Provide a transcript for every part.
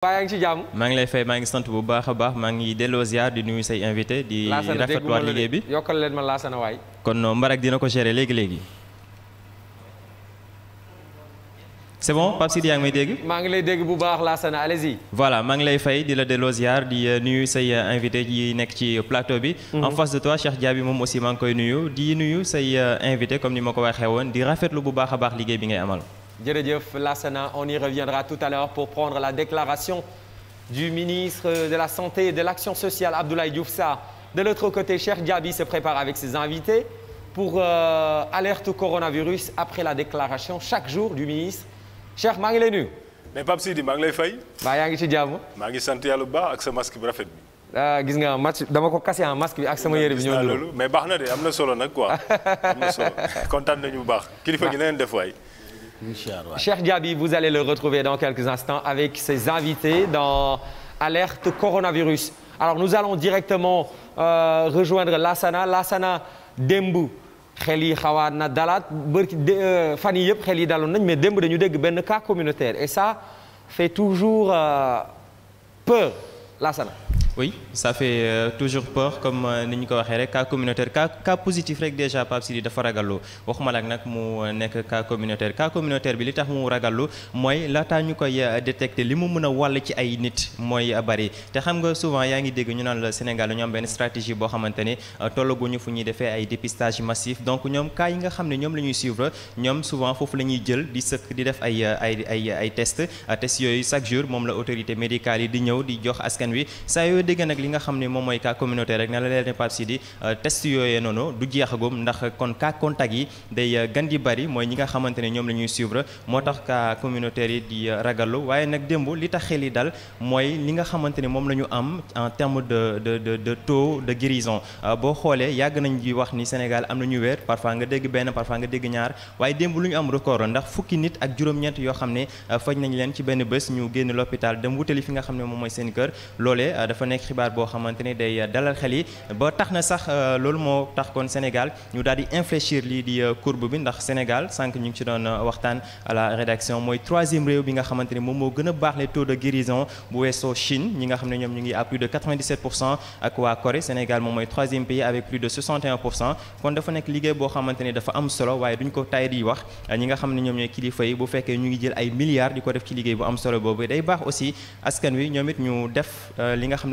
waa ngi ci jàmm maa ngi lay fay maa ngi sant bu baax a baax maa ngi delloo ziar di nuyu say invité di rafetluwaat liggéey bi yokkal leen ma laasana waay kon Mbarak dina ko gérer léegi léegi c'est bon Pape dégg maa ngi lay dégg bu baax laasana allez-y voilà maa ngi lay fay di la delloo di euh, nuyu say euh, invité yi nekk ci plateau bi mhm. en face de toi Cheikh Diaby moom aussi maa ngi koy nuyu di nuyu say euh, invité comme ni ma ko waxee woon di rafetlu bu baax a baax liggéey bi ngay amal jërëjëf Lassana on y reviendra tout à l'heure pour prendre la déclaration du ministre de la santé et de l'action sociale Abdoulaye Diouf Sarr de l'autre côté Cheikh Diaby se prépare avec ses invités pour euh, alerte au coronavirus après la déclaration chaque jour du ministre Cheikh maa ngi lay nuyu. mais Pape Sidi maa ngi lay fay. waa yaa ngi ci jàmm. maa ngi sant yàlla bu baax ak sa masque bu rafet bi. Euh, gis nga match dama ko kase en masque bi ak sama yére bi ñoo loolu mais baax na de am na solo nag quoi am na solo kontaan nañu bu baax. kilifa gi na leen def waay. Inch'Allah. Cheikh Diaby, vous allez le retrouver dans quelques instants avec ses invités dans Alerte Coronavirus. Alors nous allons directement euh, rejoindre Lassana. Lassana démb xel yi xawaat na dalaat bërki euh, fan yi yëpp xel yi daloon nañ mais démb dañu dégg benn cas communautaire et ça fait toujours euh, peur Lassana. oui ça fait euh, toujours peur comme euh, ni ñu ko waxee rek cas communautaire cas cas positif rek déjà Pape Sidi dafa ragallu waxuma laak nag mu euh, nekk cas communautaire cas communautaire bi li tax mu ragaloo mooy laataa ñu koy détecter li mu mën a wàll ci ay nit mooy bari te xam nga souvent yaa ngi dégg ñu naan la Sénégal ñoom benn stratégie boo xamante ne tollaguñu fu ñuy defee ay dépistage massif donc ñoom kaa yi nga xam ne ñoom la ñuy suivre ñoom souvent foofu la ñuy jël di sëkk di def ay ay ay ay tests tests chaque jour moom la autorité médicale yi di ñëw di jox askan wi boo déggee nag li nga xam ni moom mooy cas communautaire rek na la leer ne Pape euh, test yooye noonu du jeexagum ndax kon cas contact yi day euh, gan di bari mooy ñi nga xamante ne ñoom la ñuy suivre moo tax cas communautaire yi di euh, ragallu waaye nag démb li tax xel yi dal mooy li nga xamante ne moom la ñu am en terme de de de de taux de guérison boo xoolee yàgg nañ di wax ni Sénégal am na ñu wér parfois nga dégg benn parfois nga dégg ñaar waaye démb lu ñu am record ndax fukki nit ak juróom yoo xam ne faj nañ leen ci benn bés ñu génn l'hôpital dem wutali fi nga xam ne moom mooy seen kër nekk xibaar boo xamante day dalal xel yi ba tax na sax euh, loolu moo tax kon Sénégal ñu daal infléchir lii di euh, courbe bi ndax Sénégal sànq ñu ngi ci doon euh, waxtaan à la rédaction mooy troisième réew bi nga xamante moom moo gën baax les taux de guérison bu weesoo Chine ñi nga xam ne ñoom ñu ngi à plus de pour cent ak waa Corée Sénégal moom mooy troisième pays avec plus de pour cent kon dafa nekk liggéey boo xamante dafa am solo waaye duñ ko tay di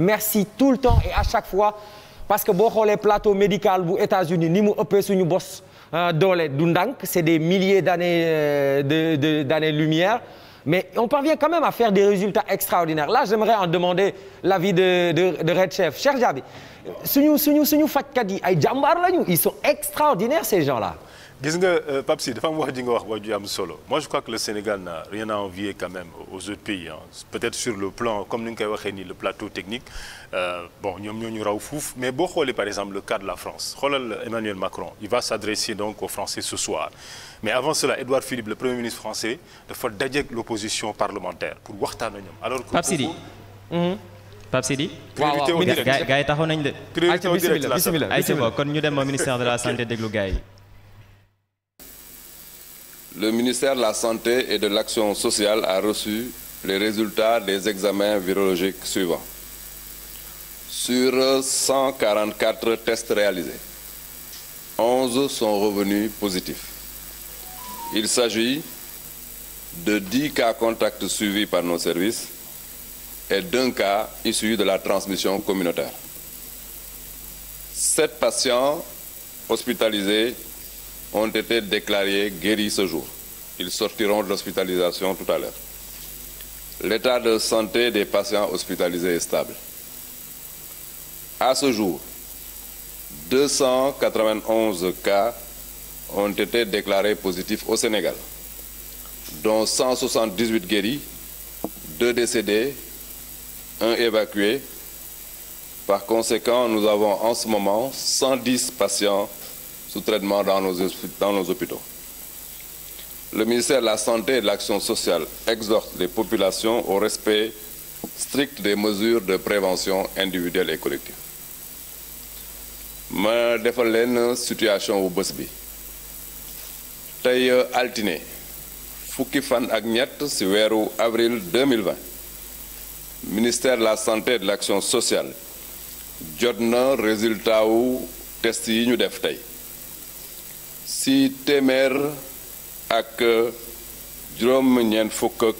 merci tout le temps et à chaque fois parce que boo xoolee plateau médical bu États-Unis ni mu ëppee suñu bos euh, doole du ndànk c'est des milliers d'années euh, de de d'années lumière mais on parvient quand même à faire des résultats extraordinaires là j'aimerais en demander l'avis de de de Red Chef Cheikh Diaby suñu suñu suñu fajkat yi ay jàmbaar lañu ils sont extraordinaires ces gens-là. gis nga euh, Pape Sy wax ji wax wax ju solo moi je crois que le Sénégal n'a rien à envier quand même aux autres pays peut-être sur le plan comme ni nga koy waxee nii le plateau technique euh, bon ñoom ñoo raw fuuf mais boo xoolee par exemple le cas de la France xoolal Emmanuel Macron il va s'adresser donc aux Français ce soir mais avant cela Édouard Philippe le premier ministre français dafa dajeek l'opposition parlementaire pour waxtaan ak ñoom alors que Pape le ministère de la Santé et de l'Action sociale a reçu les résultats des examens virologiques suivants. Sur 144 tests réalisés, 11 sont revenus positifs. Il s'agit de 10 cas contacts suivis par nos services et d'un cas issu de la transmission communautaire. Sept patients hospitalisés ont été déclarés guéris ce jour. Ils sortiront de l'hospitalisation tout à l'heure. L'état de santé des patients hospitalisés est stable. À ce jour, 291 cas ont été déclarés positifs au Sénégal, dont 178 guéris, 2 décédés, 1 évacué. Par conséquent, nous avons en ce moment 110 patients sous traitement dans nos, dans nos hôpitaux. Le ministère de la Santé et de l'Action sociale exhorte les populations au respect strict des mesures de prévention individuelle et collective. ma defal leen situation bu bés bi tey euh, altine fukki fan ak ñett ci weeru avril 2020 ministère de la santé et de l'action sociale jot na résultat wu test yi ñu def tey si téeméer ak juróom-ñeent fukk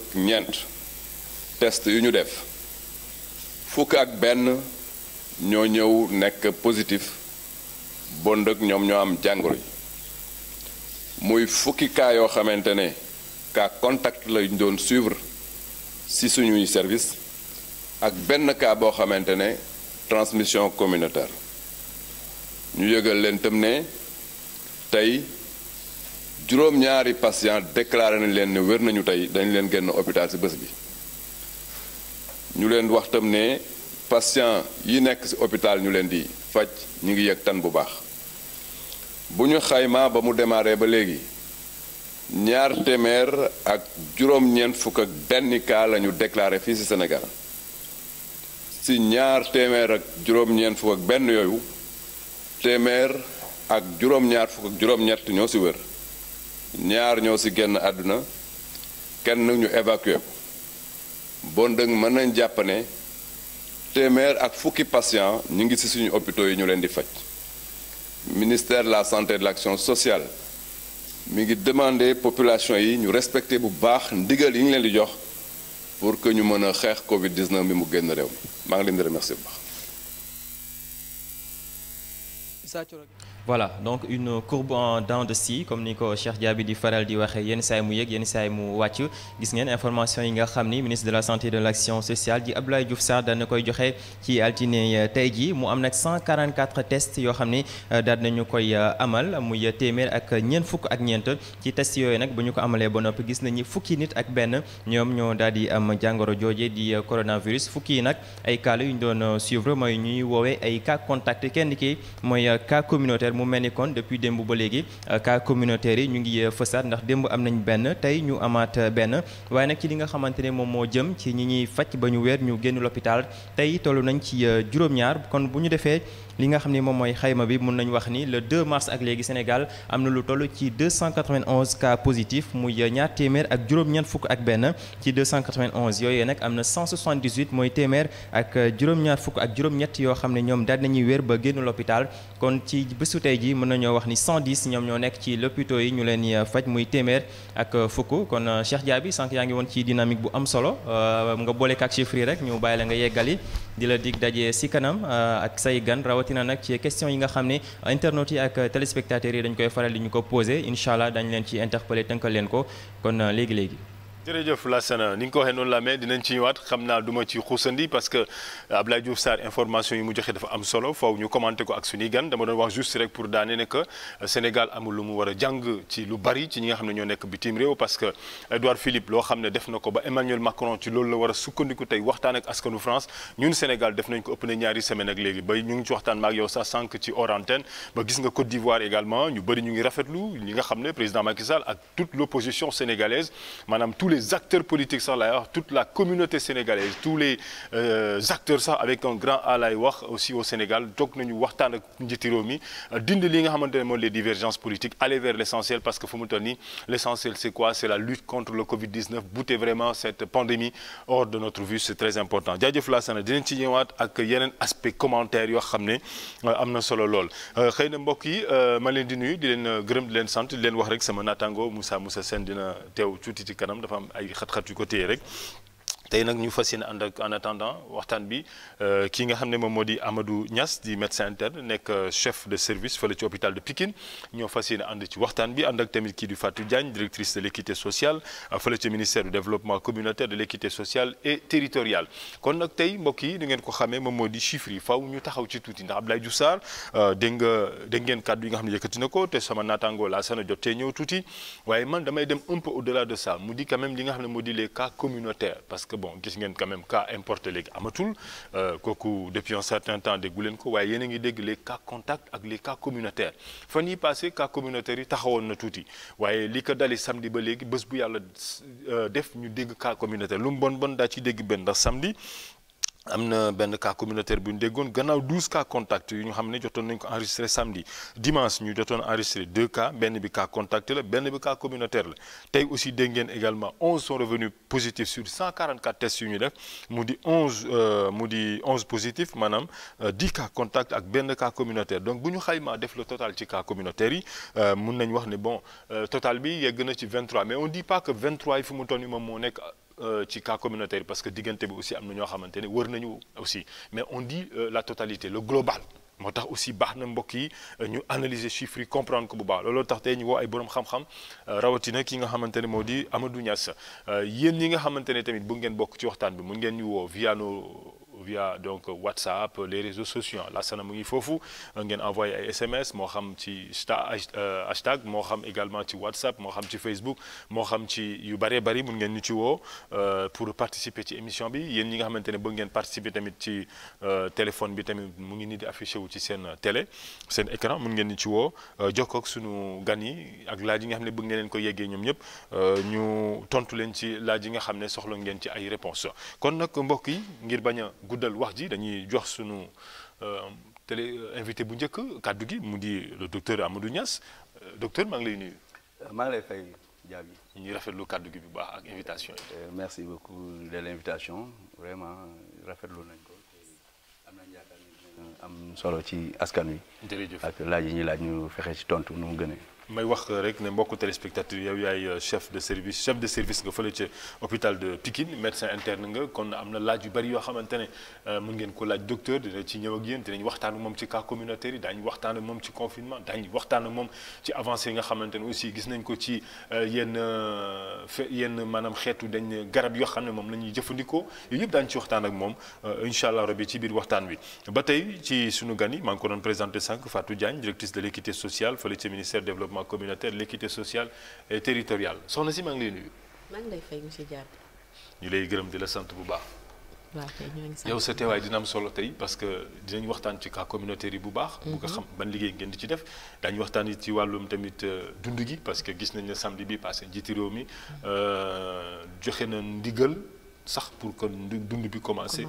test yu ñu def fukk ak benn ñoo ñëw nekk positif bond ak ñoom ñoo am jàngoro yi muy fukki cas yoo xamante ne cas contact lañ doon suivre si suñuy service ak benn kaa boo xamante ne transmission communautaire ñu yëgal leen tam ne tey juróom-ñaari patient déclaré nañ leen ne wér nañu tey dañ leen génn hôpital ci bés bi ñu leen wax tam ne patient yi nekk ci hôpital ñu leen di faj ñu ngi yëg tan bu baax bu ñu xaymaa ba mu démarré ba léegi ñaar téeméer ak juróom-ñeent fukk ñu déclaré fii ci senegal ci ñaar téeméer ak benn yooyu téeméer ak juróom-ñaar fukk ak juróom-ñett ñoo ci wér ñaar ñoo ci génn àdduna kenn ñu évacué ko bon dëng mën nañ jàppane ne téeméer ak fukki patient ñu ngi ci suñu hôpitaux yi ñu leen di faj ministère de la santé de l'action sociale mi ngi demander population yi ñu respecté bu baax ndigal yi ñu leen di jox pour que ñu mën a xeex Covid 19 bi mu génn réew mi maa ngi leen di remercier bu baax. voilà donc une courbe en dents de comme ni ko Cheikh Diaby di faral di waxee yenn saay mu yëg yenn saay mu wàcc gis ngeen information yi nga xam ni ministre de la santé de l' action sociale di Abdoulaye Diouf Sarr daan na koy joxe ci altine tey jii mu am nag 144 tests yoo xam ni euh, daan nañu koy euh, amal muy téeméer ak ñeent fukk ak ñeent ci test yooyu nag bu ñu ko amalee ba noppi gis nañu fukki nit ak benn ñoom ñoo daal di am jàngoro jooje di euh, coronavirus fukki yi nag ay cas yu ñu doon suivre mooy ñuy woowee ay cas kenn ki mu mel ni kon depuis démb ba léegi euh, cas communautaire yi ñu ngi euh, fësaat ndax démb am nañu benn tey ñu amaat euh, benn waaye nag ci li nga xamante ne moom moo jëm ci ñi ñuy faj ba ñu weer ñu génn l'hôpital tey toll nañ ci juróom-ñaar kon bu ñu defee li nga xam ni moom mooy xayma bi mun nañu wax ni le 2 mars ak léegi Sénégal am na lu toll ci 291 cas positif muy ñaar téeméer ak juróom-ñeent fukk ak benn ci 291 yooyu nag am na 178 mooy téeméer ak juróom-ñaar fukk ak juróom-ñett yoo xam ne ñoom daal nañuy wér ba génn l'hôpital kon ci bésu tey ji mën nañoo wax ni 110 ñoom ñoo nekk ci l'hôpitaux yi ñu leen faj muy téeméer ak fukk kon euh, Cheikh bi sànq yaa ngi woon ci dynamique bu am solo euh, nga boole ak chiffres rek ñu bàyyi la nga yeggali di la dig daje si kanam euh, ak say gan rawatina nag ci question yi nga xam ne internautes yi ak téléspectateurs yi dañ koy faral di ñu ko posé incha allah dañu leen ci interpeller tënkal leen ko kon euh, léegi-léegi jërëjëf Lassana ni nga ko waxee noonu la mais dinañ ci waat xam naa du ma ci xuusandi parce que Abdoulaye Diouf Sarr information yi mu joxe dafa am solo faw ñu commenté ko ak suñuy gan dama doon wax juste rek pour daane ne que Sénégal amul lu mu war a jàng ci lu bari ci ñi nga xam ne ñoo nekk bitim réew parce que Edouard Philippe loo xam ne def na ko ba Emmanuel Macron ci loolu la war a sukkandiku tey waxtaan ak askanu France ñun Sénégal def nañ ko ëpp ñaari semaine ak léegi ba ñu ngi ci waxtaan maak yow sax sànq ci hors antenne ba gis nga Côte d'Ivoire également ñu bëri ñu ngi rafetlu ñi nga xam ne président Macky Sall ak toute l'opposition sénégalaise les acteurs politiques sax laay wax toute la communauté sénégalaise tous les euh, acteurs sax avec un grand A laay wax aussi au Sénégal toog nañu waxtaan ak njiiti réew euh, li nga xamante ne mooy les divergences politiques aller vers l'essentiel parce que fu mu toll nii l'essentiel c'est quoi c'est la lutte contre le Covid-19 bouter vraiment cette pandémie hors de notre vue c'est très important jaajëf Lassana dinañ ci ñëwaat ak yeneen aspect commentaire yoo euh, na solo yi ma leen di nuyu di leen gërëm di di leen wax rek sama naataango Moussa Moussa Sène dina teew tuuti ci kanam am ay xat-xat yu ko téye tey nag ñu fas yéene ànd ak en attendant waxtaan bi euh, kii nga xam ne moom moo di Amadou ñas di médecin interne nekk euh, chef de service fële ci hôpital de Pikine ñoo fas yéene ànd ci waxtaan bi ànd ak tamit kii di Fatou Diagne directrice de l' équité sociale euh, fële ci ministère du développement communautaire de l' sociale et territoriale. kon nag tey mbokk yi ni ngeen ko xamee moom moo di chiffres yi faw ñu taxaw ci tuuti ndax Abdoulaye Diouf Sarr dégg nga dégg yi nga xam ne yëkkati na ko te sama naataango laa sana jot tey ñëw tuuti waaye man damay dem un peu di quand même bon gis ngeen quand même cas importé léegi amatul euh, kooku depuis un certain temps déggu leen ko waaye yéen a ngi dégg les cas contacts ak les cas communautaires fan yi passé cas communautaires yi taxawoon na tuuti waaye li ko dali samedi ba léegi bés bu yàlla euh, def ñu dégg cas communautaire lu mu bon bon daa ci dégg benn ndax samedi am na benn cas communautaire bu ñu déggoon gannaaw 12 cas contact yu ñu xam ne jotoon nañ ko enregistré samedi dimanche ñu jotoon enregistré deux cas benn bi cas contact la benn bi cas communautaire la tey aussi dégg ngeen également 11 sont revenus positifs sur 144 tests yu ñu def mu di 11 euh, mu di 11 maanaam 10 euh, cas contact ak benn cas communautaire donc bu ñu xaymaa def le total ci cas communautaire yi euh, mun nañ wax ne bon total bi yegg na ci 23 mais on dit pas que moom moo nekk. Euh, ci cas communautaire parce que diggante bi aussi am na ñoo xamante ne wër nañu aussi mais on di euh, la totalité le global moo tax aussi baax na mbokk yi euh, ñu analyser chiffres yi comprendre ko bu baax looloo tax te ñu woo ay borom xam-xam rawatina ki nga xamante ne moo di Amadou Niass yéen ñi nga xamante ne tamit bu ngeen bokk ci waxtaan bi mun ngeen ñu woo via nos via donc WhatsApp les réseaux sociaux Lassana mu ngi foofu ngeen envoyé ay SMS moo xam ci euh, hashtag moo xam également ci WhatsApp moo xam ci Facebook moo xam ci yu bëree bëri mun ngeen ñu ci woo euh, pour participer ci émission bi yéen ñi nga xamante ne bëgg ngeen participer tamit ci euh, téléphone bi tamit mu ngi nii di wu ci seen télé seen écran mun ngeen ci woo jokkoog sunu gan yi ak laaj yi nga xam ne bëgg ngeen leen ko yeggee ñoom ñëpp ñu tontu leen ci laaj yi nga xam ne soxla ngeen ci ay réponses kon nag mbokk yi ngir bañ guddal wax ji dañuy jox sunu euh, télé euh, invité bu njëkk kàddu gi mu di le docteur Amadou ñas euh, docteur maa ngi lay ni maa ngi lay fay Diaby. ñu rafetlu kàddu gi bi baax ak invitation merci beaucoup de l' invitation vraiment rafetlu nañ ko am nañ yaakaar solo ci askan wi. jërëjëf ak laaj yi ñuy laaj ñu fexe ci tontu nu mu gënee. may wax rek ne mbokk téléspectateur yow yaay euh, chef de service chef de service nga fële ca hôpital de Pikine médecin interne nga kon am na laaj yu bari yoo xamante ne euh, mën ngeen ko laaj docteur dina ci ñëw ak yéen dinañ waxtaan ak moom ci cas communautaire yi daañu waxtaan ak moom ci confinement daañu waxtaan ak moom ci avancée nga xamante ne aussi gis nañ ko ci euh, yenn fe yenn maanaam xeetu dañ garab yoo xam ne moom la ñuy jëfandikoo yooyu yëpp daañu ci waxtaan moom incha allah rabi ci biir waxtaan ba tey ci sunu gan yi maa ngi ko doon développement communautaire l'équité sociale et territoriale soxna si maa ngi lay ñu lay gërëm di la sant bu baax. waaw kay ñu ngi sa teewaay dina am solo tey parce que dinañ waxtaan ci kaa communautaire yi bu baax. Mhm. bu nga xam ban liggéey ngeen di ci def. daañu waxtaan yi ci wàllum tamit euh, dund gi parce que gis nañ samdi samedi bi passé njiiti réew mi mhm. euh, joxe na ndigal. sax pour que dund bi commencé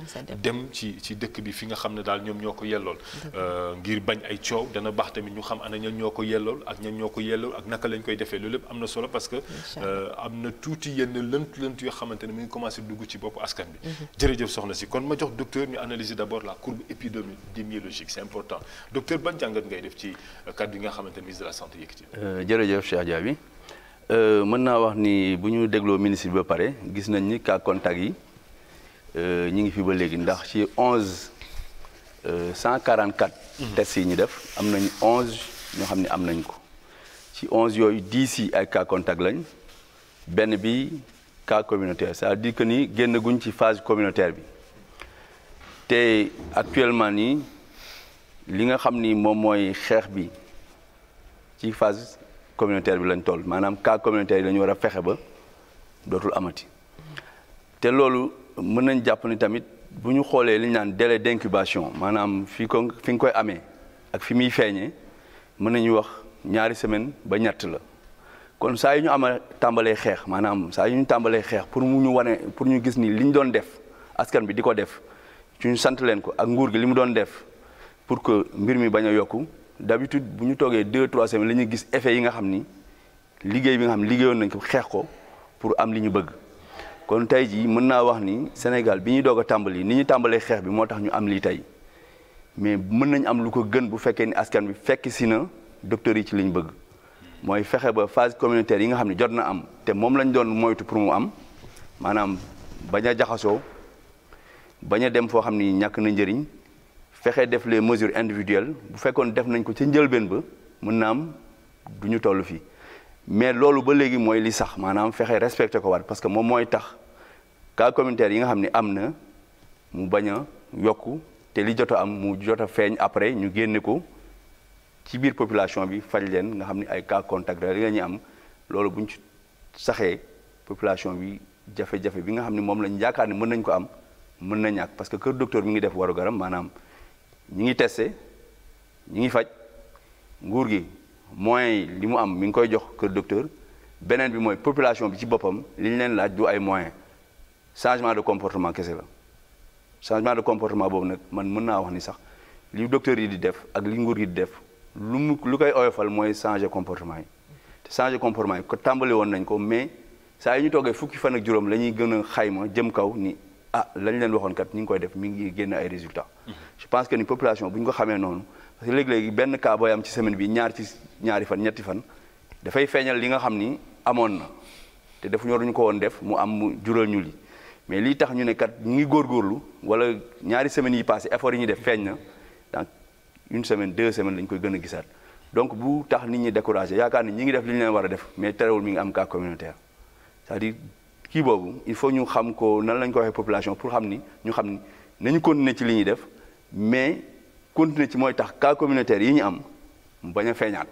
dem ci ci dëkk bi fi nga xam ne daal ñoom ñoo ko yellool euh, ngir bañ ay coow dana baax tamit ñu xam ana ñan ñoo ko yellool ak ñan ñoo ko yellool ak naka lañ koy defee loolu lépp am na solo parce que euh, am na tuuti yenn lënt lënt yoo xamante ne mu ngi commencé dugg ci bopp askan bi mhm. jërëjëf soxna si kon ma jox docteur ñu analyser d'abord la courbe épidémiologique c'est important docteur ban jàngat ngay def ci cadre euh, yi nga xamante ne ministre de la santé yëkkati Euh, mën naa wax ni bu ñu dégloo ministre bi ba pare gis nañ ni cas contact yi euh, ñu ngi fi ba léegi ndax ci onze euh, cent quarante quatre mhm. tests yi ñu def am nañ onze ñoo xam ne am nañ ko ci onze yooyu dix yi ay cas contact lañ benn bi cas communautaire c'est-à-dire que nii génn guñ ci phase communautaire bi te actuellement nii li nga xam ni moom mooy xeex bi ci phase communautaire bi lañ toll maanaam cas communautaire yi dañu war a fexe ba dootul amati te loolu mën nañ jàpp ni tamit bu ñu xoolee li ñu naan délai d'incubation maanaam fi ko fi nga koy amee ak fi muy feeñee mën nañu wax ñaari semaine ba ñett la kon saa yu ñu ama tàmbalee xeex maanaam saa yu ñu tàmbalee xeex pour mu ñu wane pour ñu gis nii li ñu doon def askan bi di ko def ci ñu sant leen ko ak nguur gi li mu doon def pour que mbir mi bañ a yokku d'habitude bu ñu toogee deux trois semaines la ñuy gis effet yi nga xam ni liggéey bi nga xam ne liggéeyoon nañ ko xeex ko pour am li ñu bëgg kon tey jii mën naa wax ni Sénégal bi ñuy doog a tàmbali ni ñu tàmbalee xeex bi moo tax ñu am lii tey mais mën nañ am lu ko gën bu fekkee ni askan bi fekk si na docteurs yi ci li ñu bëgg mooy fexe ba phase communautaire yi nga xam ne jot na am te moom lañ doon moytu pour mu am maanaam bañ a jaxasoo bañ a dem foo xam ni ñàkk na njëriñ fexe def les mesures individuelles bu fekkoon def nañ ko ci njëlbeen ba mun na am du ñu toll fii mais loolu ba léegi mooy li sax maanaam fexe respecté ko waat parce que moom mooy tax cas communautaire yi nga xam ne am na mu bañ a yokku te li jot am mu jot a feeñ après ñu génne ko ci biir population bi faj leen nga xam ne ay cas contact rek am loolu bu ñu ci saxee population bi jafe-jafe bi nga xam ni moom lañ yaakaar ne mën nañ ko am mën na ñàkk parce que kër docteur mi ngi def warugaram maanaam. ñu ngi testé ñu ngi faj nguur gi moyen yi li mu am mi ngi koy jox kër docteur beneen bi mooy population bi ci boppam li ñu leen laaj du ay moyens changement de comportement kese la changement de comportement boobu nag man mën naa wax ni sax li docteur yi di def ak li nguur gi di def lu mu lu koy oyofal mooy changer comportement yi te changer comportement yi ko tàmbali woon nañ ko mais saa yi ñu toogee fukki fan ak juróom la ñuy gën a xayma jëm kaw nii ah lañ leen waxoon kat ñu ngi koy def mu ngi génn ay résultat mhm. je pense que ni population bu ñu ko xamee noonu parce que léeg-léegi benn cas ci semaine bi ñaar ci ñaari fan ñetti fan dafay feeñal li nga xam ni amoon na te defu ñoruñu ko woon def mu am mu jural ñu li mais li tax ñu ne kat ñu ngi góorlu wala ñaari semaines yi passé effort yi ñuy def feeñ na donc une semaine deux semaines lañ koy gën a gisaat donc bu tax nit ñi découragé yaakaar ni ñi ngi def li leen war a def mais mi ngi am cas communautaire cest kii boobu il faut ñu xam ko nan lañ ko waxee population pour xam ni ñu xam ni nañu continuer ci li ñuy def mais continuer ci mooy tax cas communautaire yi ñu am bañ a feeñaat.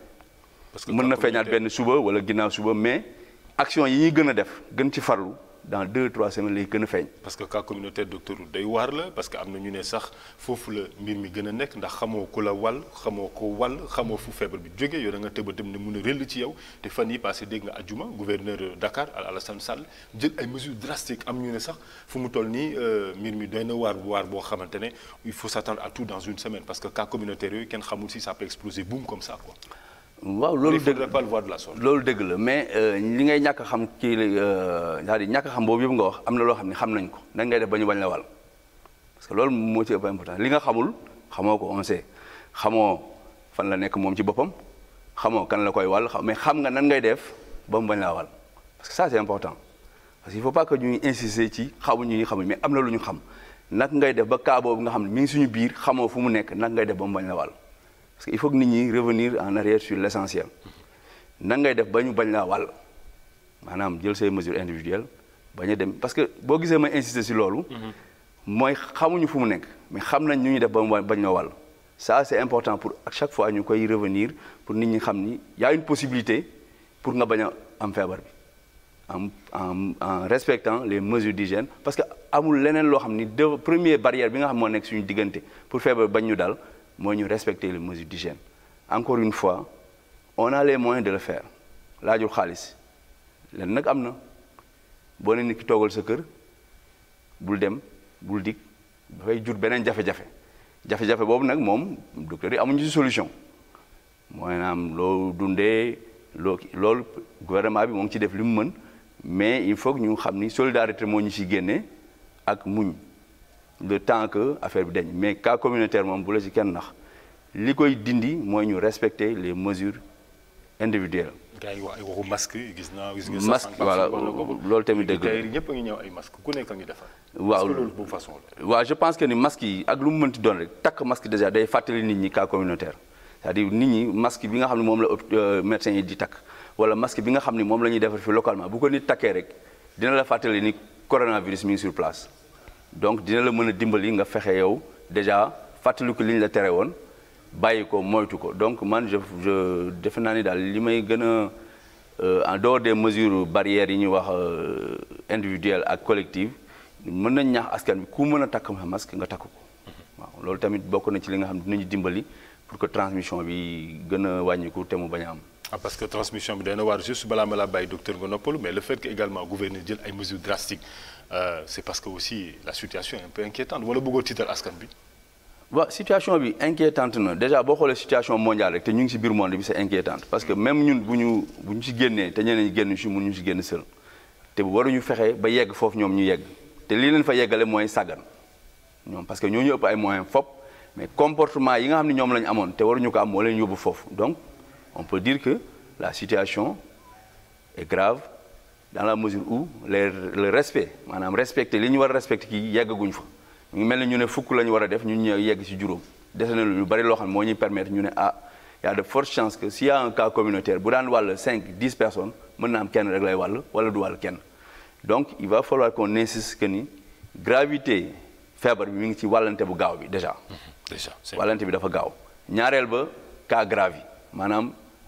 parce que mën na feeñaat benn suba wala ginnaaw suba mais action yi ñuy gën a def gën ci farlu. dans deux trois semaines lay gën a feeñ. parce que cas communautaire docteur day waar la parce que am na ñu ne sax foofu la mbir mi gën a nekk ndax xamoo ko la wal xamoo ko wàll xamoo fu feebar bi jógee yow da nga tëb a tëb ne mun a rëll ci yow te fan yi passé dégg nga ajuma gouverneur Dakar Alassane Sall jël ay mesures drastiques am ñu ne sax fu mu toll nii euh, mbir mi doy na waar waar boo xamante ne il faut s'attendre à tout dans une semaine parce que cas communautaire yooyu kenn xamul si ça peut waaw loolu dëgg pas la sorte loolu dëgg la mais euh, li ngay ñàkk xam kii euh, c'est-à-dire ñàkk xam boobu yëpp nga wax am na loo xam ne xam nañ ko nan ngay def ba ñu bañ la wàll parce que loolu moo ci ëpp li nga xamul xamoo ko on sait xamoo fan la nekk moom ci boppam xamoo kan la koy wàll mais xam nga nan ngay def ba mu bañ laa wàll parce que ça c'est important parce que il faut pas que ñuy insister ci xamuñu ñu xamuñ mais am na lu ñu xam nag ngay def ba cas boobu nga xam ne mu ngi suñu biir xamoo fu mu nekk nag ngay def ba mu bañ la wàll parce que il faut que nit ñi revenir en arrière sur l' essentiel nan ngay def ba ñu bañ laa wàll maanaam jël see mesures individuelles bañ a dem parce que boo gisee may insister si loolu. Mhm. mooy xamuñu fu mu nekk mais xam nañ ñu ñuy def ba mu bañ ñoo wàll. ça c' important pour à chaque fois ñu koy revenir pour nit ñi xam ni yaa a une possibilité pour nga bañ a am feebar bi en en en respectant les mesures d' hygiène parce que amul leneen loo xam ni de premier barrière bi nga xam moo nekk suñu diggante pour feebar bañ ñu daal. mooy ñu le les du d'hygiène encore une fois on ale les moyens de le faire laajul xaalis len nag am na boo ne nit ki toogal sa kër bul dem bul dikk dafay jur beneen jafe-jafe jafe-jafe boobu nag moom docteur yi amuñ ci solution mooy naam loo dundee loo loolu gouvernement bi moo ngi ci def li mu mën mais il faut ñu xam ni solidarité moo ñu ci génne ak muñ le temps que affaire bi dañ mais cas communautaire moom bu la ci kenn nax li koy dindi mooy ñu respecter les mesures individuelles. gars yi wax ay gis naa gis nga masque voilà loolu tamit dëgg ñëpp ñëw ay masque ku nekk a ngi defar. waaw façon la. je pense que ni masque yi ak lu mu mënti doon rek takk masque déjà day fàttali nit ñi cas communautaire cest à nit ñi masque bi nga xam ne moom la euh, médecin yi di takk wala masque bi nga xam ne moom la ñuy defar fi localement bu ko nit takkee rek dina la fàttali ni coronavirus mi ngi sur place. donc dina la mën a dimbali nga fexe yow déjà fàttaliku li la tere woon bàyyi ko moytu ko donc man je je defe naa ni daal li may gën a de euh, dehors des mesures barrières yi ñuy wax euh, individuelles ak collectives mën nañ ñaax askan bi ku mën a takk masque nga takk ko waaw loolu tamit bokk na ci li nga xam ne dinañu dimbali pour que transmission bi gën wàññiku te mu bañ a am. ah parce que transmission bi dana waar juste balaa ma laa bàyyi docteur nga noppalu mais le jël ay mesures Euh, c'est parce que aussi la situation est un peu inquiétante wala bëggoo tiital askan bi. waaw situation bi inquiétante na déjà boo xoolee situation mondial rek te ñu ngi ci biir monde bi c'est inquiétante parce que même ñun bu ñu bu ñu ci génnee te ñeneen ñi génn ci mënuñu ci génn sël te ñu fexe ba yegg foofu ñoom ñu yegg te lii leen fa yeggale mooy sàggan ñoom parce que ñooñu ëpp ay moyens fop mais comportement yi nga xam ne ñoom la amoon te waruñu ko am moo leen yóbbu foofu donc on peut dire que la situation est dans la mesure où le respect maanaam respecté li ñu war a respecté kii yeggaguñ fa ñu mel ni ñu ne fukk la ñu war a def ñun ñëw yegg si juróom dese na lu bari loo xam ne moo ñuy permettre ñu ne ah y a de fortes chances que s'il y un cas communautaire bu daan wàll cinq dix personnes mën naa am kenn rek lay wàll wala du wàll kenn donc il va falloir qu'on insiste que ni gravité feebar bi mi ngi ci wàllante bu gaaw bi déjà wàllante bi dafa gaaw ñaareel ba cas grave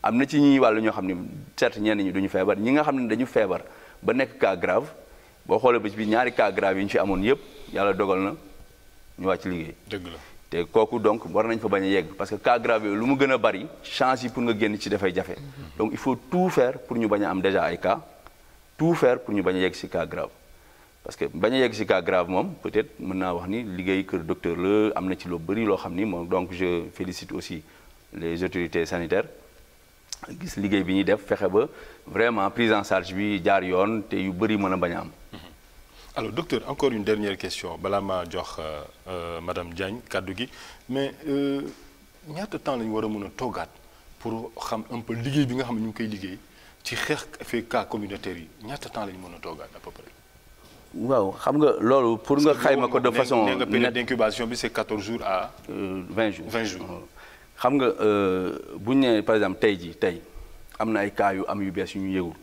am na ci ñi wàll ñoo xam ne certes ñeen ñi duñu feebar ñi nga xam ne dañu feebar ba nekk cas grave boo xoolee ci bi ñaari cas grave yi ñu ci amoon yëpp yàlla dogal na ñu wàcc liggéey. dëgg la te kooku donc war nañ fa bañ a yegg parce que cas grave yooyu lu mu gën a bari chance yi pour nga génn ci dafay jafe. Mm-hmm. donc il faut tout fair pour ñu bañ a am déjà ay cas tout faire pour ñu bañ a yegg si cas grave. parce que bañ a yegg si cas grave moom peut-être mën naa wax ni liggéey kër docteur la am na ci loo bëri loo xam ni moom donc je aussi les autorités sanitaires. gis liggéey bi ñuy def fexe ba vraiment prise en charge bi jaar yoon te yu bëri mën a bañ a am. Mhm. alors docteur encore une dernière question balaa maa jox euh, euh, madame Diagne kàddu gi mais euh, ñaata temps lañu war a mën a toggaat pour xam un peu liggéey bi nga xam ne ñu ngi koy liggéey ci xeex fee cas communautaire yi ñaata temps lañu mën a toogaat à peu waaw xam nga loolu pour nga xayma ko de façon. nee nga période d'incubation bi c'est 14 jours à. 20 jours 20 jours. xam nga euh, bu ñu nee par exemple tey jii tey am na ay cas yu am yu bees yu ñu yëgul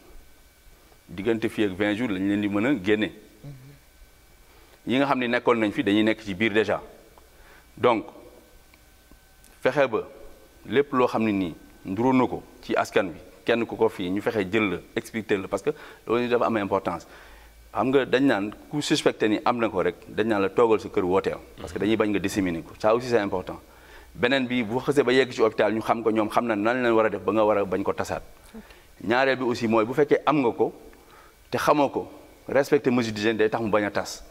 diggante fii ak 20 jours lañ leen di mën a génne yi nga xam ne nekkoon nañ fi dañuy nekk ci biir déjà donc fexe ba lépp loo xam ne nii nduróon na ko ci askan bi kenn ku ko fii ñu fexe jël la expliqué la parce que loolu ñu dafa am importance xam nga dañ naan ku suspecté ni am na ko rek dañ naan la toogal sa kër wooteel parce que dañuy bañ nga disséminer ko ça aussi c'est important beneen bi bu xësee ba yegg ci hôpital ñu xam ko ñoom xam na nan leen war a def ba nga war a bañ ko tasaat ñaareel bi aussi mooy bu fekkee am nga ko te xamoo ko respecté mesure d'hygiène day tax mu bañ a tas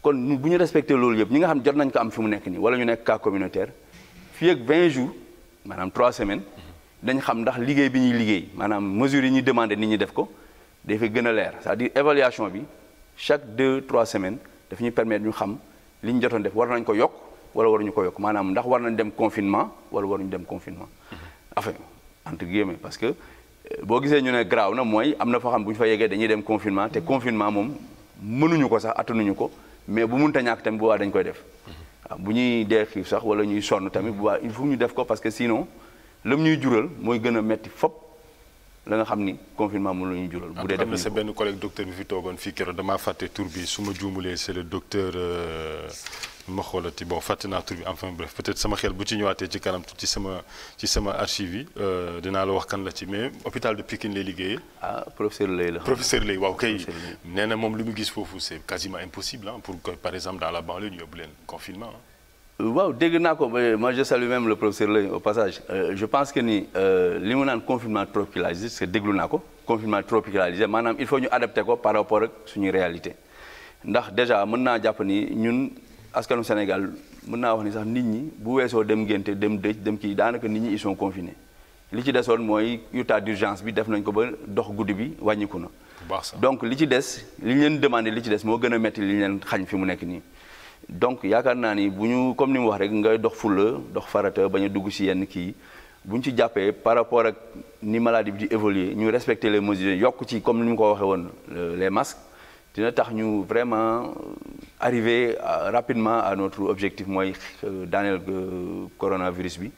kon bu ñu respecté loolu yëpp ñi nga xam jot nañ ko am fi mu nekk nii wala ñu nekk cas communautaire fii ak 20 maanaam 3 semaines dañ xam ndax liggéey bi ñuy liggéey maanaam mesures yi ñuy demandé nit ñi def ko day dafay gën a leer c'est-à-dire évaluation bi chaque 2 trois semaines daf ñuy permettre ñu xam li ñu jotoon def war nañ ko yokk. wala waruñu ko yokk maanaam ndax war nañ dem confinement wala waruñu dem confinement mhm. enfin entre guillemets parce que euh, boo gisee ñu ne graaw na mooy am na fa xam bu ñu fa yeggee dañuy dem confinement te mhm. confinement moom mënuñu ko sax attanuñu ko mais bu mënta ñàkk tamit bu baax dañ koy def waaw mhm. ah, bu ñuy dee xiif sax wala ñuy sonn tamit bu baax il faut ñu def ko parce que sinon lam ñuy jural mooy gën a metti fop la nga xam ni confinement moom la ñu jural. bu dee def na sa benn collègue docteur bi fi toogoon fii keroog damaa fàtte tur bi su ma juumulee c'est le docteur euh, ma xoolati bon fàtte naa tur bi enfin bref peut-être sama xel bu ci ñëwaatee ci kanam ci sama ci sama archive yi euh, dinaa la wax kan la ci mais hôpital de Pikine lay liggéeyee. ah professeur Lay la waaw kay. nee moom lu mu gis foofu c'est quasiment impossible pour que par exemple dans la banlieue ñu yóbbu leen confinement waaw dégg naa ko moi je salue même le professeur Leye au passage euh, je pense que ni euh, li mu naan confinement tropicalisé c'est déglu naa ko confinement tropicalisé maanaam il faut ñu adapté ko par rapport ak suñu réalité ndax déjà mën naa jàpp ni ñun askanu Sénégal mën naa wax ni sax nit ñi bu weesoo dem ngénte dem dëj dem kii daanaka nit ñi ils sont confinés li ci desoon mooy état d'urgence bi def nañ ko ba dox guddi bi wàññiku na donc li ci des li ñu leen li ci des moo gën a metti li leen xañ fi mu nekk nii donc yaakaar naa ni bu ñu comme ni mu wax rek ngay dox fulla dox farata bañ a dugg ci yenn kii bu ñu ci jàppee par rapport ak ni maladie bi di évoluer ñu respecter les mesures yokk ci comme ni mu ko waxee woon les masques dina tax ñu vraiment arriver rapidement à notre objectif mooy euh, daaneel euh, coronavirus bi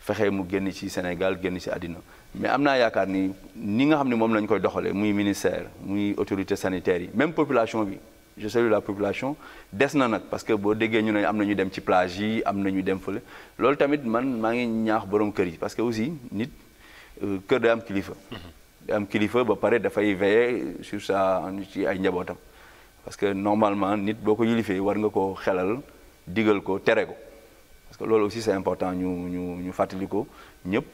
fexe mu génn ci Sénégal génn ci àddina mais am na yaakaar ni ni nga xam ne moom lañ koy doxalee muy ministère muy autorité sanitaire yi même population bi je salue la population des na nag parce que boo déggee ñu ne am na ñu dem ci plage yi am na ñu dem fële loolu tamit man maa ngi ñaax boroom kër yi parce que aussi nit euh, kër day am kilifa. Mhm. day am kilifa ba pare dafay veiller su sa ci ay njabootam parce que normalement nit boo ko yilifee war nga ko xelal digal ko tere ko parce que loolu aussi c'est important ñu ñu ñu fàttali ko ñëpp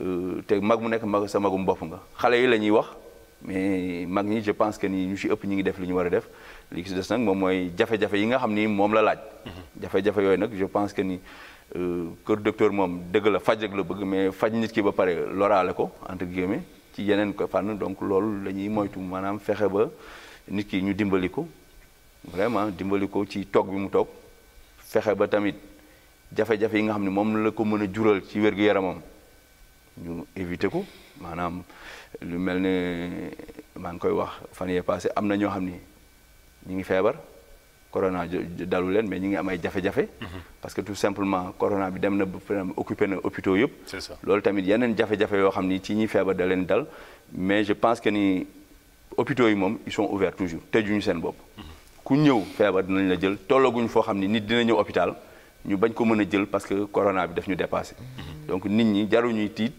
euh, te mag mu nekk mag sa magum bopp nga xale yi la ñuy wax mais mag ñi je pense que nii ñu ci ëpp ñu ngi def li ñu war a def. li de des moom mooy jafe-jafe yi nga xam ni moom la laaj. jafe-jafe yooyu nag je pense que ni euh, kër docteur moom dëgg la faj la bëgg mais faj nit ki ba pare loraale ko entre guillemets ci yeneen ko fànn donc loolu la ñuy moytu maanaam fexe ba nit ki ñu dimbali ko vraiment dimbali ko ci toog bi mu toog fexe ba tamit jafe-jafe yi nga xam ni moom la ko mën a jural ci wér-gu-yaramam ñu éviter ko maanaam lu mel ne maa ngi koy wax fan yee passé am na ñoo xam ni. ñi ngi feebar corona dalu leen mais ñi ngi am ay jafe-jafe. Mhm. parce que tout simplement corona bi dem na ba occupé na hôpitaux yëpp. c'est ça loolu tamit yeneen jafe-jafe yoo xam ni ci ñi feebar da leen dal mais je pense que ni hôpitaux yi moom ils sont ouverts toujours tëjuñu seen bopp. Mhm. ku ñëw feebar dinañ la jël tollaguñ foo xam ni nit dina ñëw hôpital ñu bañ ko mën a jël parce que corona bi def ñu dépassé. Mhm. donc nit ñi jaruñuy tiit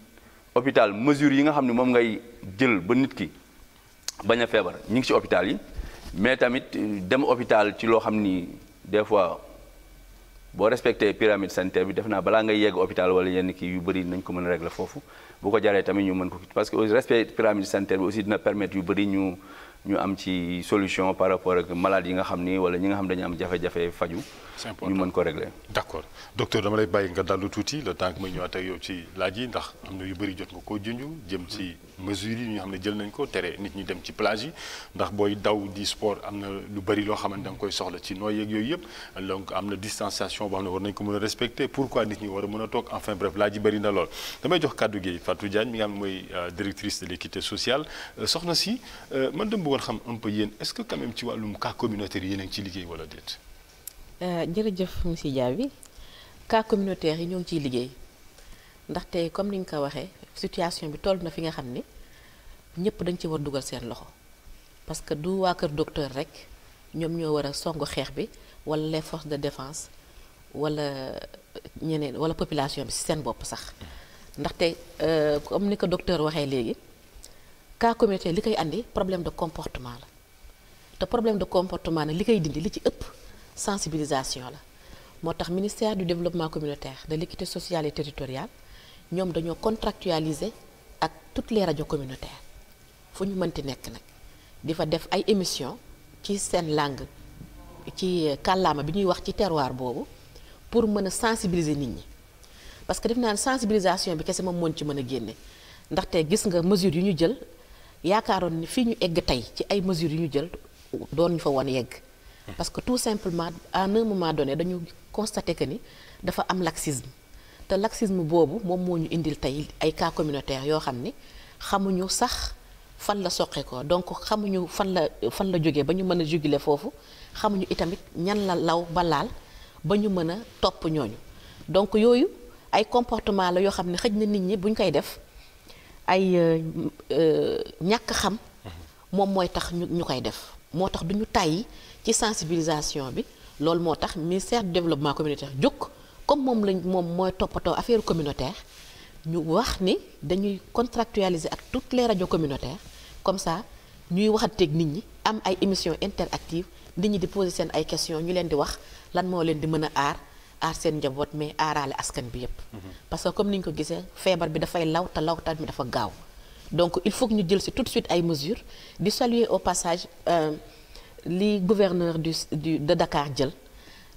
hôpital mesure yi nga xam ne moom ngay jël ba nit ki bañ a feebar ñu ngi ci hôpital yi. mais tamit euh, dem hôpital ci loo xam ni des fois boo respecté pyramide sanitaire bi def naa balaa ngay yegg hôpital wala yenn kii yu bëri nañ ko mën a régler foofu bu ko jaree tamit ñu mën ko parce que respect pyramide sanitaire bi aussi dina permettre yu bëri ñu ñu am ci solution par rapport ak malade yi nga xam ni wala ñi nga xam dañu am jafe-jafe faju ñu mën ko régler d'accord docteur dama lay bàyyi nga dallu tuuti le temps que may ñëwaat yow ci laaj yi ndax am na yu bëri jot nga koo junj jëm ci mesures yi ñu xam ne jël nañ ko tere nit ñi dem ci plage yi ndax booy daw di sport am na lu bëri loo xaman da nga koy soxla ci nooy yeeg yooyu yëpp donc am na distanciation boo xam ne war nañ ko mën a respecter pourquoi nit ñi war a mën a toog enfin bref laaj yi bëri na lool damay jox kàddu gi Fatou Diagne mi nga mooy euh, directrice de l'équité euh, soxna si euh, man dama bëggoon xam un peu yéen est-ce wala déet Euh, jërëjëf monsieur Dia bi cas communautaire yi ñoo ngi ciy liggéey ndaxte comme ni nga ko waxee situation bi toll na fi nga xam ni ñëpp dañ ci war dugal seen loxo parce que du waa kër docteur rek ñoom ñoo war a songu xeex bi wala les forces de défense wala ñeneen wala population bi si seen bopp sax ndaxte euh, comme ni ko docteur waxee léegi cas communautaire li koy andi problème de comportement la te problème de comportement nag li koy dindi li ci ëpp. sensibilisation la moo tax ministère du développement communautaire de l'équité sociale et territoriale ñoom dañoo contractualiser ak toutes les rajo communautaire fu ñu mënti nekk nag di fa def ay émissions ci seen langue ci kàllaama bi ñuy wax ci terroir boobu pour mën a sensibiliser nit ñi parce que def naa sensibilisation bi kese moom moo ci mën a génne ndaxte gis nga mesures yu ñu jël yaakaaroon ni fii ñu egg tey ci ay mesures yu ñu jël doon ñu fa won yegg. parce que tout simplement à un moment donné dañu constaté que ni dafa am laxisme te laxisme boobu moom moo ñu indil tey ay cas communautaire yoo xam ni xamuñu sax fan la soqe ko donc xamuñu fan la fan la jógee ba ñu mën a juguler foofu xamuñu itamit ñan la law ba laal ba ñu mën a topp ñooñu donc yooyu ay comportement la yoo xam ne xëj na nit ñi buñ koy def ay euh, euh, ñàkk xam mhm. moom mooy tax ñu ñu koy def moo tax duñu tàyyi ci sensibilisation bi loolu moo tax ministère du développement communautaire jóg comme moom lañ moom mooy toppatoo affaire communautaire ñu wax ni dañuy contractualiser ak toutes les rajo communautaires comme ça ñuy waxateeg nit ñi am ay émissions interactives nit ñi di poser seen ay questions ñu leen di wax lan moo leen di mën a aar aar seen njaboot mais aaraale askan bi yépp mhm. parce que comme ni ñu ko gisee feebar bi dafay law te law tamit dafa gaaw donc il li gouverneur di du dakaar jël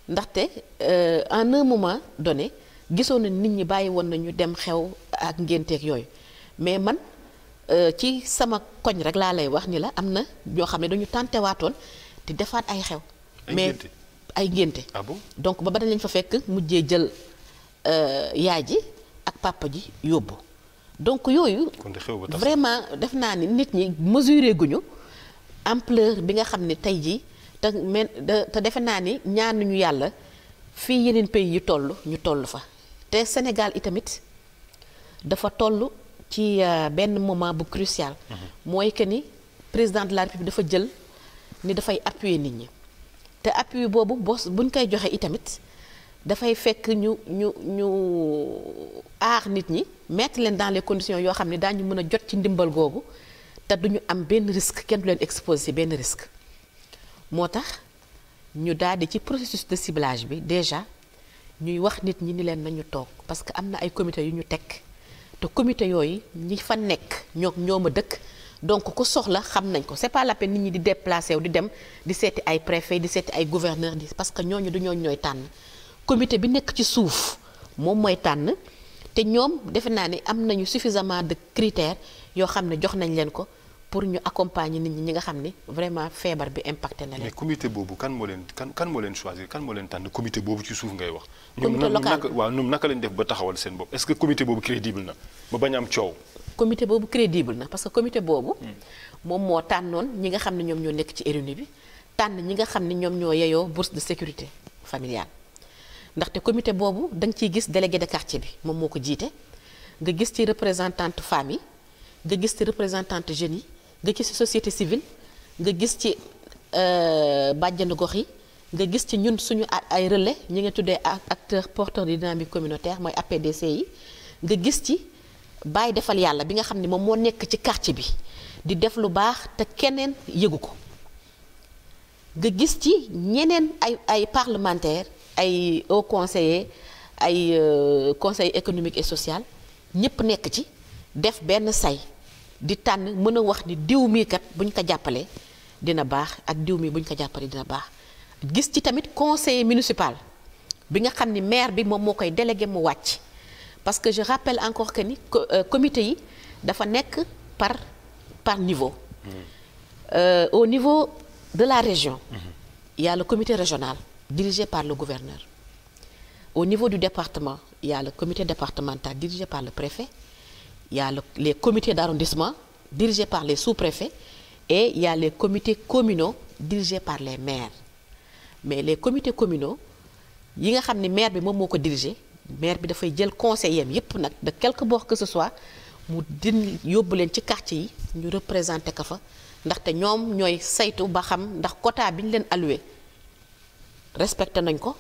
ndaxte euh, en un moment donné gisoon na nit ñi bàyyi woon nañu dem xew ak ngénteeg yooyu mais man euh, ci sama koñ rek laa lay wax ni la am na ñoo xam ne dañu tàntewaatoon di defaat ay xew. mais ay ngénte ah donc ba ba dañ fa fekk mujjee jël euh, yaay ji ak papa ji yóbbu donc yooyu. vraiment def naa ni nit ñi mesuré guñu. ampleur bi nga xam ne tey jii te defe naa ni ñaanuñu yàlla fii yeneen pays yu toll ñu toll fa te Sénégal itamit dafa toll ci euh, benn moment bu crucial mhm. mooy que ni président de la République dafa jël ni dafay appuyer nit ñi te appui boobu bos buñ koy joxe itamit dafay fekk ñu ñu ñu aar nit ñi mettre leen dans les conditions yoo xam ne ñu mën a jot ci ndimbal googu te ñu am benn risque kenn du leen exposé benn risque moo tax ñu daal di ci processus de ciblage bi déjà ñuy wax nit ñi ni leen nañu toog parce que am na ay comité yu ñu teg te comité yooyu ñi fa nekk ñoo ñoom dëkk donc ku soxla xam nañ ko c'est pas la peine nit ñi di déplacé wu di dem di seeti ay préfet di seeti ay gouverneur di parce que ñooñu du ñooñu ñooy tànn comité bi nekk ci suuf moom mooy tànn te ñoom defe naa ni am nañu suffisament de critères yoo xam ne jox nañ leen ko pour ñu accompagner nit ñi ñi nga xam ni vraiment feebar bi impacté na leen. mais comité boobu kan moo leen kan kan moo leen choisir kan moo leen tànn comité boobu ci suuf ngay wax. comité local ñoom waaw ñoom naka lañ def ba taxawal seen bopp est-ce que comité boobu crédible na ba bañ coow. comité boobu crédible na parce que comité boobu. Hmm. moom moo tànnoon ñi nga xam ne ñoom ñoo nekk ci RNU bi tànn ñi nga xam ne ñoom ñoo yeyoo bourse de sécurité familiale. ndaxte comité boobu da nga ciy gis délégué de quartier bi moom moo ko jiite nga gis ci représentante famille nga gis ci représentante jeunes yi nga gis ci société civile nga gis ci euh, bàjjenu gox yi nga gis ci ñun suñu ay relais ñi nga tuddee acteur porteur de dynamique communautaire mooy APDC yi nga gis ci bàyyi defal yàlla bi nga xam ni moom moo nekk ci quartier bi di def lu baax te keneen yëgu ko nga gis ci ñeneen ay ay parlementaire ay hauts conseillers ay euh, conseil économique et social ñëpp nekk ci def benn say di tànn mën a wax ni diw mii kat buñ ko jàppalee dina baax ak diw mii buñ ko jàppale dina baax gis ci tamit conseiller municipal bi nga xam ni maire bi moom moo koy délégué mu wàcc parce que je rappelle encore que ni euh, comité yi dafa nekk par par niveau mm-hmm. euh, au niveau de la région mm-hmm. yàlla comité régional dirigé par le gouverneur au niveau du département yàlla y comité départemental dirigé par le préfet il y a le, les comités d'arrondissement dirigés par les sous-préfets et il y a les comités communaux par les maires mais les comités communaux yi nga xam ne maire bi moom moo ko diriger maire bi dafay jël conseillers am yépp nag de quelque bord que ce soit mu din yóbbu leen ci quartier yi ñu représenté ko fa ndaxte ñoom ñooy saytu ba xam ndax quota bi ñu leen alloué respecté nañ ko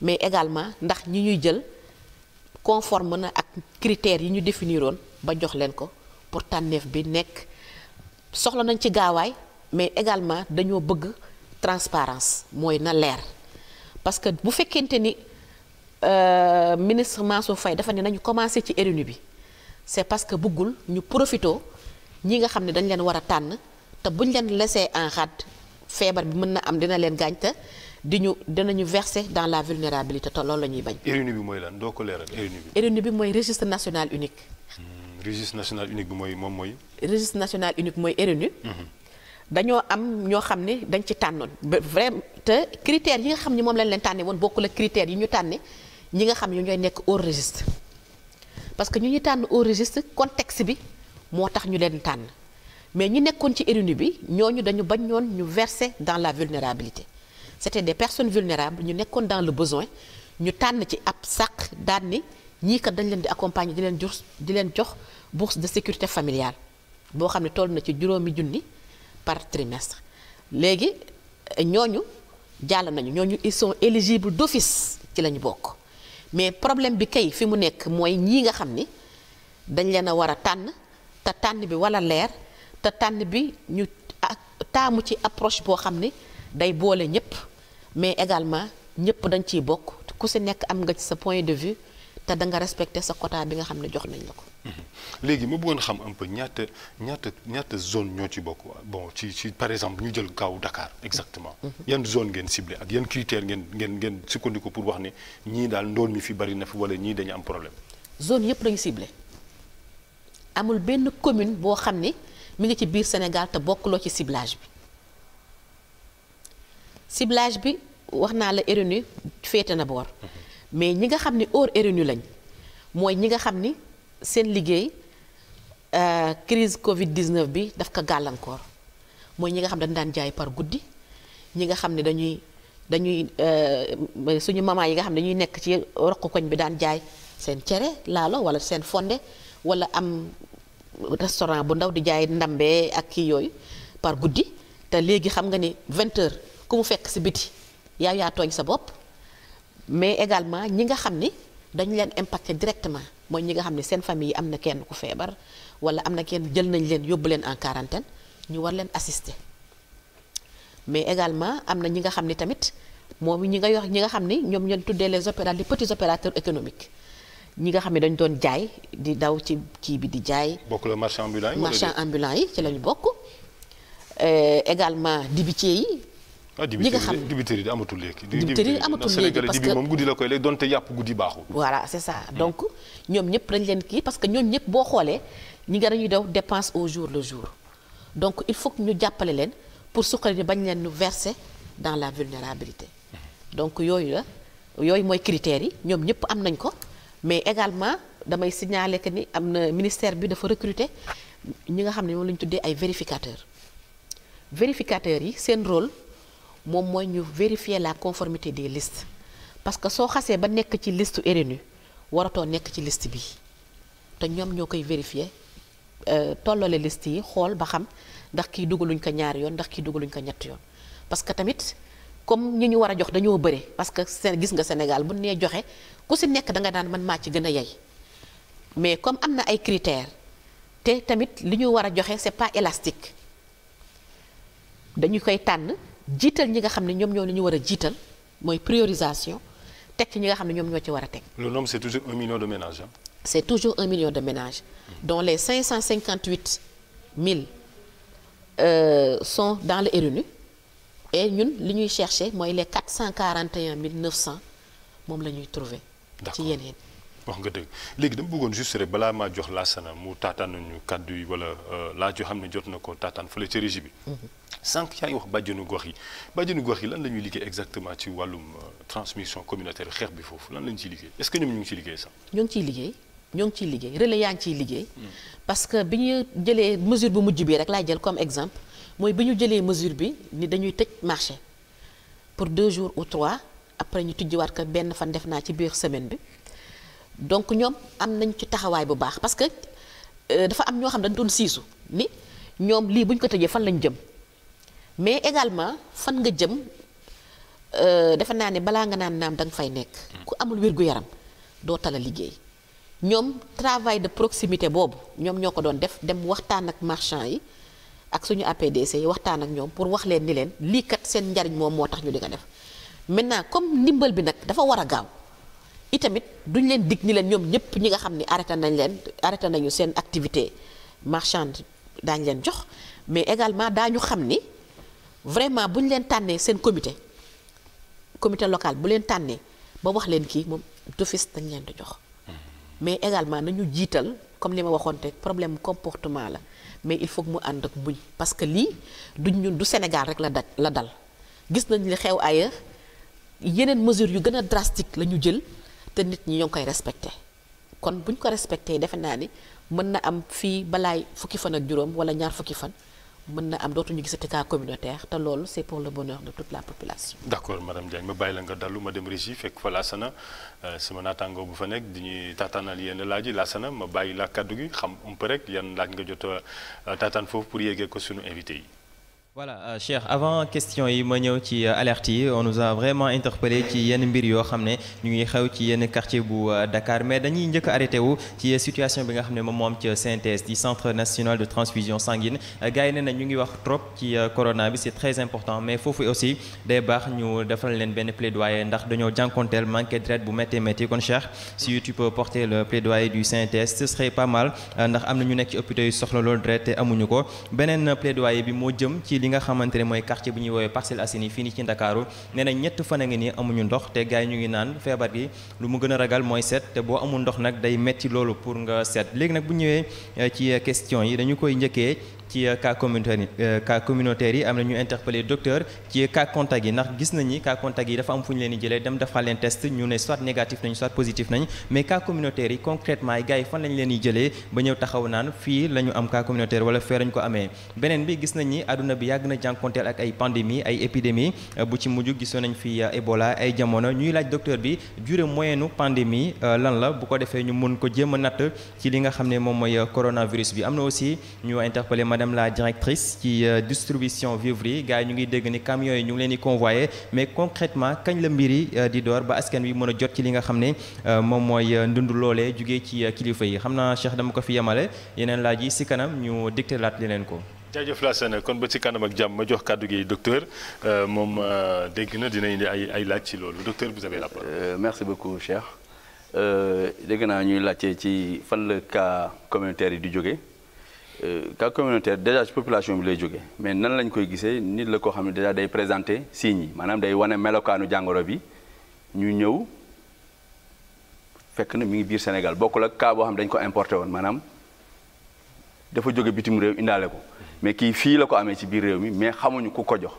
mais également ndax ñi ñuy jël conforme na ak critères yi ñu définiroon ba jox leen ko pour tànneef bi nekk soxla nañ ci gaawaay mais également dañoo bëgg transparence mooy na leer parce que bu fekkente ni euh, ministre Mansour Faye dafa ne nañu commencé ci réunion bi c'est parce que bëggul ñu profitoo ñi nga xam ne dañ leen war a tànn te buñ leen laissé en rade feebar bi mën na am dina leen gaañ te di ñu dinañu verser dans la vulnérabilité te loolu la ñuy bañ. réunion bi mooy lan doo bi. mooy registre national unique. Hmm. registre national unique bi mooy moom mooy. registre national unique mooy RNU. Mhm. dañoo am ñoo xam ne dañ ci tànnoon ba vraiment te critères yi nga xam ne moom lañ leen tànne woon bokkul la critères yi ñu tànne ñi nga xam ne ñooy nekk hors registre. parce que ñu ñuy tànn hors registre contexte bi moo tax ñu leen tànn mais ñi nekkoon ci RNU bi ñoo ñu dañu bañ ñoon ñu verser dans la vulnérabilité c'était des personnes vulnérables ñu nekkoon dans le besoin ñu tànn ci ab sàq daan ñii kat dañ leen di accompagner di leen jox di leen jox bourse de sécurité familiale boo xam ne toll na ci juróomi junni par trimestre léegi ñooñu jàll nañu ñooñu son sont éligibles d'office ci la ñu bokk mais problème bi kay fi mu nekk mooy ñii nga xam ni dañ leen a war a tànn te tànn bi wala leer te tànn bi ñu taamu ci approche boo xam ni day boole ñëpp mais également ñëpp dañ ciy bokk ku si nekk am nga ci sa point de vue te da nga respecté sa quota bi nga xam ne jox nañ la ko. Mhm. léegi ma bëggoon xam un peu ñaata ñaata zone ñoo ci bokk bon ci ci par exemple ñu jël kaw Dakar exactement. Mhm. Mhm. yan zone ngeen ciblé ak yan critère ngeen ngeen ngeen sukkandiku pour wax ne ñii daal ndool mi fi bari na fi wala ñii dañu am problème. zone yëpp dañu ciblé amul benn commune boo xam ni mi ngi ci biir Sénégal te bokkuloo ci ciblage bi ciblage bi wax naa la RNU féete na boor. mais ñi nga xam ni hors RNU lañ mooy ñi nga xam ni seen liggéey euh, crise Covid 19 bi daf ko gàllankoor mooy ñi nga xam dañ daan jaay par guddi ñi nga xam ne dañuy dañuy euh, suñu maman yi nga xam ne dañuy nekk ci roq koñ bi daan jaay seen cere laalo wala seen fonde wala am restaurant bu ndaw di jaay ndambee ak kii yooyu par guddi te léegi xam nga ni 20 ku mu fekk si biti yaa yaa tooñ sa bopp. mais également ñi nga xam ni dañu leen impacté directement mooy ñi nga xam ne seen famille yi am na kenn ku feebar wala am na kenn jël nañ leen yóbbu leen en quarantaine ñu war leen assisté mais également am na ñi nga xam ni tamit moom ñi nga yox ñi nga xam ni ñoom ñoo tuddee les opérateurs les petits opérateurs économiques ñi nga xam ne dañu doon jaay di daw ci kii bi di jaay. bokk la marchand ambulant yi marchand ambulant yi ci lañu bokk. Euh, également dibitier yi. Ah, ñi nga xam dibiteri di amatul léegi dibiteri di amatul léegi parce que moom guddi la koy léegi donte yàpp guddi baaxul voilà c'est ça donc ñoom ñëpp dañ leen kii parce que ñoom ñëpp boo xoolee ñi nga dañuy daw dépense au jour le jour donc il faut que ñu jàppale leen pour suqali ni bañ leen ñu verser dans la vulnérabilité donc yooyu la yooyu mooy critères yi ñoom ñëpp am nañ ko mais également damay signaler que ni am na ministère bi dafa recruter ñi nga xam ne moom la ñu tuddee ay vérificateurs vérificateurs yi seen rôle moom mooy ñu vérifier la conformité des listes parce que soo xasee ba nekk ci liste RNU waratoo nekk ci liste bi te ñoom ñoo koy vérifier euh, tollale liste yi xool ba xam ndax kii dugaluñ ko ñaari yoon ndax kii dugaluñ ko ñetti yoon parce que tamit comme ñi ñu war a jox dañoo bëre parce que gis nga Sénégal bu nee joxe ku si nekk da nga daan man maa ci gën a yey mais comme am na ay critères te tamit li ñu war a joxe c'est pas élastique dañu koy tànn jiital ñi nga xam ne ñoom ñoo ñu war a jiital mooy priorisation tekk ñi nga xam ne ñoom ñoo ci war a teg. le nombre c'est toujours un million de ménages. c'est toujours un million de ménages dont les cinq 558 000 euh, sont dans le RNU et ñun li ñuy chercher mooy les 441 900 moom la ñuy trouver. ci yeneen. wax nga dëgg léegi dama bëggoon juste rek balaa maa jox laasana mu taataan nañu kàddu yi wala euh, laa yoo xam ne jot na ko taataan fële ca régie bi. Mm-hmm. sànq yaa ngi wax bàjjenu gox yi bàjjenu gox yi lan la ñuy liggéey exactement ci wàllum euh, transmission communautaire xeex bi foofu lan la ñu ciy liggéey est-ce que ñoom ñu ngi ciy liggéey sax. ñu ngi ciy liggéey ñoo ngi yaa ngi ciy liggéey. Mm. parce que bi ñu jëlee mesure bu mujj bi rek laay jël comme exemple mooy bi ñu jëlee mesure bi ni dañuy tëj marché pour deux jours ou trois après ñu tijjiwaat benn fan def naa ci biir semaine bi donc ñoom am nañ ci taxawaay bu baax parce que euh, dafa am ñoo xam dañ doon siisu ni ñoom lii buñ ko tëjee fan lañ jëm mais également fan nga jëm euh, defe naa ne balaa nga naan naam da fay nekk. ku amul wér-gu-yaram doo tala liggéey ñoom travail de proximité boobu ñoom ñoo ko doon def dem waxtaan ak marchand yi ak suñu APDC yi waxtaan ak ñoom pour wax leen ni leen liikat seen njariñ moom moo tax ñu di ko def maintenant comme ndimbal bi nag dafa war a gaaw. itamit duñ leen dig ni leen ñoom ñëpp ñi nga xam ni arrêté nañ leen arrêté nañu seen activité marchande daañ leen jox mais également daa daañu xam ni vraiment bu ñu leen tànnee seen comité comité locale bu leen tànnee ba wax leen kii moom d'office dañ leen di jox mais également nañu jiital comme li ma waxoon te problème comportement la mais il faut mu ànd ak muñ parce que lii duñ ñu du Sénégal rek la da la dal gis nañ li xew ailleurs yeneen mesures yu gën a drastique la ñu jël te nit ñi ñoo koy respecté kon bu ñu ko respecté defe naa ni mën na am fii balaay fukki fan ak juróom wala ñaar fukki fan mën na am dootuñu gisati cas communautaire te loolu c'est pour le bonheur de toute la population. d'accord madame Diagne ma bàyyi la nga dallu ma dem régie fekk fa Lassana euh, sama naataangoo bu fa nekk di ñuy taataanal yenn laaj yi Lassana ma bàyyi la kàddu gi xam un peu rek yan laaj nga jot a euh, taataan foofu pour yéegee ko sunu invité yi. voilà euh, Cheikh euh, avant question yi ma ñëw ci euh, alerte yi on nous a vraiment interpellé ci yenn mbir yoo xam ne ñu ngi xew ci yenn quartier bu euh, Dakar mais dañuy njëkk arrêté wu ci situation bi nga xam ne moom moom ci CNTS di centre national de transfusion sanguine gars nee na ñu ngi wax trop ci corona bi c'est très important mais foofu aussi day baax ñu defal leen benn plaidoyer ndax dañoo jànkonteel manque de bu métti métti kon Cheikh si tu peux porter le plaidoyer du CNTS am na ñu nekk ci hôpitaux yu soxla loolu traite amuñu ko li nga xamante ne mooy quartier bu ñuy woowee Parcelles Assainies fii nii ci Ndakaaru nee na ñett fan a ngi nii amuñu ndox te gars yi ñu ngi naan feebar gi lu mu gën a ragal mooy set te boo amul ndox nag day metti loolu pour nga set léegi nag bu ñëwee euh, ci euh, question yi dañu koy njëkkee ci euh, cas communautaire yi euh, cas communautaire yi am na ñu interpellé docteur ci cas contact yi ndax gis nañ cas contact yi dafa am fu ñu leen di dem defal leen test ñu ne soit négatif nañ soit positif nañ mais cas communautaire yi concrètement gars yi fan lañ leen di ba ñëw taxaw naan fii la am cas communautaire wala fee lañ ko amee beneen bi gis nañ àdduna bi yàgg na jànkonteel ak ay pandémie ay épidémie euh, bu ci mujj gisoon nañ fi Ebola ay jamono ñuy laaj docteur a natt ci li nga madame la directrice ci euh, distribution vivres yi yi ñu ngi dégg ni camions yi ñu ngi leen di convoyer mais concrètement kañ la mbir yi euh, di door ba askan wi mën a jot ci li nga xam ne euh, moom mooy ndund loole jugee ci kilifa yi xam naa Cheikh dama ko fi yemale yeneen laaj yi si kanam ñu dicté laat li leen ko. jaajëf Lassana kon ba ci kanam ak jàmm ma jox kàddu gi docteur moom dégg na dina indi ay ay laaj ci loolu docteur vous avez la parole. merci beaucoup Cheikh dégg naa ñuy laajte ci fan la cas yi di jóge Euh, cas communautaire déjà ci population bi lay jógee mais nan lañ koy gisee nit la koo xam ne déjà day présenter signes yi maanaam day wane melokaanu jàngoro bi ñu ñëw fekk na mu ngi biir Sénégal bokkul ak cas boo xam ne dañ ko importé woon maanaam dafa jóge bitim réew indaale ko mais kii fii la ko amee ci biir réew mi mais xamuñu ku ko jox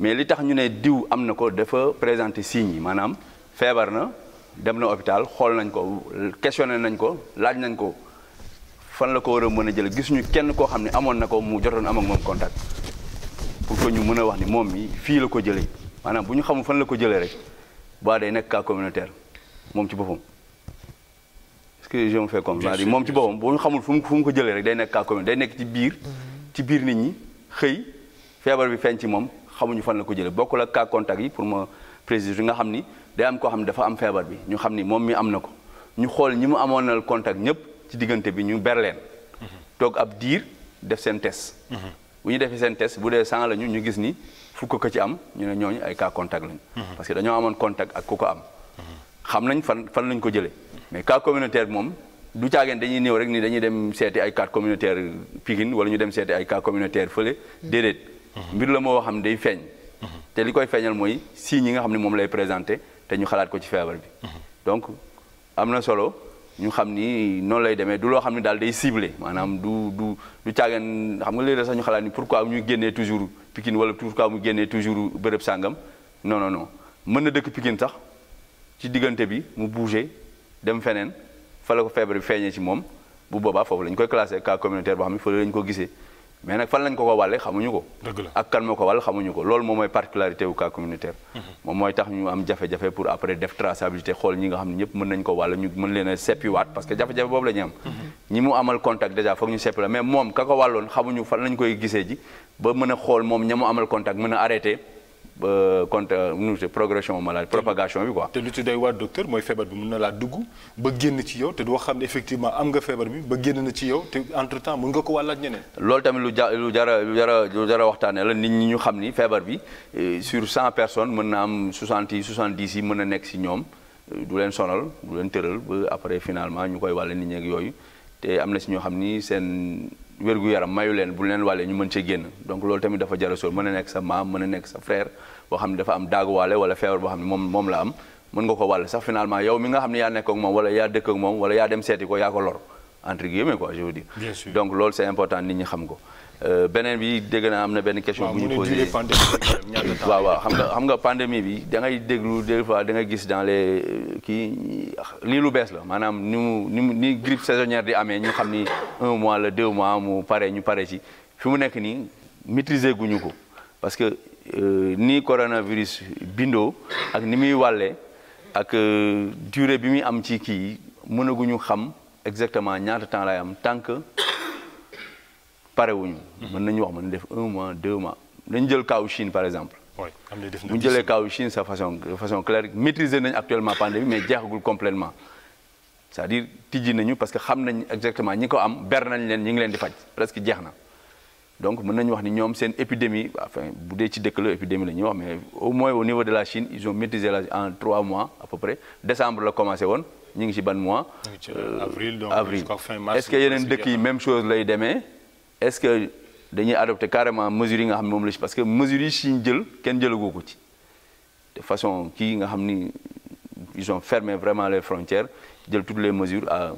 mais li tax ñu ne diw am na ko dafa présenter signes yi maanaam feebar na dem na hôpital xool nañ ko questionné nañ ko laaj nañ ko fan la ko war a mën a jël gis ñu kenn koo xam ne amoon na ko mu jotoon am ak moom contact pour que ñu mën a wax ni moom mii fii la ko jëlee maanaam bu ñu xamul fan la ko jëlee rek ba day nekk cas moom ci boppam est-ce que je moom ci boppam bu ñu xamul fu mu fu ko jëlee rek day nekk day nekk ci biir ci biir nit ñi xëy feebar bi feeñ ci moom xamuñu fan la ko jëlee bokkul ak cas yi pour ma préciser yi nga xam ni day am koo xam ne dafa am feebar bi ñu xam ni moom mi am na ko ñu xool ñi mu amoon amoonal contact ñëpp ci diggante bi ñu ber leen toog ab diir def seen test bu ñu defee seen test bu dee cent la ñu ñu gis ni fukk ko ci am ñu ne ñooñu ay cas contact lañu parce que dañoo amoon contact ak ku ko am xam nañ fan fan lañ ko jëlee mais cas communautaire moom du caageen dañuy néew rek ni dañuy dem seeti ay cas communautaire Pikine wala ñu dem seeti ay cas communautaire fële déedéet mbir la moo xam day feeñ te li koy feeñal mooy signes ñi nga xam ne moom lay présenté te xalaat ko ci feebar bi ñu xam ni noonu lay demee du loo xam ni daal day ciblé maanaam du du du caagan xam nga léeg-léeg sax ñu xalaat ni pourquoi ñu génnee toujours pikin Pikine wala pourquoi mu génnee toujours bërëb sàngam non noonu mën na dëkk Pikine sax ci diggante bi mu bougé dem feneen fa la ko feebar bi feeñee ci moom bu boobaa foofu la ñu koy classé cas communautaire boo xam ne fële la ko gisee mais nag fan lañ ko ko wàlle xamuñu ko ak kan moo ko wàll xamuñu ko loolu moom mooy particularité wu cas communautaire mhm. moom mooy tax ñu am jafe-jafe pour après def traçabilité xool ñi nga xam ne ñëpp mën nañ ko wàll ñu mën leen a seppiwaat parce que jafe-jafe boobu la ñu am mhm. ñi mu amal contact déjà foog ñu seppi mais moom ka ko wàlloon xamuñu fan lañ koy gisee ji ba mën a xool moom ña mu amal contact mën a arrêté ba euh, nu progression maladie propagation bi quoi. te lu ci doy waar docteur mooy feebar bi mën na laa dugg ba génn ci yow te doo xam ne effectivement am nga feebar bi ba génn na ci yow te entre temps mën nga ko wàllaat ñeneen. loolu tamit lu ja lu jara lu jara lu jara waxtaanee la nit ñi ñu xam ni feebar bi euh, sur cent personnes mën na am soixante yi soixante dix mën na nekk si ñoom euh, du leen sonal du leen tëral ba après finalement ñu koy wàll nit ñi yooyu te am na si ñoo xam nii seen. wér-gu-yaram mayu leen bu leen walee ñu mën cee génn donc loolu tamit dafa jar a sóor mën a nekk sa maam mën a nekk sa frère boo xam ne dafa am daagu waale wala feebar boo xam ne moom la am mën nga ko wàll sax finalement yow mi nga xam ne yaa nekk ak moom wala yaa dëkk moom wala yaa dem seeti ko yaa ko lor entre guillemets quoi je donc loolu c'est important nit ñi xam ko Euh, beneen bi dégg naa am na benn question. bu ñu posé waaw waaw xam nga xam nga pandémie bi da ngay déglu des fois da gis dans les kii lii lu bees la maanaam ni mu ni mu grippe saisonnière di amee ñu xam ni un mois la deux mois mu pare ñu pare ci fi mu nekk nii maîtriser guñu ko parce que euh, ni coronavirus bindoo ak ni muy wàllee ak euh, durée bi muy am ci kii mënaguñu xam exactement ñaata temps lay am tant que pare mën nañu wax mën def mois deux mois dañu jël kaw Chine par exemple bu ñu jëlee kaw Chine sa façon de façon claire maîtriser nañu actuellement pandémie mais jeexagul nañu parce que xam nañ exactement ñi ko am ber nañ leen ñi ngi leen di faj presque jeex na donc mën nañu wax ni ñoom seen épidémie enfin bu dee ci dëkk la épidémie ñuy wax mais au moins au la Chine ils ont maîtrisé la en trois mois à woon ñu ngi ci ban mois avril donc euh, avril est-ce que yeneen dëkk yi même chose lay deme est-ce que dañuy adopté carrément mesures yi nga xam ne moom la parce que mesures yi jël kenn jëlagoo ko ci de façon kii nga xam ni ils ont vraiment les frontières jël toutes les mesures à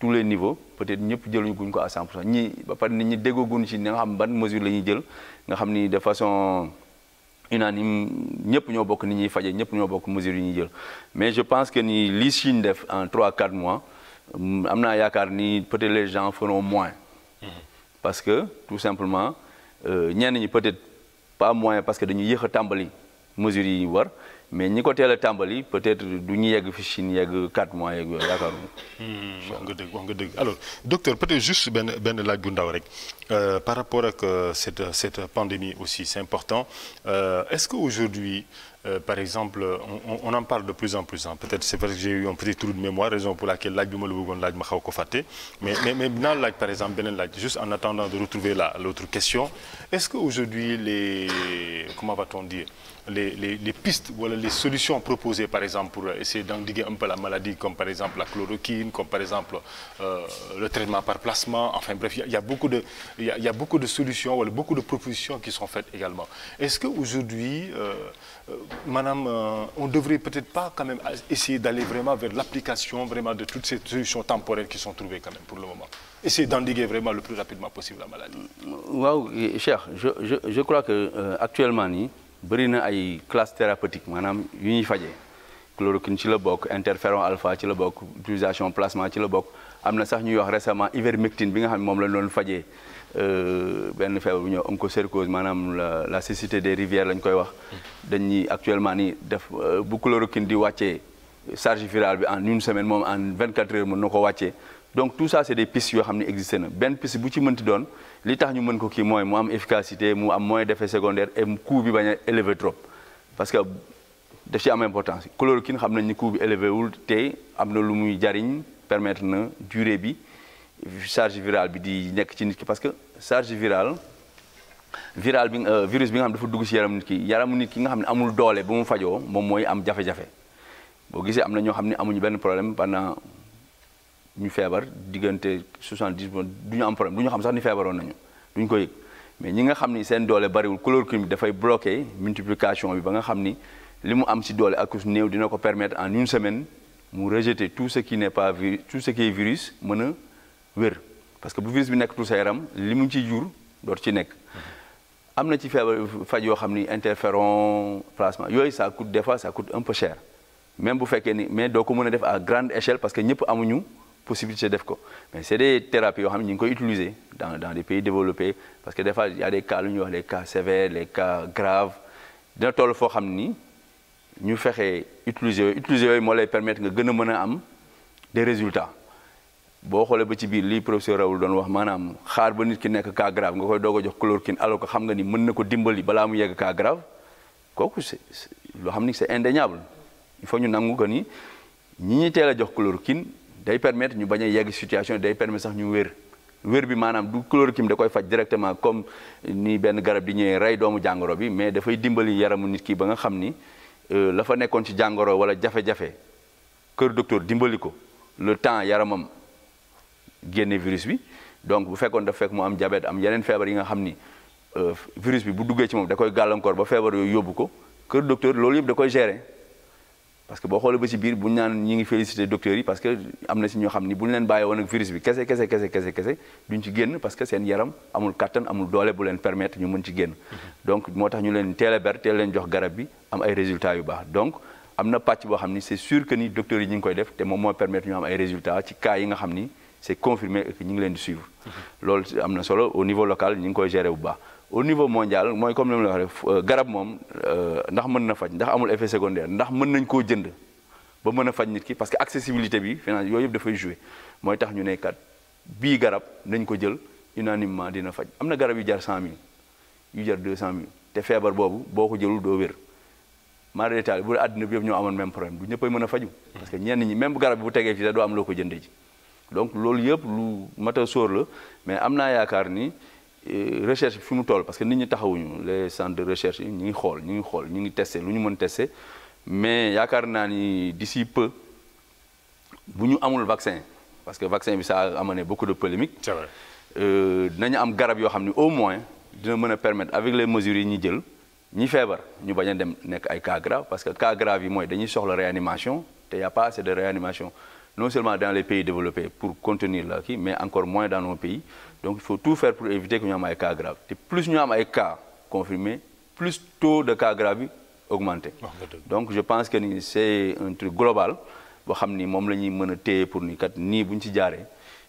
tous les niveaux peut-être ñëpp jëluñu guñ ko à 100 pour ba pare nit ñi déggooguñ ci nga xam ban mesure la ñuy jël nga xam ni de façon unanime ñëpp ñoo bokk ni ñuy faje ñëpp ñoo bokk mesure yi ñuy jël mais je pense que ni li Chine def en 3 4 mois am naa yaakaar ni peut-être les gens feront moins parce que tout simplement euh, ñenn ñi peut-être pas moyen parce que dañuy yéex a tàmbali mesures yi war mais ñi ko teel a tàmbali peut-être du ñu yegg fi Chine yegg 4 mois yegg yooyu yaakaaruma. Hmm, wax nga dëgg wax nga dëgg alors docteur peut-être juste benn benn laaj bu ndaw rek euh, par rapport ak euh, cette cette pandémie aussi c'est important euh, est-ce que aujourd'hui Euh, par exemple on, on en parle de plus en plus ah peut-être c'est parce que raison pour laquelle laaj bi ma la bëggoon laaj ma xaw ko fàtte mais mais mais dinaa laaj par exemple beneen juste en attendant de retrouver l'autre question est-ce que aujourd'hui les pistes proposées par exemple pour essayer d'endiguer un peu la maladie comme par exemple la chloroquine comme par exemple euh, le traitement par plasma enfin bref il a beaucoup de solutions wala beaucoup de propositions est-ce que Euh, maanaam euh, on devrait peut-être pas quand même essayer d'aller vraiment vers l'application vraiment de toutes ces solutions temporaires qui sont trouvées quand même pour le moment essayer d'endiguer vraiment le plus rapidement possible la maladie. Euh, waaw je crois que actuellement nii bëri na ay classes thérapeutiques maanaam yu ñuy fajee chloroquine ci la bokk interféron alpha ci la bokk utilisation plasma ci la bokk am na sax ñuy wax récemment ivermectine bi nga xam ne moom la ñu doon fajee. Euh, benn feebar bu ñëw onchocercose maanaam la la cécité des rivières lañ koy wax dañuy actuellement nii def euh, bu chloroquine di wàccee charge virale bi en une semaine moom en 24 heures mën na ko wàccee donc tout ça c' est yoo xam ne existé na benn piste bu ci mënti doon li tax ñu mën ko kii mooy mu am efficacité mu am mooy d' effet secondaire et coût bi bañ a élevé trop parce que daf ci am importance chloroquine xam nañ ni coût bi élevé wul tey am na lu muy jariñ permettre na durée bi charge virale bi di nekk ci nit ki parce que charge virale virale bi euh, virus bi nga xam dafa dugg ci yaram nit ki yaramu nit ki nga xam ne amul doole ba mu fajoo moom mooy am jafe boo gisee am na ñoo xam ne amuñu benn problème pendant ñu feebar diggante 70 du ñu am problème du ñu xam sax ni feebaroon nañu du ñu ko yëg mais ñi nga xam ni seen doole bariwul chloroquine bi dafay bloquer multiplication bi ba nga xam ni li mu am si doole ak néew dina ko permettre en une semaine mu rejeter tout ce qui n'est pas tout ce qui est mën a wér parce que bu virus bi nekkatul sa yaram li mu ciy jur dootu ci nekk am na ci feebar faj yoo xam ni interféron plasma yooyu ça coûte des fois ça coûte un peu cher même bu fekkee ni mais doo ko mën a def à grande échelle parce que ñëpp amuñu possibilité def ko mais c'est des thérapies yoo xam ne ñu ngi koy utiliser dans dans des pays développés parce que des fois y a des cas lu ñuy wax les cas sévères les cas graves dina toll foo xam ni ñu fexe utiliser yooyu utiliser yooyu moo permettre nga gën a mën a am des résultats boo xoolee ba ci biir lii professeur Raoul doon wax maanaam xaar ba nit ki nekk cas grave nga koy doog a jox chloroquine alors que ni mën na ko dimbali balaa mu yegg cas kooku c'est loo xam ni c'est indéniable il faut ñu nangu ko ni ñi ñuy teel a jox chloroquine day permettre ñu bañ a yegg situation day permettre sax ñu wér wér bi maanaam du chloroquine da koy faj directement comme ni benn garab di ñëwee rey doomu jàngoro bi mais dafay dimbali yaramu nit kii ba nga xam ni euh, lafa nekkoon ci jàngoro wala jafe-jafe kër docteur dimbali ko le temps yaramam. génne virus bi donc bu fekkoon daf fekk mu am diabète am yeneen feebar yi nga xam ni euh, virus bi bu duggee ci moom da koy gàllankoor ba feebar yooyu yóbbu ko kër docteur loolu yëpp da koy gérer parce que boo xoolee ba ci biir bu ñu naan ñi ngi félicité docteurs yi parce que am ni bu ñu leen bàyyi woon ak virus bi kese kese kese kese kese seen yaram amul kattan amul doole bu leen permettre ñu mën ci génn. donc moo tax ñu leen teel a leen jox garab bi am ay résultats yu baax donc am na pàcc boo xam ni c'est sûr que ni docteurs yi ñu ngi koy def te moom moo permettre ñu am ay résultats ci cas yi nga xam ni. c' est confirmé que ñu ngi leen di suivre. loolu am na solo au niveau local ñi ngi koy gérer bu baax. au niveau mondial mooy comme ni ma la euh, garab moom euh, ndax mën na faj ndax amul effet secondaire ndax mën nañ koo jënd ba mën a faj nit ki parce que accessibilité bi finance yooyu yëpp dafay jouer mooy tax ñu ne kat bii garab nañ ko jël unanimement dina faj am na garab yu jar cent mille yu jar te feebar boobu boo ko jëlul doo wér. maa détail bu àddina bi yëpp ñoo amoon même problème am loo ko jëndee ji. donc loolu yëpp lu mat la mais am naa yaakaar ni euh, recherche fi mu tool parce que nit ñi taxawuñu les centres de recherche ñi ngi xool ñu ngi xool ñu ngi testé lu ñu mën testé mais yaakaar naa ni d'ici peu bu ñu amul vaccin parce que vaccin bi ça a amené beaucoup de polémique c'est vrai euh, nañu am garab yoo xam ni au moins dina mën a permettre avec les mesures yi ñuy jël ñi feebar ñu bañ a dem nekk ay cas grave parce que cas grave yi mooy dañuy soxla réanimation te y de réanimation non seulement dans les pays développés pour contenir la kii mais encore moins dans nos pays donc il faut tout faire pour éviter que ñu am ay cas graves te plus ñu am ay cas confirmés plus taux de cas graves yi augmenté donc je pense que ni c'est un truc global boo xam ni moom la ñuy mën a téye pour ni kat nii bu ñu ci jaaree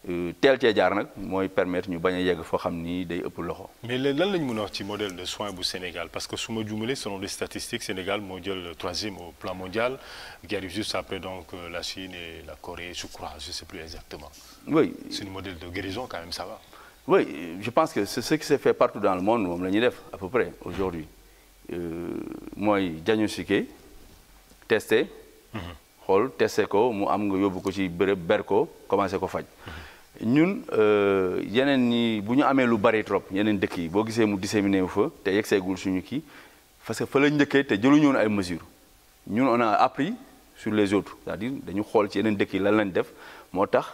Euh, teel cee jaar nag mooy permettre ñu bañ a yegg foo xam ni day ëpp loxo. mais lan lañ mën wax ci modèle de soin bu Sénégal parce que su ma jumalee selon les statistiques Sénégal moo jël le troisième au plan mondial qui arrive juste après donc euh, la Chine et la Corée je crois je plus exactement. oui suñu modèle de guérison quand même ça va. oui je pense que c'est ce qui se fait partout dans le monde moom la def à peu près aujourd'hui euh, mooy diagnostiquer tester. Mhm. xool tester ko mu am nga yóbbu ko ci bërëb ber ko commencé ko faj. Mhm. ñun euh, yeneen ñi bu ñu amee lu bari trop yeneen dëkk yi boo gisee mu disséminé fa te yegseegul suñu kii parce que fa la njëkkee te jëluñu woon ay mesures ñun on a appris sur les autres c'est-à-dire dañu xool ci yeneen dëkk yi lan lañ def moo tax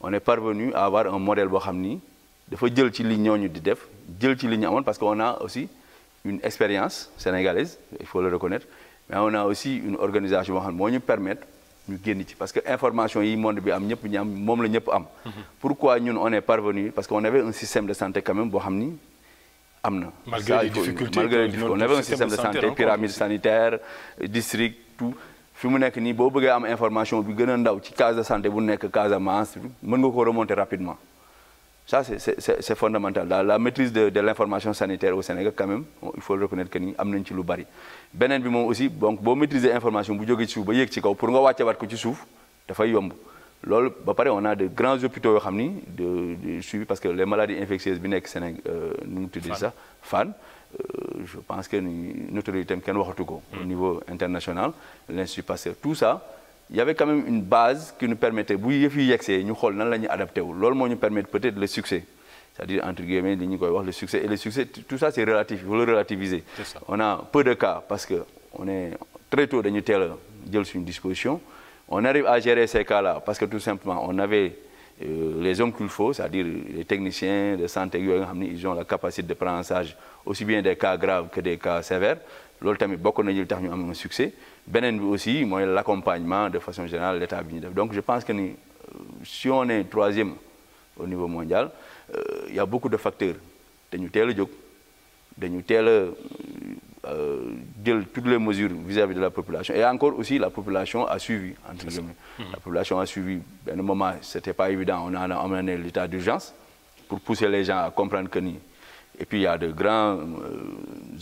on est parvenu à avoir un modèle boo xam ni dafa jël ci li ñu di def jël ci li ñu amoon parce que on a aussi une expérience sénégalaise il faut le reconnaître mais on a aussi une organisation boo xam ne moo ñu permettre ñu génn ci parce que information yi monde bi am ñëpp ñu am moom la ñëpp am. pourquoi ñun on est parvenu parce que on avait un système de santé quand boo xam ni am na. malgré les difficultés malgré les difficultés un système de santé pyramide sanitaire district tout. fi mu nekk nii boo bëggee am information bi gën a ndaw ci case de santé bu nekk Casamance mën nga ko remonter rapidement. ça c'est c'est c'est fondamental la la maîtrise de de l'information sanitaire au Sénégal quand il faut reconnaître que ni am nañ ci lu bari beneen bi moom aussi donc boo maîtriser information bu jógee ci suuf ba yéeg ci kaw pour nga wàccewaat ko ci suuf dafay yomb loolu ba pare on a de grands hôpitaux yoo xam ni de suivi parce que les maladies infectieuses bi nekk Sénégal euh, nu mu tuddee sax Fann euh, je pense que ni notoriété am kenn waxatu ko au mm. niveau international l'Institut Pasteur tout ça il y avait quand même une base qui nous permettait bu yëf yi yegsee ñu xool nan la ñuy adapté wu loolu moo ñu permettre peut-être le succès c'est-à-dire entre guillemets li ñu koy wax le succès et le succès tout ça c'est relatif il faut le relativiser on a peu de cas parce que on est très tôt dañu teel a jël suñu disposition on arrive à gérer ces cas-là parce que tout simplement on avait euh, les hommes qu'il faut c'est-à-dire les techniciens de santé yooyu nga xam ni ils capacité de prendre en charge aussi bien des loolu tamit bokk nañu li tax am un succès beneen bi aussi mooy l' accompagnement de façon générale l' état bi ñu def donc je pense que ni euh, si on est troisième au niveau mondial il euh, y a beaucoup de facteurs dañu teel a jóg dañu teel a euh, jël toutes les mesures vis-à-vis de la population et encore aussi la population a suivi entre guillemets mmh. la population a suivi benn moment c' était pas évident on a amené l' d'urgence pour pousser les gens à comprendre que ni et puis y a de grands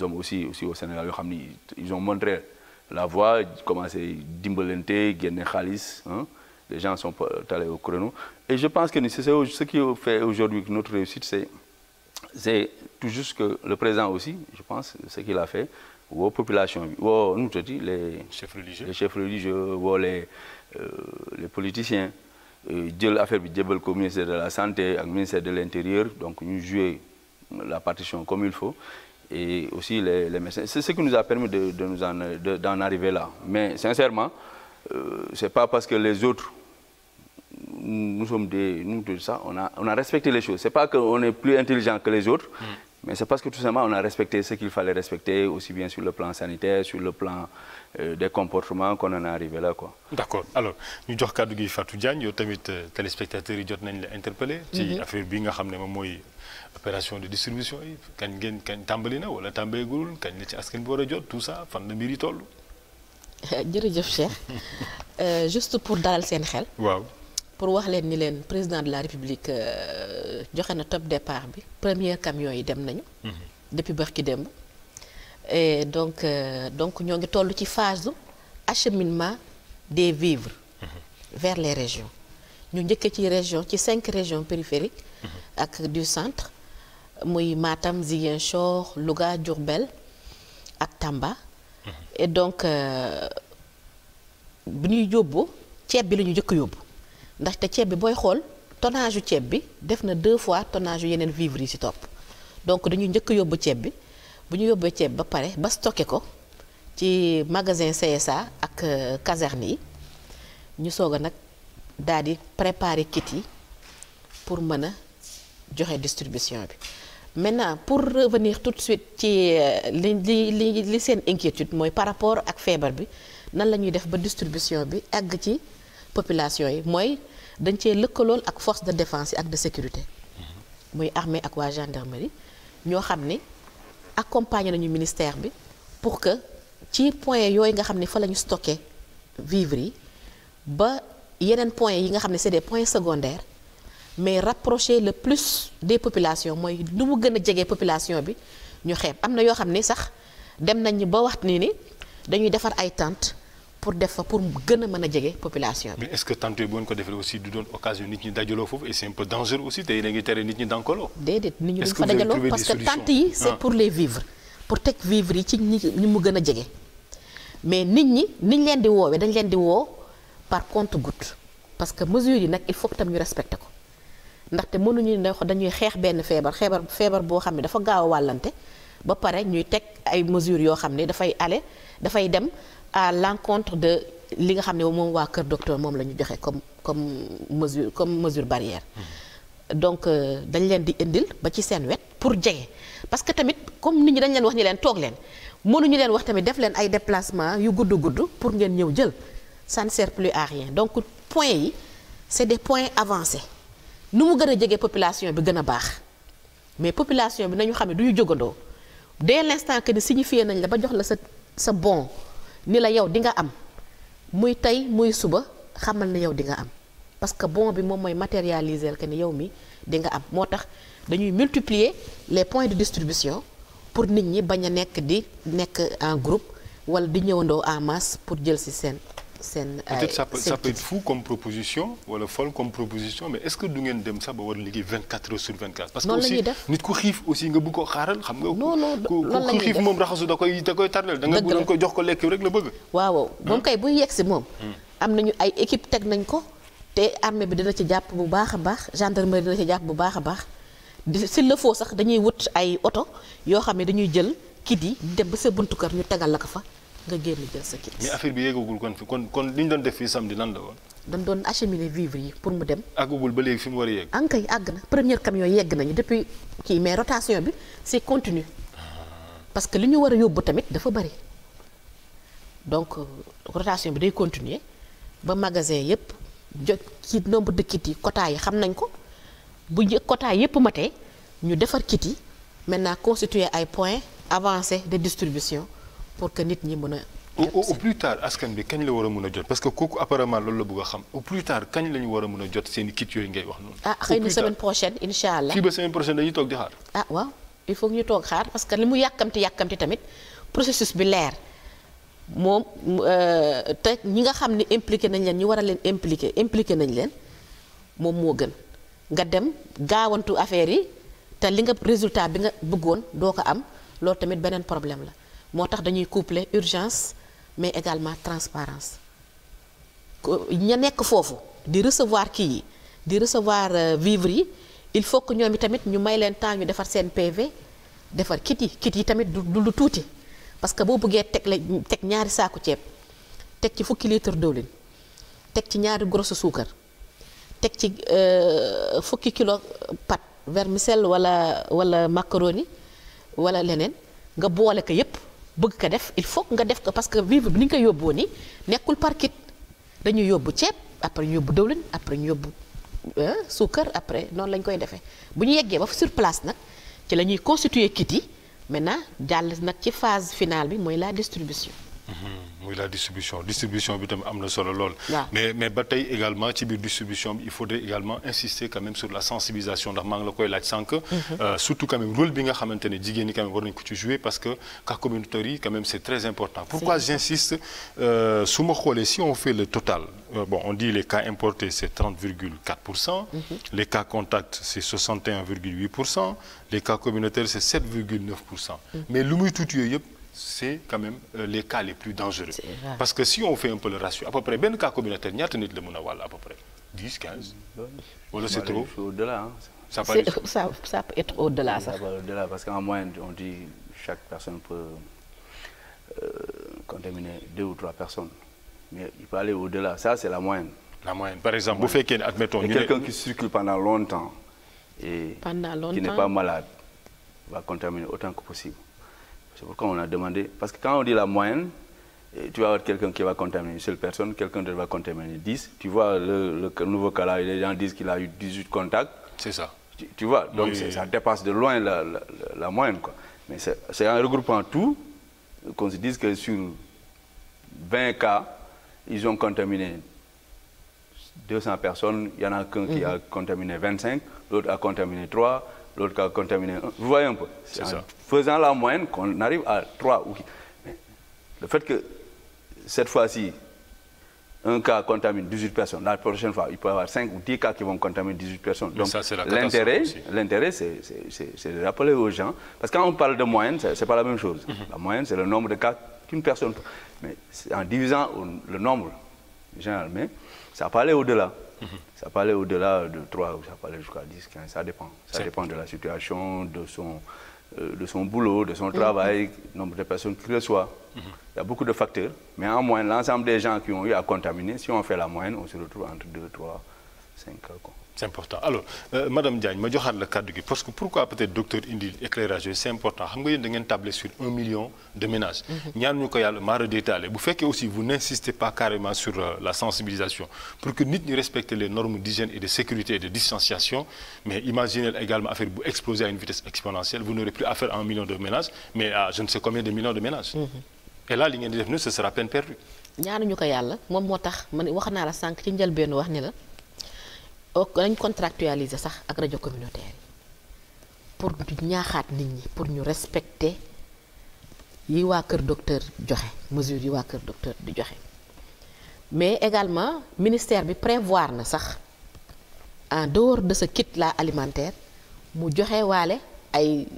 hommes aussi aussi au Sénégal yoo xam ni ils ont montré la voie commencé dimbalante génne xaalis les gens sont euh, allés au et je pense que ni c'est ce qui fait aujourd'hui notre réussite c'est tout juste que le président aussi je pense ce qu'il a fait woo population bi woo nu mu tuddati les chefs religieux les chefs les euh, les politiciens jël affaire bi jébal ko de la santé ak ministère de l'intérieur donc ñu jouer la partition comme il faut et aussi les, les C'est ce qui nous a permis de, nous en, arriver là. Mais sincèrement, euh, c'est pas parce que les autres, nous sommes des, nous tout ça, on a, on a respecté les choses. C'est pas qu'on est plus intelligent que les autres, mm. mais c'est parce que tout simplement on a respecté ce qu'il fallait respecter, aussi bien sur le plan sanitaire, sur le plan euh, des comportements qu'on en est arrivé là quoi. d'accord alors ñu jox kàddu gi Fatou Diagne yow tamit euh, mhm. nga xam ne moom mooy. opération de distribution yi kañ ngeen kañ tàmbali na wala tàmbaleegul kañ la ci askan bi war a jot tout ça fan la mbir yi toll. jërëjëf Cheikh euh, juste pour dalal seen xel. waaw pour wax leen ni leen président de la république euh, joxe na top départ bi premier camion yi dem nañu. Mhm. depuis barki démb. et euh, donc ñoo ngi toll ci phase acheminement des vivres. Mhm. vers les régions ñu njëkk ci région ci cinq régions périphériques. Mhm. ak du centre. muy maatam Ziguinchor Louga Diourbel ak Tamba. et donc euh, bu ñuy yóbbu ceeb bi la ñu njëkk yóbbu ndaxte ceeb bi booy xool tonnage ceeb bi def na deux fois tonnage yeneen vivres yi ci topp donc dañuy njëkk yóbbu ceeb bi bu ñu yóbbee ceeb ba pare ba stocké ko ci magasin CSA ak euh, caserne yi ñu soog a nag daal di préparer kit yi pour mën a joxe distribution bi maintenant pour revenir tout de suite ci euh, li li li seen inquiétude mooy par rapport ak feebar bi nan la ñuy def ba distribution bi àgg ci population yi mooy dañ cee lëkkalool ak force de défense yi ak de sécurité mhm. muy armée ak waa gendarmerie ñoo xam ne accompagné nañu ministère bi pour que ci point yooyu nga xam ni fa la ñu stocké vivres yi ba yeneen point yi nga xam ne c'est des points secondaires mais rapprocher le plus des population mooy lu mu gën a jege population bi ñu xeeb am na yoo xam ne sax dem nañ ba wax ni ni dañuy defar ay tentes pour def fa pour gën a mën a jege population bi. mais ce que tentes yi ko defee aussi du doon occasion nit ñi dajaloo foofu et c'est un peu dangereux aussi te yéen ngi tere nit ñi dankaloo. déedéet nit que tentes yi c'est ah. pour les pour teg vivre yi ci ñi mu gën a jege mais nit ñi niñ leen di woowee dañ leen di woo par compte-gouttes parce que mesures yi nag il faut que tam ñu respecté ko. ndaxte mënuñu ne dañuy xeex benn feebar feebar feebar boo xam ne dafa gaaw a wàllante ba pare ñuy teg ay mesures yoo xam ne dafay ale dafay dem à l'encontre de li nga xam ne moom waa kër docteur moom la ñu joxe comme comme mesure comme mesure barrière mm-hmm. donc euh, dañ leen di indil ba ci seen wet pour jege parce que tamit comme nit ñi dañ leen wax ñi leen toog leen mënuñu leen wax tamit def leen ay déplacement yu gudd gudd pour ngeen ñëw jël ça ne sert plus à rien donc point yi c'est des points avancés nu mu gën a jege population bi gën a baax mais population bi nañu xam ne du ñu jógandoo dès l'instant que ni signifié nañ la ba jox la sa sa bon ni la yow di nga am muy tey muy suba xamal na yow di nga am parce que bon bi moom mooy matérialiser que ni yow mi dinga am moo tax dañuy multiplier les point de distribution pour nit ñi bañ a nekk di nekk en group wala di ñëwandoo en masse pour jël ci seen seen. ay peut-être euh, ça comme proposition wala folle comme proposition mais est-ce que du ngeen dem sax ba war a liggéey 24 heures sur 24. parce que aussi nit ku xiif nga bëgg ko xaaral xam nga. non ku xiif moom raxasu da koy da koy tardel. da ko jox ko lekk la bëgg. waaw hmm. moom kay buy yegsi moom. Hmm. am nañu ay équipe teg nañ ko. te armée bi dina ci jàpp bu baax a baax gendarmerie dina ci jàpp bu baax a baax s'il le faut sax dañuy wut ay oto yoo xam ne dañuy jël kit yi dem ba sa buntu kër ñu tegal la ko fa nga génn jël sa kit. mais affaire bi yeggagul kon kon kon li ñu doon def fii samedi lan la woon. dañ doon acheminer vivres yi pour mu dem. àggagul ba léegi fi mu war a yegg. an ah, kay àgg na première camion yegg nañu depuis kii mais rotation bi est continu ah. parce que li ñu war a yóbbu tamit dafa bari donc euh, rotation bi day continuer ba magasin yépp jot ci nombre de kit yi quota yi xam nañ ko bu një quota yépp matee ñu defar kit yi maintenant constituer ay points avancés de distribution. pour que nit ñi mën a. au plus tard askan bi kañ la war a mën a jot parce que kooku apparemment loolu la bëgg a xam au plus tard kañ la war a mën a jot seen i kit yooyu ngay wax noonu. ah xëy na semaine prochaine incha allah fii ba semaine prochaine dañuy toog di xaar. ah waaw il faut ñu toog xaar parce que li mu euh, te ñi nga xam ni impliqué nañ leen ñi war a leen impliqué impliqué nañ leen moom moo gën nga dem gaawantu affaire yi te li nga résultat bi nga bëggoon doo ko am loolu tamit beneen problème la moo tax dañuy coupler urgence mais également transparence ña nekk foofu di recevoir kii yi di recevoir euh, vivre yi il faut que ñoom yi tamit ñu may leen temps ñu defar seen PV defar kit yi kit yi tamit du lu tuuti parce que boo bëggee teg la teg ñaari saaku ceeb teg ci fukki litre diwlin teg ci ñaari grosse suukar teg ci euh, fukki kilo pat vermicelle wala wala macaroni wala leneen nga boole ko yépp bëgg ko def il faut nga def ko parce que vivre bi ni nga yóbboo ni nekkul par kit dañuy yóbbu ceeb après ñu yóbbu dëwlin après ñu yóbbu suukar après noonu lañ koy defee bu ñu yeggee ba sur place nag ci la ñuy constituer kit yi maintenant jàll nag ci phase finale bi mooy la distribution. Mhm. muy la distribution distribution bi tamit am mais mais également ci distribution il faudrait également insister quand même sur la sensibilisation ndax maa ngi la koy mhm. euh, surtout quand même rôle bi nga xamante ne jigéen ñi quand même war nañu ko ci jouer parce que cas communautaire quand même c' très important. pourquoi j'insiste euh, su ma si on fait le total euh, on dit les cas importés c' est 30 virgule 4 mhm. pour cent. les c'est quand même euh, les cas les plus dangereux parce que si on fait un peu le ratio à peu près benn cas communautaire ñaata a wàll à peu a 10 15 wala c'est trop au-delà ça peut ça ça au-delà parce qu'en moyenne on dit chaque personne peut euh, contaminer deux ou trois personnes mais il peut aller au-delà ça c'est la moyenne la par exemple bu fekkee ne admettons ñu quelqu'un qui circule pendant longtemps et pendant qui n'est pas malade va contaminer autant que possible C'est pourquoi on a demandé, parce que quand on la moyenne, eh, tu vas avoir quelqu'un qui va contaminer une seule personne, quelqu'un d'autre contaminer Tu vois, le, nouveau cas là, les gens disent qu'il a eu 18 contacts. C'est ça. Tu, tu, vois, donc oui, oui. ça dépasse de loin la, la, moyenne. Mais c'est en regroupant tout qu'on se dise que sur 20 cas, ils ont contaminé personnes, il y en a qu'un mmh. qui a mm-hmm. contaminé 25, l'autre a contaminé 3, l'autre cas contaminé un. Vous voyez un peu. C'est ça. faisant la moyenne qu'on arrive à trois ou Mais le fait que cette fois-ci, un cas contamine 18 personnes, la prochaine fois, il peut y avoir 5 ou 10 cas qui vont contaminer 18 personnes. Donc l'intérêt, l'intérêt, c'est de rappeler aux gens. Parce que quand on parle de moyenne, ce pas la même chose. Mhm. La moyenne, c'est le nombre de cas qu'une personne... Mais en divisant le nombre, généralement, ça Mhm. Ça peut aller au-delà de 3 ou ça peut aller jusqu'à 10, 15, ça dépend. Ça dépend de la situation, de son, euh, de son boulot, de son mhm. travail, nombre de personnes qui le soient. Mhm. Il y a beaucoup de facteurs, mais en moyenne, l'ensemble des gens qui ont eu à contaminer, si on fait la moyenne, on se retrouve entre 2, 3, 5 cas. c'est important alors euh, madame Diagne ma joxaat la kàddu gi parce que pourquoi peut docteur indi éclairage c'est important xam nga yéen da tabler sur un million de ménages. Mhm. ñaan ñu ko yàlla mara détaillé bu fekkee aussi vous n'insistez pas carrément sur euh, la sensibilisation pour que nit ñi respecte les normes d'hygiène et de sécurité et de distanciation mais imaginez également affaire bu exploser à une vitesse exponentielle vous n'aurez plus mhm. moo tax man wax oo nañ contractualiser sax ak rajo communautaire yi pour ñaaxaat nit ñi pour ñu respecter yi waa kër docteur joxe mesure yi waa kër docteur di joxe mais également ministère bi prévoir na sax en dehors de ce kit là alimentaire mu joxe waale ay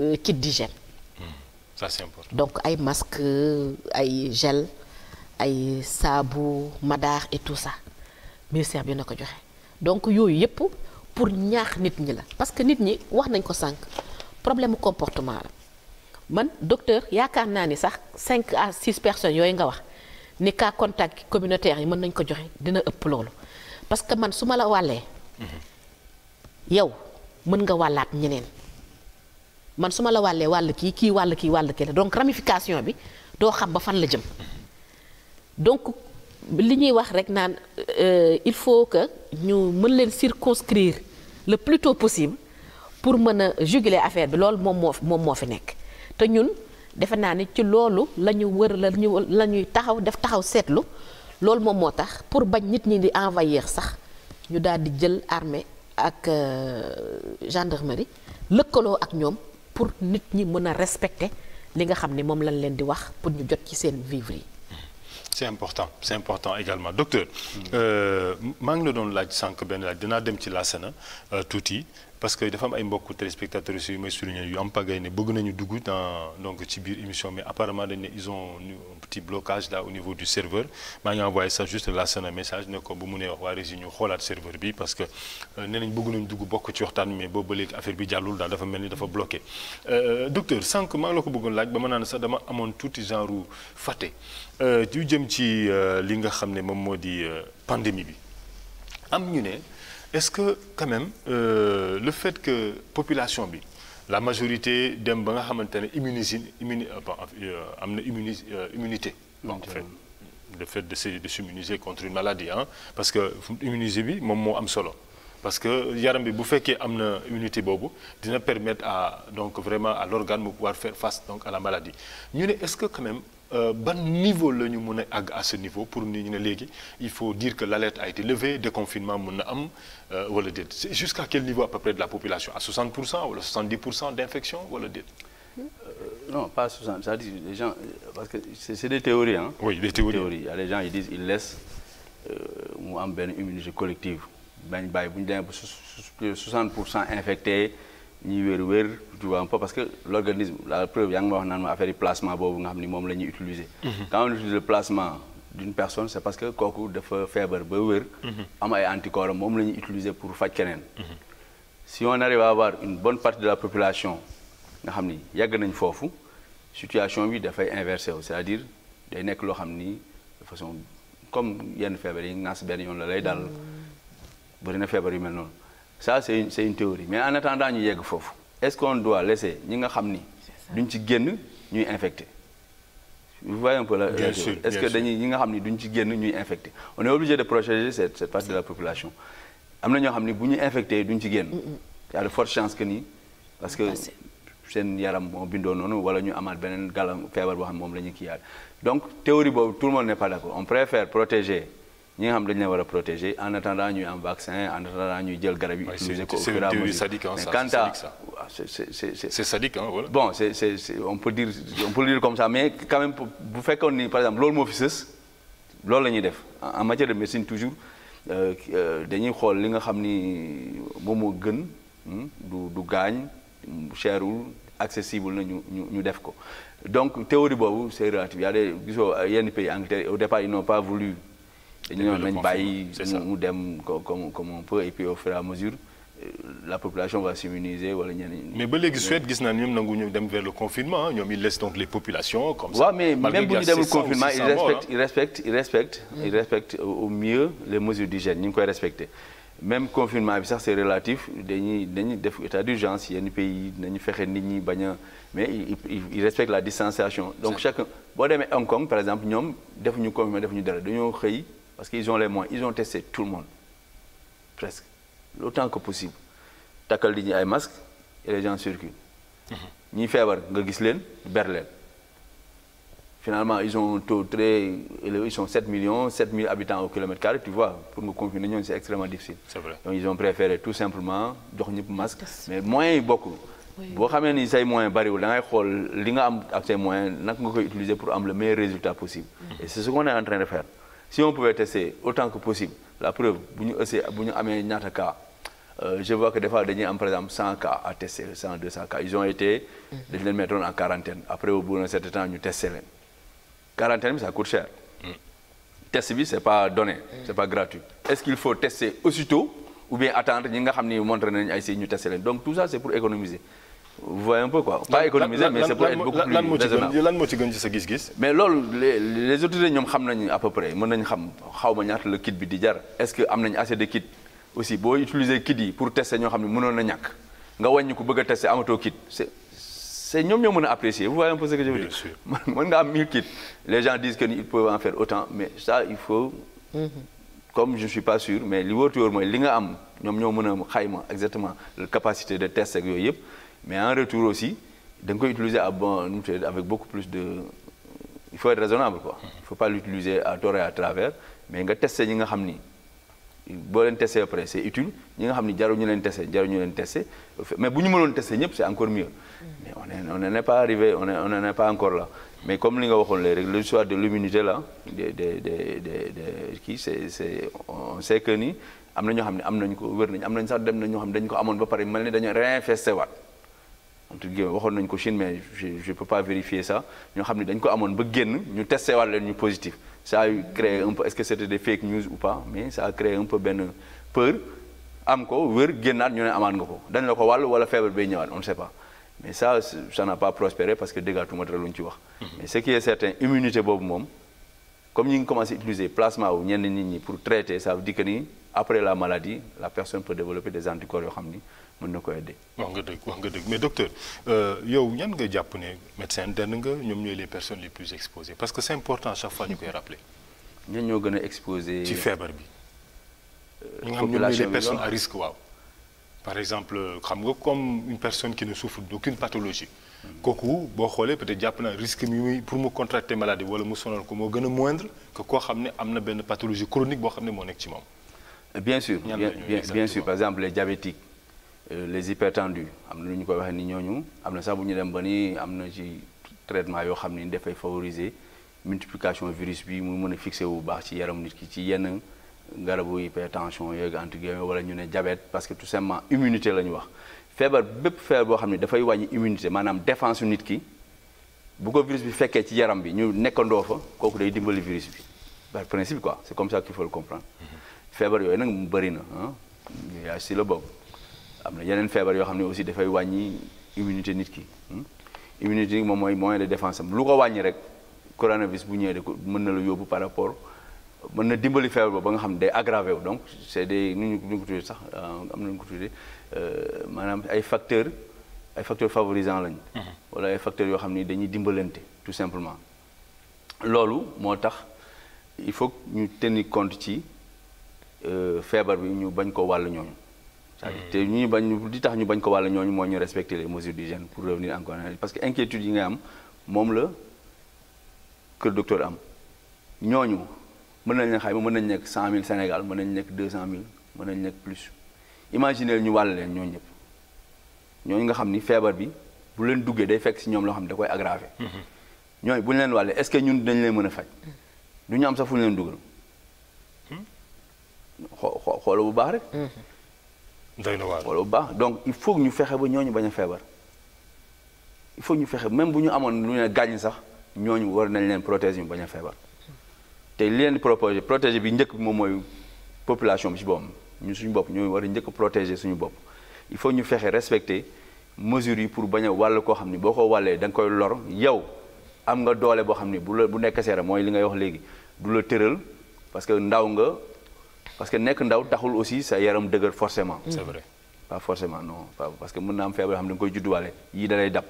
euh, kit d'hygiène hmm, ça c'est important donc ay masque ay gel ay saabu madaax et tout ça ministère bi na ko joxe donc yooyu yëpp pour ñaax nit ñi la parce que nit ñi wax nañ ko sànq problème comportement la man docteur yaakaar naa ni sax cinq à 6 personnes yooyu nga wax ni cas contact communautaire yi mën nañ ko joxe dina ëpp loolu parce que man su ma la wàllee mhm. yow mën nga wàllaat ñeneen man su ma la wàllee wàll kii kii wàll kii wàll kii la donc ramification bi doo xam ba fan la jëm mhm. donc li ñuy wax rek naan euh, il faut que ñu mën leen circonscrire le plus tôt possible pour mën a juguler affaire bi loolu moom moo moom moo fi nekk te ñun defe naa ni ci loolu la ñu wër la la ñuy taxaw def taxaw seetlu loolu moom moo tax pour bañ nit ñi di envahir sax ñu daal di jël armée ak euh, gendarmerie lëkkaloo ak ñoom pour nit ñi mën a respecter li nga xam ni moom lañ leen di wax pour ñu jot ci seen vivre yi c'est important c'est important également docteur. Euh, maa ngi la doon laaj sànq benn laaj danaa dem ci laasana euh, tuuti parce que dafa am ay mbokku téléspectateurs yu may souligner yu am pagay ne bëgg nañu dugg dans donc ci biir émission mais apparemment dañ ne ils ont un petit blocage là au niveau du serveur maa ngi envoyé ça juste laasana message ne ko bu mu nee wax waa régie ñu xoolaat serveur bi parce que euh, ne nañ bëgg nañu dugg bokk ci waxtaan mais boobu ba léegi affaire bi jàllul daal dafa mel ni dafa bloqué docteur sànq maa la ko bëggoon laaj ba ma naan sax dama amoon tuuti genre fàtte. ju euh, jëm ci euh, li nga xam ne moom moo di euh, pandémie bi am ñu ne est-ce que quand même le fait que population bi la majorité dem ba nga xamante ne immunisé immuni am na immunis immunité en fait le fait de se de s'immuniser contre une maladie parce que immuniser bi moom moo am solo parce que yaram bi bu fekkee am na immunité boobu dina permettre à donc vraiment à l'organe mu pouvoir faire face donc à la maladie ñu ne est-ce que quand Euh, ban niveau la ñu mën a àgg à ce niveau pour ni ñu ne léegi il faut dire que l'alerte a été levée déconfinement mën na am euh, wala déet c'est jusqu'à quel niveau à peu près de la population à 60 pour cent wala 70 pour cent d'infection wala déet euh, non pas 60 cest parce que c'est des théories hein. oui des théories théories il y a gens ils disent ils laissent mu am benn immunité collective bañ bàyyi bu ñu demee ba 60 pour cent infectés. ñuy wér wér tu parce que l'organisme la preuve yaa ngi ma wax naan ma affaire yi boobu nga xam ni moom la ñuy utiliser mhm. quand on utilise d'une personne c'est parce que kooku dafa feebar ba wér mhm. am ay anticorps moom la ñuy pour faj keneen mhm. si on arrive à avoir une bonne partie de la population nga xam ni yàgg nañ foofu situation bi dafay inversé wu c'est-à-dire day nekk loo xam ni de façon comme yenn feebar yi ngaas benn yoon la lay dal bëri na feebar yu mel noonu ça c'est une c'est théorie mais en attendant ñu yegg foofu est-ce qu'on doit laisser ñi nga xam ni duñ ci génn ñuy infecté vous voyez un peu la bien sûr est xam ni duñ ci génn ñuy infecté on est obligé de protéger cette cette partie de la am na ñoo xam bu ñu infecté duñ ci génn y a de fortes chances que ni parce que seen yaram moo bindoo noonu wala ñu amaat beneen gàllam feebar boo xam moom la ñuy kiiyaat donc théorie boobu tout le monde n'est pas d'accord on préfère protéger ñi nga xam dañ leen war a protéger en attendant ñuy am vaccin en attendant ñuy jël garab yi. utiliser ko mais quant bon c'est on peut dire on peut dire comme ça mais quand bu fekkoon ni par exemple loolu moo fi sës loolu la ñuy def en matière de médecine toujours euh, euh, dañuy xool li nga xam ni moom moo gën hmm, du gaañ cherul accessible na ñu ñu ñu def ko donc théorie boobu c'est relative y a des gisoo yenn pays Angleterre au départ ils n'ont pas voulu. dañu ñëw nañ bàyyi mu dem comme comme on peut et puis au fur à mesure euh, la population va s'immuniser wala ñeneen. mais ba léegi Suède gis naa ñoom nangu ñu dem vers le confinement ñoom ils laissent donc les populations. comme ça waaw mais même bu ñu demul confinement ils respectent ils respectent ils respectent. au mieux les mesures d'hygiène ñu ngi koy respecté. même confinement bi sax c'est relatif dañuy dañuy def état d'urgence yenn pays nañu fexe nit ñi bañ a mais il respecte la distanciation donc chacun boo demee Hong Kong par exemple ñoom defuñu de defuñu dara dañoo xëy. parce qu'ils ont les moyens ils ont testé tout le monde presque autant que possible takkal di ñu ay masques et les gens circulent. Mhm. ñi feebar nga gis leen ber leen. finalement ils ont un taux très élevé ils sont 7 millions 7 000 habitants au kilomètre carré tu vois pour nga confiner ñoom c'est extrêmement difficile. donc ils ont préféré tout simplement jox ñëpp masque. mais moyens yi bokkul. boo ni say moyens bariwul da ngay xool li nga am ak say moyens naka nga koy utiliser pour am le meilleur résultat possible. Mm-hmm. si on pouvait tester autant que possible la preuve bu ñu ëssee bu ñaata cas euh, je vois que des fois dañuy am par exemple 100 cas à tester 100 200 cas ils ont été. Mhm. dañu leen mettoon en quarantaine après au bout d'un certain temps ñu tester leen quarantaine bi ça coûte cher. Mm. test bi c'est pas donné. Mm. c'est pas gratuit est-ce qu'il faut tester aussitôt ou bien attendre ñi nga xam ni montré nañu ay si ñu tester leen donc tout ça c'est pour économiser. voyez un peu quoi pas économiser mais c'est pour être beaucoup plus raisonnable gis-gis mais loolu les autorités ñoom xam nañu à près mën nañ xam xaw ma ñaata la kit bi di jar est-ce que am nañ assez de kit aussi boo utiliser kit yi pour tester ñoo xam ne mënoon na ñàkk nga wàññi ko bëgg a tester amatoo kit c'est c'est ñoom ñoo mën a apprécier vous voyez un peu ce que je veux dire mën nga am 1000 kits les gens disent que ils peuvent en faire autant mais ça il faut mm-hmm. comme je suis pas sûr mais li wóor mooy li nga am ñoom ñoo mën a xayma exactement la capacité de test yooyu yëpp mais en retour aussi da nga koy utiliser à bon nu mu avec beaucoup plus de il faut être raisonnable quoi. il faut pas l'utiliser à tort et à travers mais nga tester ñi nga xam ni boo leen tester après c'est utile ñi nga xam ni jaruñu leen tester jaruñu leen tester mais bu ñu mënoon tester ñëpp c'est encore mieux. mais on est on pas arrivé on est on pas encore la mais comme li nga waxoon léegi le choix de l'immunité là de de de de kii c'est c'est on sait ni am na ñoo xam ne am nañ ko wér nañ am nañ sax dem na ñoo xam ne dañ ko waat. entre guillemets waxoon nañu ko Chine mais je je peux pas vérifier ça ñoo xam ne dañ ko amoon ba génn ñu testé wàll leen ñu positif ça a créé un peu est-ce que c'était des fake news ou pas mais ça a un peu benn peur am ko wër génnaat ñu ne amaat nga ko dañ la ko wàll wala feebar bay ñëwaat on ne sait pas mais ça ça n'a pas prospéré parce que déggaatuma dara lu ñu ci wax. mais ce qui est certain immunité boobu moom comme ñu ngi commencé utiliser plasma wu ñenn ñi pour traiter ça veut dire la maladie la personne peut développer des anticorps yoo xam ni. mën na ko aidé. wax nga dëgg wax nga dëgg mais docteur euh, yow ñan nga jàpp ne médecin denn nga ñoom ñooy les personnes les plus exposées parce que c'est important chaque fois ñu koy rappeler. ñan ñoo gën a exposé. ci feebar bi. population bi ñu xam ñoom ñooy les à risque waaw. par exemple xam nga comme une personne qui ne souffre d'aucune pathologie. Hmm. kooku boo xoolee peut-être jàpp naa risque mi muy pour mu contracter maladie wala mu sonal ko moo gën a moindre que koo xam ne am na benn pathologie chronique boo xam ne moo nekk ci moom. bien sûr bien bien Euh, les hypertendus am na nu ñu koy waxee ni ñooñu am na sax bu ñu dem ba ni am na ci traitement yoo xam ni dafay favoriser multiplication virus bi mu mën a fixé wu baax ci yaram nit ki ci yenn garabu hypertension yooyu entre guillemets wala ñu ne diabète parce que tout simplement immunité la ñu wax feebar bépp feebar boo xam ne dafay wàññi immunité maanaam défense su nit ki bu ko virus bi fekkee ci yaram bi ñu nekkandoo fa kooku day dimbali virus bi par principe quoi c'est comme ça qu'il faut le comprendre mhm. feebar yooyu nag mu bëri na ah si la bokk am na yeneen feebar yoo xam ne aussi dafay wàññi immunité nit ki hmm? immunité moom mooy moyen de défense am lu ko wàññi rek coronavirus bu ñëwee de ko mën na la yóbbu par rapport mën na dimbali feebar ba ba nga xam ne day aggravé wu donc c'est des nu ñu ko tuddee sax euh, am nañu ko tuddee euh, maanaam ay facteurs ay facteurs favorisant lañ mm-hmm. wala ay facteurs yoo xam ni dañuy dimbalante tout simplement loolu moo tax il faut ñu tenir compte ci euh, feebar bi ñu bañ ko wàll ñooñu Mm. te ñu ñu bañ di tax ñu bañ ko wàll ñooñu mooy ñu respecter les mesures d'hygiène pour revenir encore parce que inquiétude yi nga am moom la kër docteur am ñooñu mën nañ ne xayma mën nañ nekk cent mille Sénégal mën nañ nekk deux cent mille mën nañ nekk plus imaginer ñu wàll leen ñooñu ñëpp ñooñu nga xam ni feebar bi bu leen duggee day fekk si ñoom loo xam ne da koy aggraver mm-hmm. ñooñu bu ñu leen wàllee est-ce que ñun dañ leen mën a faj du ñu am sax fu ñu leen dugal hmm? xoo xoolo doy na waar wala bu baax donc il faut ñu fexe ba ñooñu bañ a feebar il faut ñu fexe même bu ñu amoon lu ne gàññ sax ñooñu war nañ leen protéger ñu bañ a feebar te li leen proposé bi njëkk moom mooy population bi ci boppam ñu suñu bopp ñooy war a njëkk protéger suñu bopp il faut ñu fexe respecter mesures yi pour bañ a wàll koo xam ni boo ko wàllee da koy lor yow am nga doole boo xam ni bu la bu nekk seera mooy li ngay wax léegi du la tëral parce que ndaw nga parce que nekk ndaw taxul aussi sa yaram dëgër forcément. c'est vrai pas forcément non pas parce que mën na am feebar yoo xam ne da nga koy judduwaale yii da lay dab.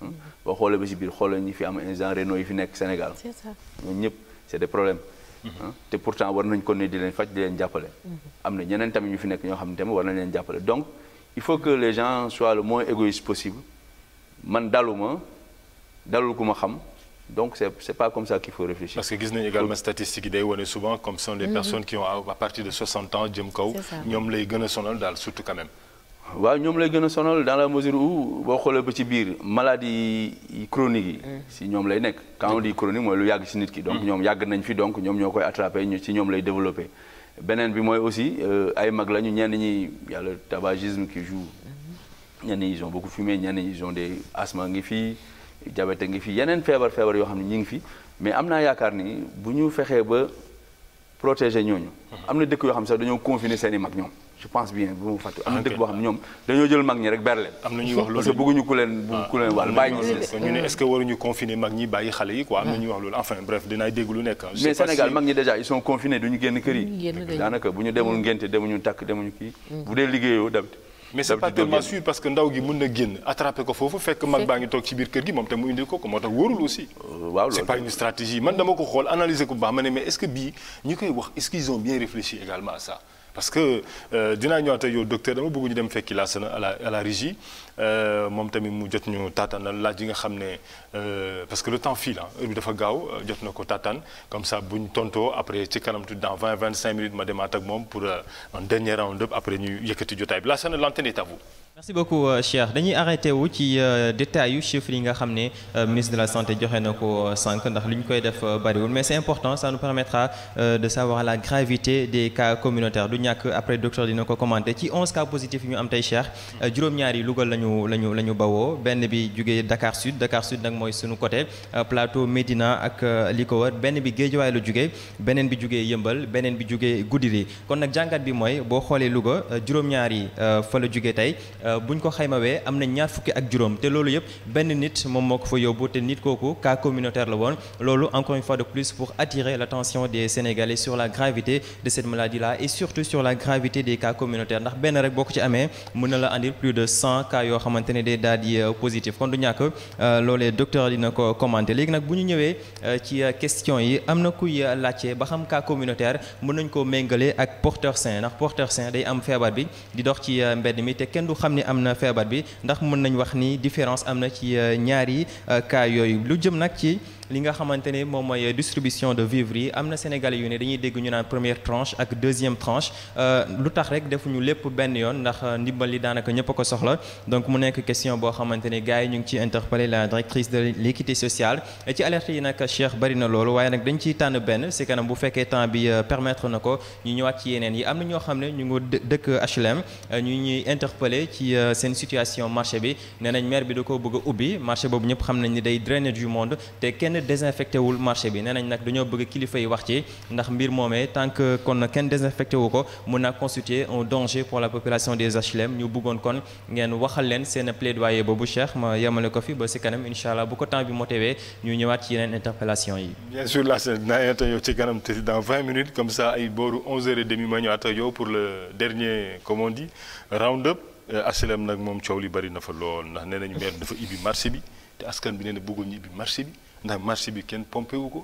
Hmm? boo xoolee ba si biir xoola ñi fi am insuffisance rénale yi fi nekk Sénégal. c'est ça ñoom ñëpp c'est des problèmes. Hmm? te pourtant war nañ ko ne di leen faj di leen jàppale. Hmm. am na ñeneen tamit ñu fi nekk ñoo xam ne tamit war nañ leen jàppale donc il faut que les gens soient le moins égoïste possible man daluma dalul ku ma xam. donc c'est c'est pas comme ça qu'il faut réfléchir. parce que gis nañu également statistiques yi day wane souvent comme ce des mm-hmm. personnes qui ont à partir de 60 ans jëm kaw. ñoom lay gën a sonal daal surtout quand même. waaw ñoom lay gën a sonal dans la mesure où boo xoolee ba ci biir maladie chronique yi. Mm. si ñoom lay nekk quand di dit chronique mooy lu yàgg si nit ki. donc mm. ñoom yàgg nañ fi donc ñoom ñoo koy attrapé ñu si ñoom lay développé. beneen bi mooy aussi euh, ay mag lañu ñenn ñi y a le tabagisme qui joue. Mm-hmm. ñenn ñi ils ont beaucoup fumé ñenn ñi ils ont des ngi fii. diabète ngi fi yeneen feebar feebar yoo xam ne ñu ngi fi mais am naa yaakaar ni bu ñu fexee ba protéger ñooñu. am na dëkk yoo xam ne sax dañoo confiner seen mag ñoom. je pense bien bu ma fàtte am na ah, dëkk boo xam ne ñoom dañoo jël mag ñi rek berle. wax loolu parce que bëgguñu ku leen ku leen ah, ñu si ñu ne est ñi bàyyi xale yi quoi am na ñuy wax loolu enfin bref dinaa dégg lu nekk. mais Sénégal mag ñi déjà ils sont confinés duñu génn kër yi. daanaka bu ñu demul ngénte demuñu takk demuñu kii. Mm. bu dee liggéeyoo damit mais c'est pas tellement sûr parce que ndaw gi mën na génn attraper ko foofu fekk mag baa ngi toog ci biir kër gi moom tam mu indil ko ko moo tax wóorul aussi euh, c'est pas une stratégie man dama ko xool analyser ko bu baax ma ne mais est-ce que bii ñu koy wax est-ce qu'ils ont bien réfléchi également à parce que euh, dinaa ñëwaat ak yow docteur dama bëgg ñu dem fekki Lassana à la à la régie euh, moom tamit mu jot ñu taataanal laaj yi nga xam ne euh, parce que le temps file ah heure bi dafa gaaw jot na ko taataan comme ça bu ñu tontoo après ci kanam tuuti dans 20 25 minutes ma demaat ak moom pour un dernier round-up après ñu yëkkati jotaay bi Lassana l'antenne est à vous. merci beaucoup euh, Cheikh dañuy arrêté wu ci euh, détails yu chiffres yi nga xam ne euh, ministre de la santé joxe na ko sànq ndax li ñu koy def bariwul mais c'est important ça nous permettra de savoir la gravité des cas communautaires du ñàkk après docteur dina ko commenté ci 11 cas positifs yi ñu am tey Cheikh juróom ñaari yi Louga la ñu la ñu la ñu bawoo benn bi jugee Dakar Sud Dakar Sud nag mooy sunu côté plateau Médina ak li ko wër benn bi Géejawaay la jugee beneen bi jugee Yëmbal beneen bi jugee Goudiri kon nag jàngat bi mooy boo xoolee Louga juróom-ñaar yi jugee tey Euh, buñ ko xaymawee am na ñaar fukki ak juróom te loolu yëpp benn nit moom moo ko fa yóbbu te nit kooku cas communautaire la woon loolu encore une fois de plus pour attirer l'attention des Sénégalais sur la gravité de cette maladie là et surtout sur la gravité des cas communautaires ndax benn rek boo ko ci amee mën na la andil plus de cent cas yoo xamante ne day euh, positif kon du ñàkk euh, loolee docteur dina ko commenter léegi nag bu ñu ñëwee ci question yi am na kuy laajte ba xam cas communautaire mën nañ koo méngale ak porteur sain ndax porteur sain day am feebar bi ni am na feebar bi ndax mën nañ wax ni différence am na ci euh, ñaari euh, cas yooyu lu jëm nag ci li nga xamante ne moom mooy distribution de vivres yi am na sénégalais yu ne dañuy dégg ñu naan première tranche ak deuxième tranche euh, lu tax rek defuñu lépp benn yoon ndax euh, ndimbal li daanaka ñëpp a ko soxla donc mu nekk question boo xamante ne gars yi ñu ngi ciy interpeller la directrice de l'équité sociale ci alerte yi nag Cheikh bari na loolu waaye nag dañu ciy tànn benn si kanam bu fekkee temps bi euh, permettre na ko ñu ñëwaat ci yeneen yi am na ñoo xam ne ñu ngi dëkk HLM ñu ñuy interpeller ci seen situation marché bi nee nañ maire bi da ko bëgg ubbi marché boobu ñëpp xam nañ ni day drainer du kenn désinfecté wul marché bi nee nañ nag dañoo bëgg kilifa yi wax ci ndax mbir moomee tant que kon kenn désinfecté wu ko mun naa constituer un danger pour la population des HLM ñu bëggoon kon ngeen waxal leen seen plaidoyer boobu Cheikh ma yemale ko fi ba si kanam incha allah bu ko temps bi motewee ñu ñëwaat ci yeneen interpellation yi. bien sûr la seen dinaa yéen te yow pour le dernier comme on dit euh, nag moom coow li bari na fa lool ndax nee nañu maire dafa ibbi marché bi te askan bi nee na bëggul ñu marché bi. ndax marché bi kenn pompé wu ko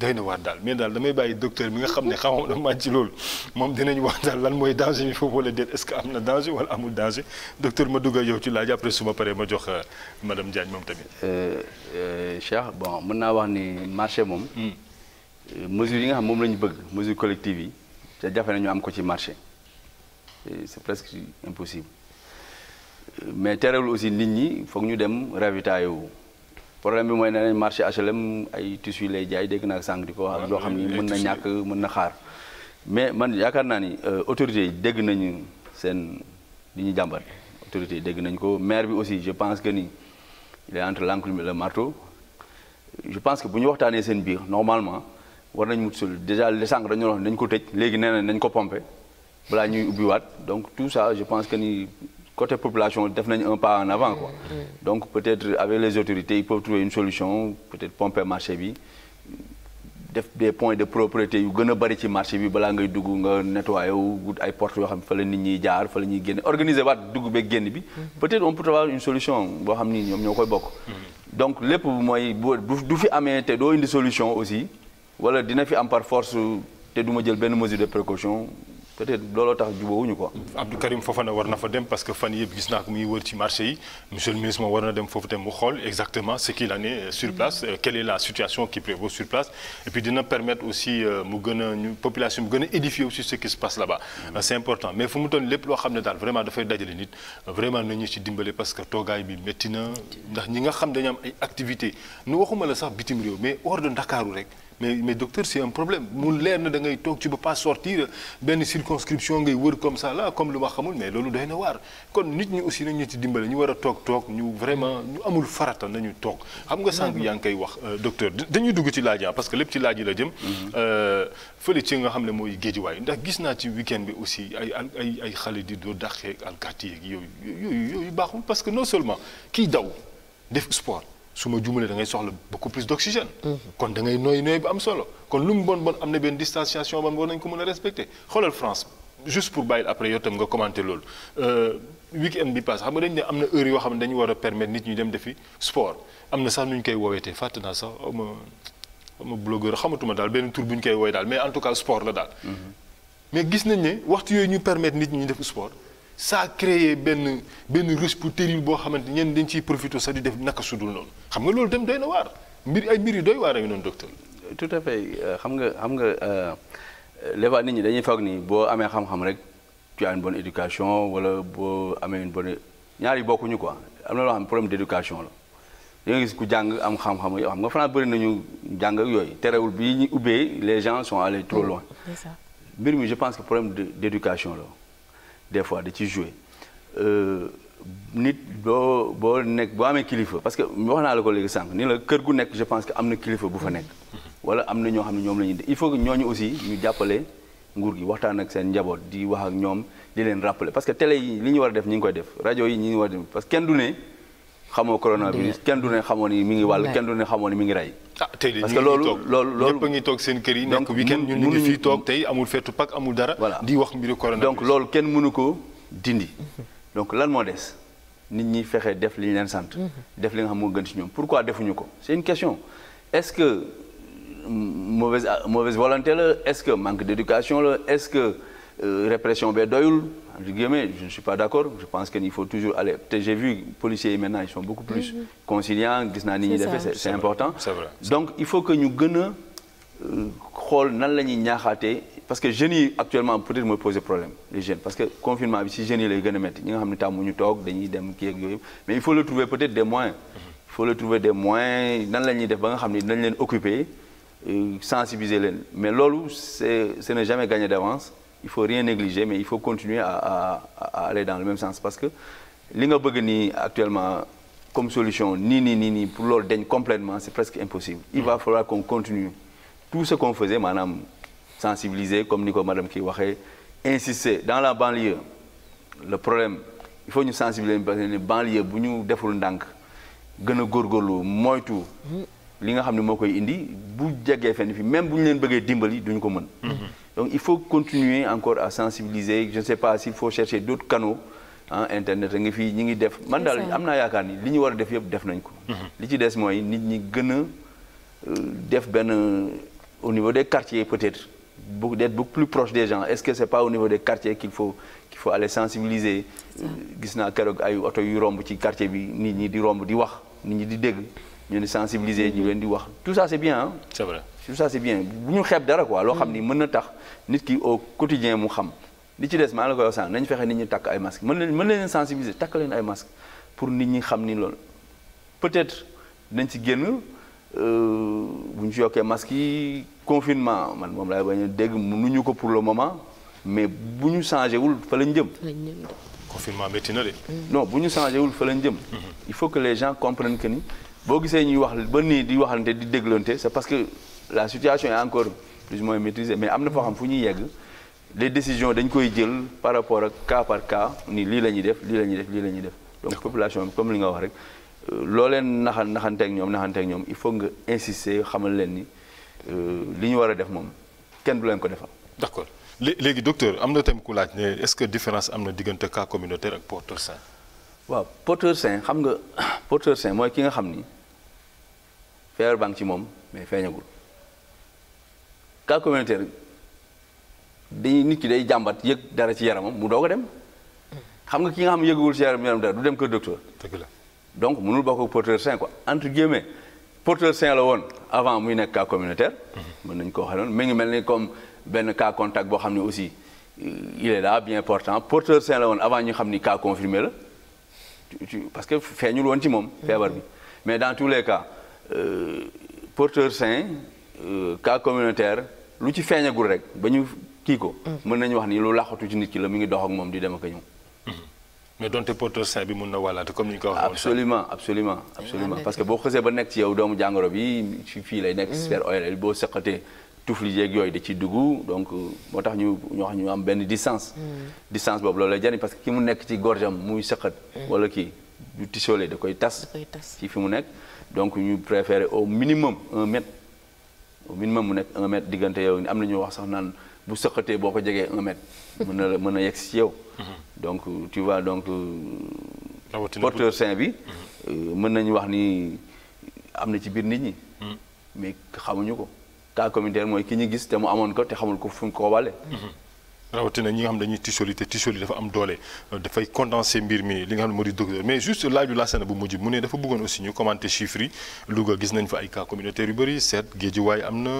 doy na waar daal mais daal damay bàyyi docteur mi nga xam ne xamam dafa màcc ci loolu moom dinañu wax daal lan mooy danger bi foofu wala déet est-ce que am na danger wala amul danger docteur ma dugg ak yow ci laaj après su ma paree ma jox euh, madame Diagne moom tamit. Euh, euh, Cheikh bon mën naa wax ni marché moom. Hmm. mesures yi nga xam moom la ñu bëgg mesures collective yi te jafe nañu am ko ci marché c'est presque impossible mais terewul aussi nit ñi foog ñu dem ravitailler wu problème bi mooy nee nañ marché HLM ay tissu lay jaay dégg naa sànq di ko wax yoo xam ni mën na ñàkk mën na xaar mais man yaakaar naa ni euh, autorités yi dégg nañu seen li ñu jàmbat autorités yi dégg nañu ko maire bi aussi je pense que nii il est entre l'enclume et le marteau je pense que bu ñu waxtaanee seen biir normalement war nañ mut sul déjà les sànq dañu wax nañ ko tëj léegi nee nañ dañ ko pomper balaa ñuy ubbiwaat donc tout ça je pense que ni côté population def nañ un pas en avant quoi mm. Mm. donc peut-être avec les autorités ils peuvent trouver une solution peut-être pomper marché bi def des point de propreté yu gën a bari ci marché bi balaa ngay dugg nga nettoyer wu wut ay portes yoo xam fa nit ñi jaar fa la ñuy génn organiser waat dugg beeg génn bi mm-hmm. peut-être on peut avoir une solution boo xam ni ñoom ñoo koy bokk mm-hmm. donc lépp mooy du fi amee te doo indi solution aussi wala dina fi am par force te du ma jël benn mesure de précaution peut-être looloo tax jubóowuñu ko. Abdou Karim Fofana war na fa dem parce que fan yëpp gis naa muy wër ci marché yi monsieur le ministre moom war na dem foofu dem mu xool exactement ce qu'il en est euh, sur place euh, quelle est la situation qui prévaut sur place et dina permettre aussi euh, mu gën a ñu population mu gën a édifier aussi ce qui se passe là-bas. c'est important mais fu mu toll lépp loo xam ne daal vraiment dafay dajale nit vraiment nañu ci dimbale parce que toogaay bi métti na ndax ñi nga xam dañu am ay activités nu waxuma la sax bitim réew mais hors de Ndakaaru rek. mais mais docteur c'est un problème mu leer na da toog ci ba pas sortir benn circonscription ngay wër comme ça là comme lu ma xamul mais loolu day na waar kon nit ñi aussi nañu ci dimbale ñu war a toog toog ñu vraiment ñu amul farata nañu toog xam nga sànq yaa ngi koy wax euh, docteur dañuy dugg ci laaj parce que lép ci laaj yi la jëm mm-hmm. euh, fële ci nga xam ne mooy géejiwaay ndax gis naa ci week-end bi aussi ay ay ay xale di doo dàqee alkaati yeeg yooyu yooyu baaxul parce que non seulement kiy daw def sport su ma jumalee da ngay soxla beaucoup plus d' oxygène. Mhm. kon da ngay nooy nooy bu am solo. kon lu mu bon bon am na benn distanciation ba war nañ ko mën a respecté xoolal France juste pour bàyyi après yow tam nga commenté loolu euh, week bi passé xam nga dañ ne am na heure yoo xam ne dañu war a permettre nit ñi dem defi sport am na sax nu ñu koy woowetee fàtte naa sax ma ma blogueur xamatuma daal benn tur bu ñu koy woowee daal mais en tout cas sport la daal. Mhm. yooyu ñu permettre nit ñi def sport. ça a créé benn benn risque terrible boo xamante ñenn dañ ciy profité sa di def naka sudul noonu xam nga loolu dem doy na waar mbir ay mbir yi doy waar a ngi noonu docteur. tout à fait euh, xam nga xam nga euh, les fois nit ñi dañuy foog nii boo amee xam-xam rek tu as une wala boo amee une bonne ñaar yi bokkuñu quoi am na loo xam problème d' la. da nga gis ku jàng am xam-xam yoo xam nga France bëri nañu jàng ak yooyu terewul bi ñu ubbee les gens sont allés trop mm. loin. mbir mi je pense que problème d' la. des fois da ciy jouer euh, nit boo boo nekk boo amee kilifa parce que wax naa la ko léegi sànq ni la kër gu nekk je pense que am na kilifa bu fa nekk wala am na ñoo xam ne ñoom la ñuy il faut que ñooñu aussi ñu jàppale nguur gi waxtaan ak seen njaboot di wax ak ñoom di leen rappeler parce que télé yi li ñu war def ñu ngi koy def rajo yi ñu ngi war a def parce que kenn du ne xamoo coronavirus kenn du ne xamoon ni mi ngi wàll kenn du ne xamoon ni mi ngi rey. ah tey de ñu ngi loolu loolu loolu ñëpp a ngi toog seen kër yi. donc weekend ñun ñu ngi donc loolu moo des nit ñi fexe def li ñu leen sant. Mhm. def li nga xam moo gën ci ñoom pourquoi defuñu ko seen une question est-ce que mauvaise mauvaise volonté la est-ce que manque d'éducation la est-ce que. Euh, répression bee doyul entre guillemets je ne suis pas d'accord je pense que il faut toujours aller te j'ai vu policiers yi ils sont beaucoup plus mm-hmm. conciliants gis naa ni ñuy defee c'est important donc il faut que ñu gën a euh, xool nan la ñuy ñaaxaatee parce que jeunes yi actuellement peut-être mooy poser problème les jeunes parce que confinement bi si jeunes yi lay gën a métti ñi nga xam ne tàmmu ñu toog dañuy dem kii ak mais il faut le trouver peut-être des moyens mm-hmm. il faut nan la ñuy def ba nga xam ne dañ leen occuper euh, sensibiliser leen mais loolu c'est ce n'est jamais gagné il faut rien négliger mais il faut continuer à à, à aller dans le même sens parce que li nga bëgg ni actuellement comme solution nii nii nii nii pour loolu dañ complètement c'est presque impossible il va falloir qu'on continue tout ce qu'on faisait maanaam sensibiliser comme ni ko madame kii waxee insister dans la banlieue le problème il faut ñu sensibiliser parce que banlieue bu ñu deful ndànk gën a góorgóorlu moytu li nga xam ne moo koy indi bu jege fenn fi même bu ñu leen bëggee dimbali duñu ko mën mm-hmm. donc il faut continuer encore à sensibiliser je ne sais pas s'il faut chercher d'autres fii ñi ngi def man daal am naa yaakaar ni li ñu war a def yëpp def nañ ko mm-hmm. li ci des mooy nit ñi gën a euh, def benn euh, au niveau des quartiers peut-être beaucoup d'être beaucoup plus proche des gens est-ce que c'est pas au niveau des quartiers qu'il faut gis naa keroog ay oto yu romb ci quartier bi nit ñi di romb di wax nit ñi di dégg ñu ne sensibiliser ñu leen di wax tout ça c'est bien ah. c'est vrai tout ça c'est bien bu ñu xeeb dara quoi loo xam ni mën na tax nit ki au quotidien mu xam li ci des maa la koy wax sànq fexe nit ñi takk ay masques mën leen mën leen sensibiliser takk ay masques pour nit ñi xam ni loolu peut-être nañ ci génn. Euh, bu ñu ci yokkee masque yi confinement man moom laay bañ a dégg ñu ko pour le moment mais bu ñu changé fa lañ jëm. confinement métti na de. Mm. non bu ñu changé wul fa lañ jëm. Mm-hmm. il faut que les gens comprennent que ni boo gisee ñuy wax ba nii di waxante di déglante c'est parce que la situation est encore plus ou moins mais am na foo xam fu ñuy yegg les décision dañ koy jël par rapport ak cas par cas ni lii la ñuy def lii la def lii la ñuy def donc population bi comme li nga wax rek euh, looleen leen naxan naxanteeg ñoom naxanteeg ñoom il faut nga insister xamal leen ni euh, li ñu war a def moom kenn du leen ko defal d'accord léegi docteur am na tam ku laaj ne ce que différence am na diggante cas communautaire ak porteur sain waaw porteur sain xam nga porteur sain mooy ki nga xam ni feebar baa ngi ci moom mais feeñagul cas communautaire dañuy nit ki day jàmbat yëg dara ci yaramam mu doog a dem xam nga ki nga xam yëgagul ci yaram yaram dara du dem kër docteur. la donc mënul bokk ak porteur sain quoi entre guillemets porteur sain la woon avant muy nekk cas communautaire. Mhm. mën nañ koo xamee noonu mi ngi mel ni comme benn cas contact boo xam ne aussi euh, il est là bien important porteur sain la woon avant ñu xam ni cas confirmé la parce que feeñul woon ci moom. feebar bi mhm. mais Euh, porteur sain euh, cas communautaire lu ci feeñagul rek ba ñu kii ko. Mm-hmm. mën nañu wax ni lu laxatu ci nit ki la mu ngi dox ak moom di dem ak a ñëw. Mm-hmm. mais donte porteur sain bi mun na wàllaate comme ni ñu ko waxee. absolument absolument absolument parce que boo xësee ba nekk ci yow doomu jàngoro bi fii lay nekk. sphère mm-hmm. ORL boo sëqatee tufli jeeg yooyu da ciy dugg donc euh, moo tax ñu ñu wax ñu am benn distance. distance boobu loolu lay jariñ parce que ki mu nekk ci gorjam muy sëqat. wala kii du tisolee da koy tas. ci fi mu nekk. donc ñu préféré au minimum un mètre au minimum mu nekk un mètre diggante yow am na ñu wax sax naan bu sëqatee boo ko jegee un mètre. mën na la mën a yegg si yow. Mhm. donc tu vois donc. Euh, porteur sain bi. Mhm. Euh, mën nañu wax ni am na ci biir nit ñi. Mhm. mais xamuñu ko. cas communautaire mooy ki ñu gis te mu amoon ko te xamul ko fu ñu rawatina ñi nga xam dañuy tisoli te tisoli dafa am doole dafay condenser mbir mi li nga xam ne moo di docteur mais juste laaju laasana bu mujj mu ne dafa bëggoon aussi ñu commenter chiffres yi nañ ay cas communautaires yu bëri seet Géejuwaay am na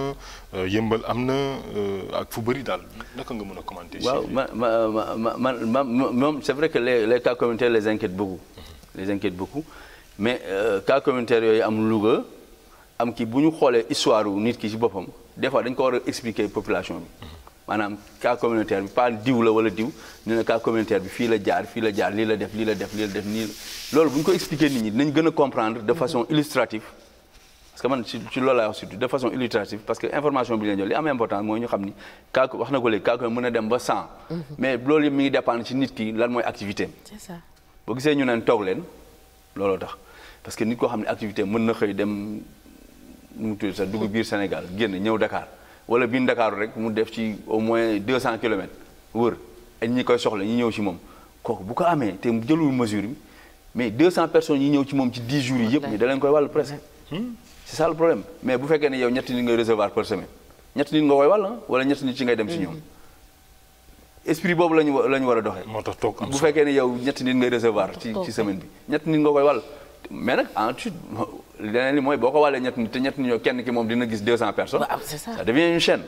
euh, yëmbal am na euh, ak fu bëri daal naka nga mun a commenter. waaw ma ma ma ma moom c'est vrai que les les cas communautaires les inquiètent beaucoup. les inquiètent beaucoup mais euh, cas communautaires yooyu am Louga am ki bu ñu xoolee histoire nit ki ci boppam des fois dañ ko war a expliquer population bi. maanaam cas communautaire bi pas diw la wala diw ñu ne cas communautaire bi fii la jaar fii la jaar lii la def lii la def lii la def nii la loolu bu ñu ko expliquer nit ñi dinañ gën a comprendre de façon illustrative parce que man ci ci loolu laay wax surtout de façon illustrative parce que information bi ñu leen jox li am importance mooy ñu xam ni cas wax na ko léegi cas ko mën a dem ba 100 mhm. mais loolu yëpp mi ngi dépendre ci nit ki lan mooy activité c'est ça boo gisee ñu neen toog leen looloo tax parce que nit koo xam ne activité mën na xëy dem nu mu tudd sax dugg biir Sénégal génn ñëw Dakar wala biir Ndakaaru rek mu def ci au moins deux cent kilomètres wër ak ñi koy soxla ñi ñëw ci moom kooku bu ko amee te jëlul mesure bi mais deux cent personnes yi ñëw ci moom ci dix jours yi yëpp mais da leen koy wàll presque c'est ça le problème mais bu fekkee ne yow ñetti nit ngay recevoir par semaine ñetti nit nga koy wàll wala ñetti nit ci ngay dem ci ñoom esprit boobu lañu la ñu war a doxee moo tax toog bu fekkee ne yow ñetti nit ngay recevoir ci semaine bi ñetti nit nga koy wàll mais leneen li mooy boo ko wàllee ñett ñi te ñett ñi ñoo kenn ki moom dina gis 200 personnes. waaw c'est devient une chaîne.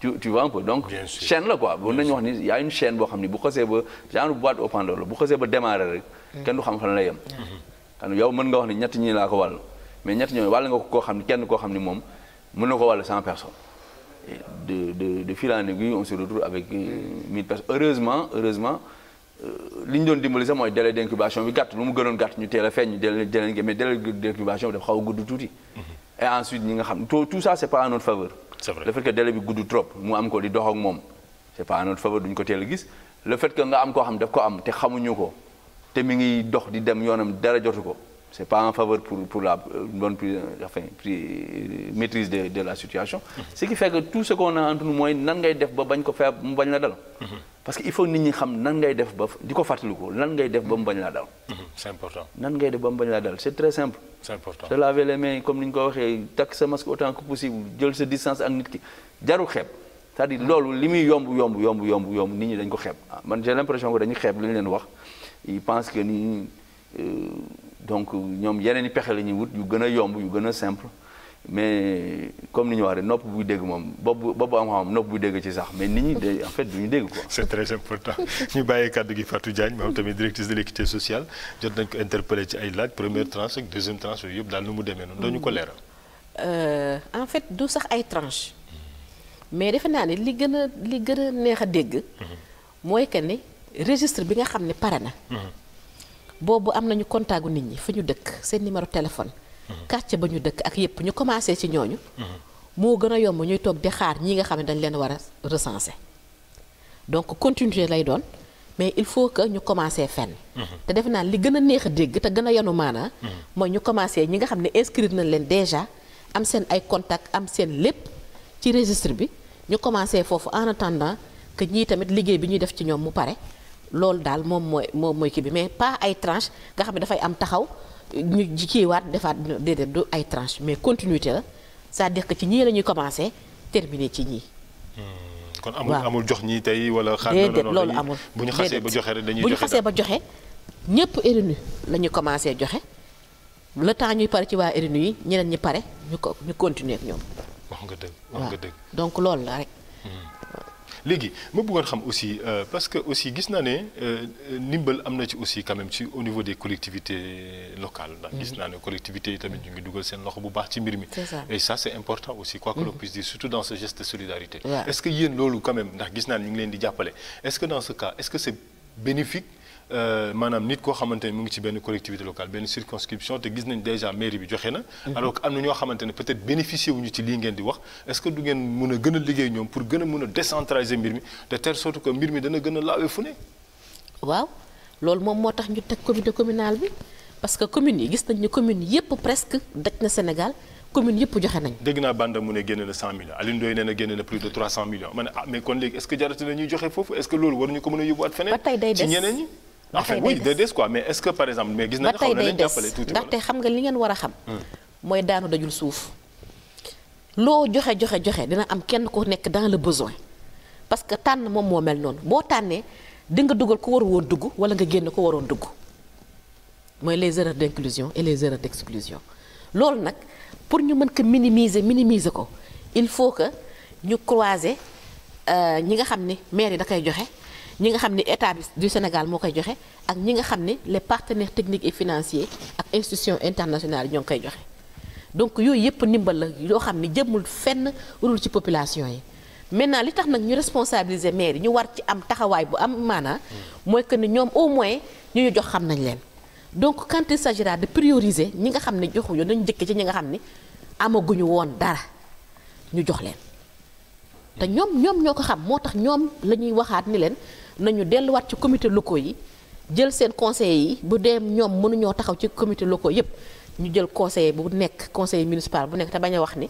tu tu vois peu donc. chaîne la quoi mën nañu wax ni y une chaîne boo xam ni bu xasee ba genre boîte au la bu xasee ba démarrer rek. kenn du xam fan la yem. Mm-hmm. xam yow mën nga wax ni ñett ñi laa ko wàll mais ñett ñooñu wàll nga ko xam ni kenn koo xam ni moom mën na ko wàll 100 personnes. de de de fil on se retrouve avec 1000 euh, personnes li ñu doon dimbali sax mooy délai d'incubation bi gàtt lu mu gënoon gàtt ñu teel a feeñ ñu délai délai mais délai d'incubation bi dafa xaw gudd tuuti. Mhm. et ensuite ñi nga xam tout tout c'est pas en notre faveur. le fait que délai bi gudd trop mu am ko di dox ak moom c'est pas en notre faveur duñ ko teel gis le fait que nga am koo xam daf ko am te xamuñu ko te mi ngi dox di dem yoonam dara jotu ko c'est pas en faveur pour pour la euh, bonne prise enfin euh, maîtrise la situation. Mhm. ce qui fait que tout ce mooy nan ngay def ba bañ ko feeb mu la dal. Mhm. parce que il faut nit ñi xam nan ngay def ba di ko fàttaliku nan ngay def ba mu bañ laa dal. Mhm, c'est nan ngay def ba mu bañ laa dal c'est très simple. c'est important te laver les mains comme ni ñu ko waxee takk sa masque autant que possible jël sa distance ak nit ki jaru xeeb cest mhm. loolu li muy yomb yomb yomb yomb yomb nit ñi dañ ko xeeb ah, man j'ai l'impression que dañu xeeb li leen wax ils pensent que ni euh, donc ñoom yeneen i pexe la ñuy wut yu gën a yomb yu gën a simple. mais comme ni ñu wax rek nopp buy dégg moom bopp boppu am xam nopp buy dégg ci sax mais nit ñi de en fait du ñu dégg quoi. c'est très important ñu bàyyi kàddu gi Fatou Diagne moom tamit directrice de l'équité sociale jot nañ ko interpellé ci ay laaj première tranche ak deuxième tranche yooyu yëpp daal nu mu demee noonu. dañu ko mm-hmm. leeral. Euh, en fait du sax ay tranche mais defe naa ne li gën a li gën a neex a dégg. Mm-hmm. mooy que ne registre bi nga xam ne pare na. Mm-hmm. boobu am nañu contact nit ñi fu ñu dëkk seen numéro téléphone. quartier ba ñu dëkk ak yépp ñu commencé ci ñooñu. moo gën a yomb ñuy toog di xaar ñi nga xam ne dañ leen war a recenser donc continuer lay doon mais il faut que ñu commencé fenn. te defe naa li gën a neex a dégg te gën a yanu maana mooy ñu commencé ñi nga xam ne inscrire nañ leen déjà am seen ay contact am seen lépp ci registre bi ñu commencé foofu en attendant que ñii tamit liggéey bi ñuy def ci ñoom mu pare loolu daal moom mooy moom mooy kii bi mais pas ay tranche nga xam dafay am taxaw. ñu kiiwaat defaat déedéet du ay tranche mais continuité la c'est-à-dire ci ñii la ñuy commencé terminer ci ñii. Hmm, kon amul amul jox ñii tey wala. déedéet loolu amul bu ñu xasee ba joxe rek dañuy joxe bu ñu xasee ba joxe ñëpp la ñu commencé joxe le temps ñuy pare ci waa RNU yi ñeneen ñi pare ñu ko ñu continuer ak ñoom. wax nga dëgg wax donc loolu la rek. Hmm. léegi ma bëggoon xam aussi euh, parce que aussi gis naa ne euh, ndimbal am na ci aussi quand même ci au niveau des collectivités locales ndax gis mm-hmm. naa ne collectivités yi tamit ñu ngi dugal seen loxo bu baax ci mbir mi et ça c'est important aussi quoi que l'on mm-hmm. puisse dire surtout dans ce geste de solidarité est-ce que yéen loolu quand même ndax gis naa ne ñu ngi leen di jàppale est-ce que dans ce cas est-ce que c'est bénéfique Euh, maanaam nit koo xamante ne mu ngi ci benn collectivité locale benn circonscription te gis nañ déjà mairie bi joxe na mhm. alors que am na ñoo xamante peut-être bénéficié wuñu ci lii ngeen di wax est du ngeen mën a gën a liggéey ñoom waaw loolu moom moo tax ñu teg comité communal bi parce que communes yi gis nañ commune yépp presque daj na Sénégal commune yëpp joxe nañ dégg naa Banda mu ne génne na 100 millions Alioune Ndoye génne na plus de 300 millions enfin oui day des quoi mais est-ce que par exemple mais gis nañu xaw na leen jàppale tuuti ndaxte xam nga li ngeen war a xam hmm. mooy daanu dajul suuf loo joxe joxe joxe dina am kenn ku nekk dans la besoin parce que tànn moom moo mel noonu boo tànnee di nga dugal ko waru woon dugg wala nga génn ko waroon dugg mooy les erreurs d'inclusion et les erreurs d'exclusion loolu nag pour ñu mën ko minimiser minimiser ko il faut que ñu croiser euh, ñi nga xam ni maire yi da koy joxe ñi nga xam ni état du Sénégal moo koy joxe ak ñi nga xam ni les partenaire techniques et financiers ak institutions yi ñoo koy joxe donc yooyu yëpp ndimbal la yoo xam ni jëmul fenn rul ci population yi maintenant li tax nag ñu responsabiliser maire yi ñu war ci am taxawaay bu am maanaa mooy que ni ñoom au moins ñu ñu jox xam nañ leen donc quand il s'agira de prioriser ñi nga xam ne joxu yoon nañu jëkke ci ñi nga xam ni amaguñu woon dara ñu jox leen te ñoom ñoo ko xam moo tax ñoom la ñuy waxaat ni leen nañu delluwaat ci comité locaux yi jël seen conseil yi bu dee ñoom mënuñoo taxaw ci comité locaux yépp ñu jël conseil bu nekk conseil municipal bu nekk te bañ a wax ni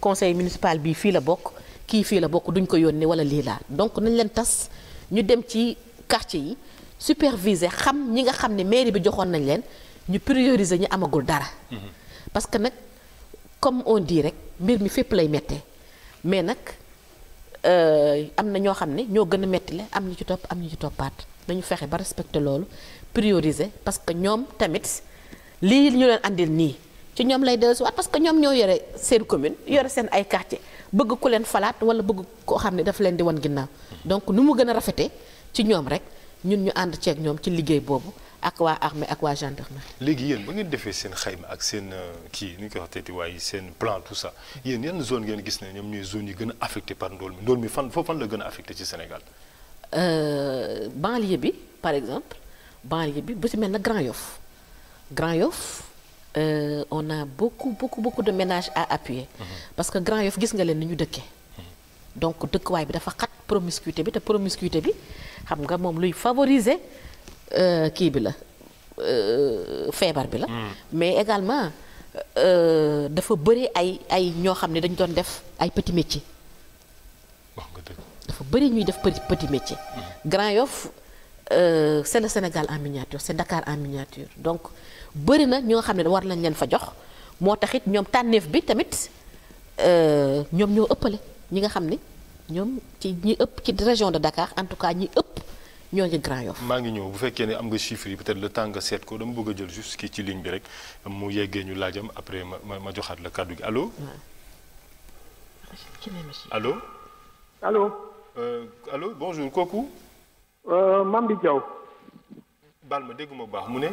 conseil municipal bii fii la bokk kii fii la bokk duñ ko yónnee wala lii laa donc nañ leen tas ñu dem ci quartier yi superviser xam ñi nga xam ne mairie bi joxoon nañ leen ñu prioriser ñu amagul dara. Mhm. parce que nag comme on dit rek mbir mi fépp lay méttee mais nag. Euh, am na ñoo xam ne ñoo gën a metti le am ñu ci topp am ñu ci toppaat nañu fexe ba respecter loolu prioriser parce que ñoom tamit lii ñu leen andil nii ci ñoom lay dellusiwaat parce que ñoom ñoo yore seen commune yore seen ay quartier bëgg ku leen falaat wala bëgg koo xam ne dafa leen di wan ginnaaw donc nu mu gën a rafete ci ñoom rek ñun ñu ànd ceeg ñoom ci liggéey boobu ak waa armée ak waa gendarmerie. léegi yéen ba ngeen defee seen xayma ak seen euh, kii nu ñu koy waxteeti waaye seen plan tout ça yéen yan zone ngeen gis ne ñoom ñooy zone yi gën a affecté par ndool mi ndool mi fan foofu fan la gën a affecté ci Sénégal. Euh, banlieue bi par exemple banlieue bi bu si mel na Grand Yoff Grand Yoff euh, on a beaucoup beaucoup beaucoup de ménage à appuyer. Mm parce que Grand Yoff gis nga leen ni ñu dëkkee. Mhm. donc dëkkuwaay bi dafa xat promiscuité bi te promiscuité bi xam nga moom luy favoriser. Euh, kii bi la euh, feebar bi la. Hmm. mais également euh, dafa bëri ay ay ñoo xam ne dañ doon def ay petit métier. dafa bëri ñuy def petit métier. Hmm. Grand Yoff c'est le Sénégal en miniature c'est Dakar en miniature donc bëri na ñoo xam ne war lañ leen fa jox moo tax it ñoom tànneef bi tamit ñoom ñoo ëppale ñi nga xam ne ñoom ci ñi ëpp ci région de Dakar en tout cas ñi ëpp. ñoo ngi maa ngi ñëw bu fekkee ne am nga chiffre yi peut-être le temps seet ko dama bëgg a jël juste kii ci ligne bi rek mu yeggee ñu laajam après ma ma joxaat la kàddu gi allo. allo. allo. allo bonjour kooku. Euh, Mamdi Diaw. baal ma dégg baax mu ne.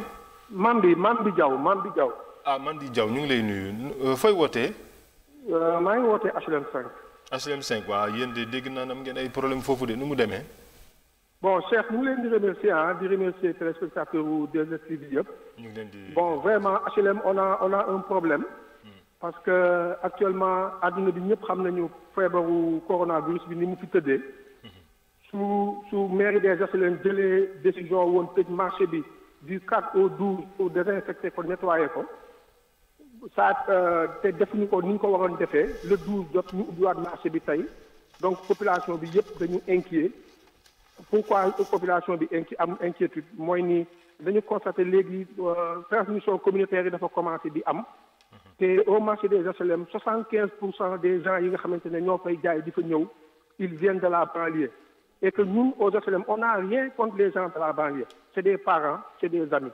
Mamdi Mamdi Diaw Mamdi Diaw. ah Mamdi jaw ñu ngi lay nuyu euh, fooy wootee. Euh, maa ngi wootee HLM 5. HLM 5 waaw yéen de dégg naa am ngeen ay problème foofu de nu mu demee. bon Cheikh mu leen di remercier ah di remercier téléspectateurs bi yëpp. ñu ngi leen di bon vraiment HLM on a on a un problème. parce que actuellement adduna bi ñëpp xam nañu feebaru coronavirus bi ni mu fi tëddee. su su mairie des leen jëlee décision woon tëj marché bi du 4 au 12 pour désinfecter ko nettoyer ko. saa euh, te defuñu ko ni ñu ko waroon defee le 12 jot ñu ubbiwaat marché bi tey donc population bi yëpp dañu inquiet. pourquoi population bi inqui am inquiétude mooy ni dañu constaté léegi euh, transmission communautaire yi dafa commencé di am mhm. te au marché des HLM soixante quinze pour cent des gens yi nga xamante ne ñoo fay jaay di fa ñëw ils viennent la banlieue et que ñun aux HLM on n'a rien contre les gens de la banlieue c'est des parents c'est des amis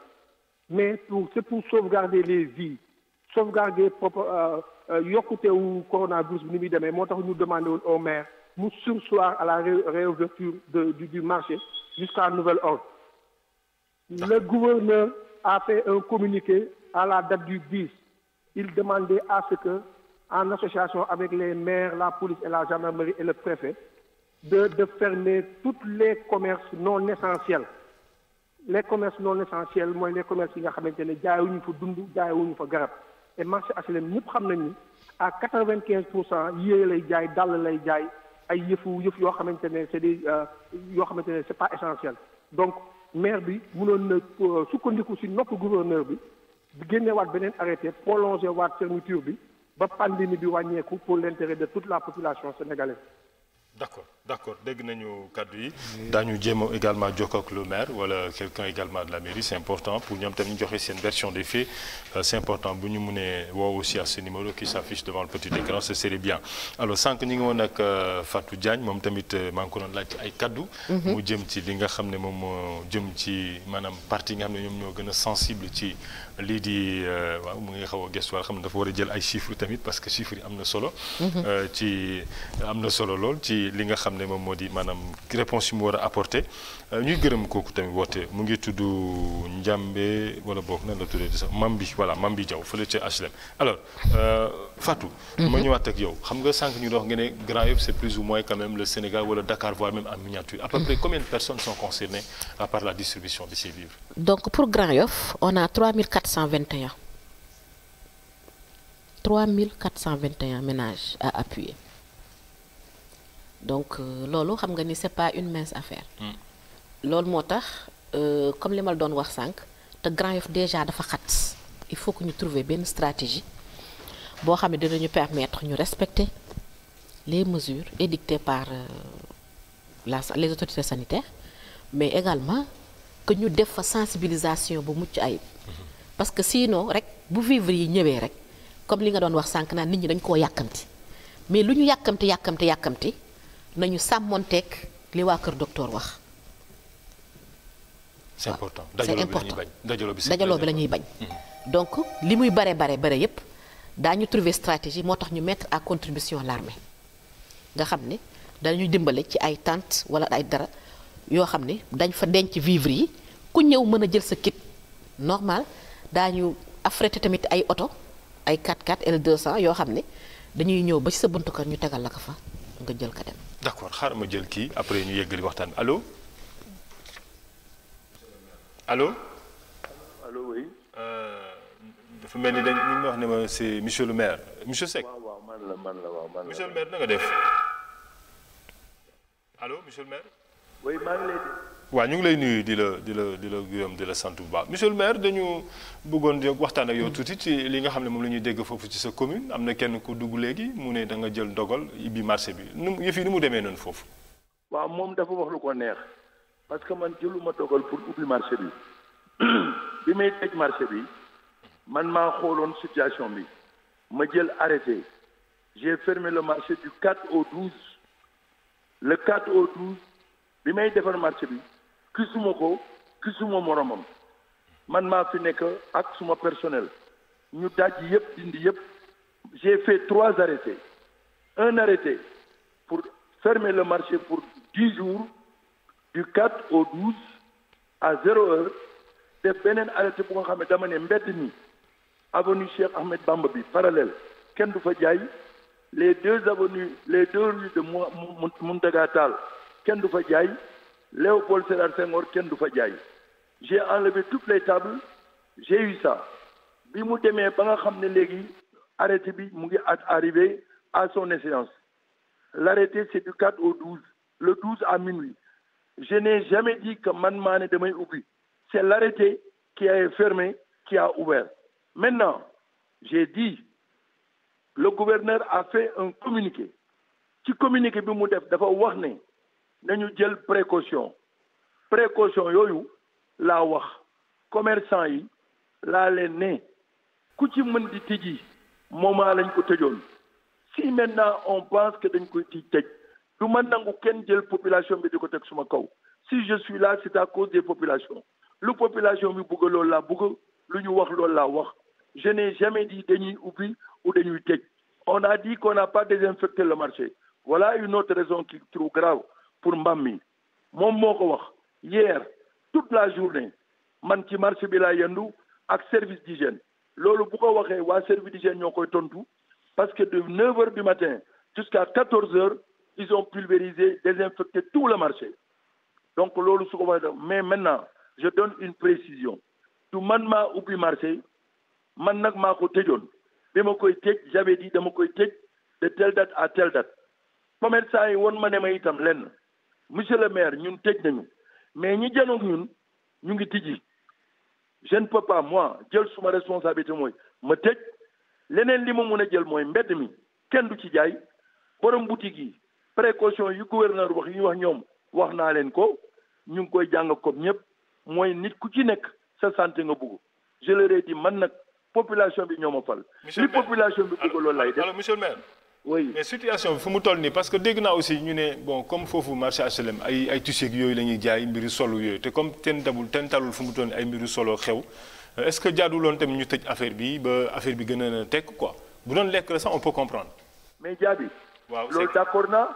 mais pour c'est pour sauvegarder les vies sauvegarder propre euh, euh, yokkute wu coronavirus bi ni muy demee moo tax ñu demandé woon au maire nous sursoir à la réouverture du, du, marché jusqu'à nouvel ordre. Le gouverneur a fait un communiqué à la date du Il demandait à ce que, en association avec les maires, la police et la gendarmerie et le préfet, de, de fermer tous les commerces non essentiels. les commerces non essentiels mooy les commerces yi nga xamante ne jaayuñu fa dund jaayuñu fa garab et marché HLM ñëpp xam nañ ni à quatre-vingt-quinze pour cent yére lay jaay dàll lay jaay ay yëfu yëf yoo xamante ne c'est des euh, yoo xamante ne c'est pas essentiel donc maire bi mënoon na euh, sukkandiku ci nopp gouverneur bi di génnewaat beneen arrêté prolongé waat fermeture bi ba pandémie bi wàññeeku pour l'intérêt de toute la population sénégalaise d'accord d'accord dégg nañu kàddu yi daañu jéem a également jokkoo ak le maire quelqu'un également de la mairie c'est important pour ñoom tam ñu euh, bu ñu mënee woo aussi à ce numéro qui s'affiche devant le petit écran ce serait ngi woon ak euh, Fatou Diagne moom tamit euh, maa ngi ko doon laaj ay kàddu mhm. mu jëm ci li nga xam ne moom moo jëm ci manaam parti nga xam ne ñoom ñoo gën a sensible ci lii di waaw mu ngi xaw a gestu wala xam ne dafa war a jël ay chiffres tamit parce que chiffres yi am na solo mhm. ci am na solo lool ci li nga xam xam ne moo di maanaam réponse yi mu war a apporté euh, ñuy gërëm kooku tamit woote mu ngi tudd Njàmbe wala boog na la tuddee sax Mambi voilà Mambi Diaw fële ca HLM alors euh, Fatou. Mhm. ma ñëwaat ak yow xam nga sànq ñu doon wax nga ne Grand Yoff c'est plus ou moins quand même le Sénégal wala Dakar voire même en miniature. à peu mhm. près combien de personnes sont concernées par la distribution de ces livres. donc pour Grand Yoff on a 3421 3421 ménages à appuyer. donc euh, loolu xam nga ni c'est pas une mince affaire. Mm. loolu moo tax euh, comme li ma la doon wax sànq te Grand Yoff déjà dafa xat il faut que ñu trouver benn stratégie boo xam ne dinañu permettre ñu respecter les mesures édictées par euh, la les autorités mais également que ñu def fa sensibilisation bu mucc ayib mm-hmm. parce que sinon rek bu vivre yi ñëwee rek comme li nga doon wax sànq naa nit ñi dañ koo yàkkamti mais lu ñu yàkkamti yàkkamti yàkkamti. nañu sàmmonteeg li waa kër docteur wax. c'est important dajaloo bi la ñuy bañ mm-hmm. donc li muy bare bare bare yépp daañu trouver stratégie moo tax ñu mettre à contribution l'armée nga xam ne dañuy dimbale ci ay tent wala ay dara yoo xam ne dañ fa denc vivre yi ku ñëw mën a jël sa kit normal daañu affrété tamit ay oto ay 4x4 L200 yoo xam ne dañuy ñëw ba ci sa buntu kër ñu tegal la ko fa nga jël ko dem. d'accord xaaral ma jël kii après ñu yeggali waxtaan bi allo allo. allo oui. Euh, mel ni dañ ñu ngi wax ne ma c'est monsieur le maire monsieur Seck. waaw waaw man la man la monsieur le maire na nga def allo waa ñu ngi lay nuyu di la di la di la gërëm di la sant bu baax monsieur maire dañu bëggoon di waxtaan ak yow mm. tuuti ci li nga xam ne moom la ñuy dégg foofu ci sa commune am na kenn ku dugg léegi mu ne danga jël ndogal ibbi marché bi nu yëf yi ni mu demee noonu foofu. waaw moom dafa wax lu ko neex parce que man jëluma dogal pour ubbi marché bi bi may teg marché bi man maa xooloon situation bi ma jël arrêté j'ai fermé le marché du 4 au 12 le 4 bi. gisuma ko gisuma moromam man maa fi nekk ak suma personnel ñu daj yëpp dindi yëpp j'ai fait trois arrêtés un arrêté pour fermer le marché pour dix jours du 4 au 12 à zéro heure def beneen arrêté bu nga xam ne dama ne mbedd mi avenue Cheikh Ahmed Bamba bi parallèle kenn du fa jaay les deux avenues les deux rues de Mountaga Tall kenn du fa jaay Léopold Sédar Senghor kenn du fa jaay j'ai enlevé toutes les tables j'ai eu ça bi mu demee ba nga xam ne léegi arrêté bi mu ngi at arrivé à son échéance l'arrêté c'est du 4 au 12 le 12 à minuit je n'ai jamais dit que man maa ne damay ubbi c'est l'arrêté qui a fermé qui a ouvert maintenant j'ai dit le gouverneur a fait un communiqué ci communiqué bi mu def dafa wax ne nañu jël précaution précaution yooyu laa wax commerçant yi laa leen ne ku ci mën di tijji moment lañ ko tëjoon si maintenant on pense que dañ koy tij tëj du man nangu kenn jël population bi di ko teg suma kaw si je suis la c'est à cause des populations lu population bi bëgg loolu la bëgg lu ñu wax loolu laa wax je n'ai jamais dit dañuy ubbi ou dañuy tëj on a dit qu'on n'a pas désinfecté le marché voilà une autre raison qui est trop grave pour mbaam mi moom moo ko wax hier tout la journée man ci marché bi laa yendu ak service d'hygiène loolu bu ko waxee waa service d'hygiène ñoo koy tontu parce que de 9 heures du matin jusqu'à 14 heures ils ont pulvérisé désinfecté tout le marché donc loolu su ko waxee mais maintenant je donne une précision du man ma ubbi marché man nag maa ko tëjoon bi ma koy tëj j'avais dit dama koy téj de telle date à telle date commerçant yi woon ma ne ma itam lenn monsieur le maire ñun tëj nañu mais ñi janoog ñun ñu ngi tijji je ne peux pas moi jël suma responsabilité mooy ma tëj leneen li ma mun a jël mooy mbedd mi kenn du ci jaay borom boutique yi précaution yu gouverneur wax yi wax ñoom wax naa leen ko ñu ngi koy jàng comme ñëpp mooy nit ku ci nekk sa santé nga bugg je leur ai dit man nag population bi ñoo ma fal. li population bi bugg loolu lay def alors maire. oui mais situation bi fu mu toll nii parce que dégg naa aussi ñu ne bon comme foofu marché HLM ay ay tissus yooyu la ñuy jaay mbiru solo yooyu te comme ten dabul ten talul fu mu toll nii ay mbiru solo xew euh, est-ce que jaaduloon tamit ñu tëj affaire bi ba affaire bi gën a tekk ko bu doon lekk la sax on peut comprendre. mais jaabi. waaw loolu d'accord naa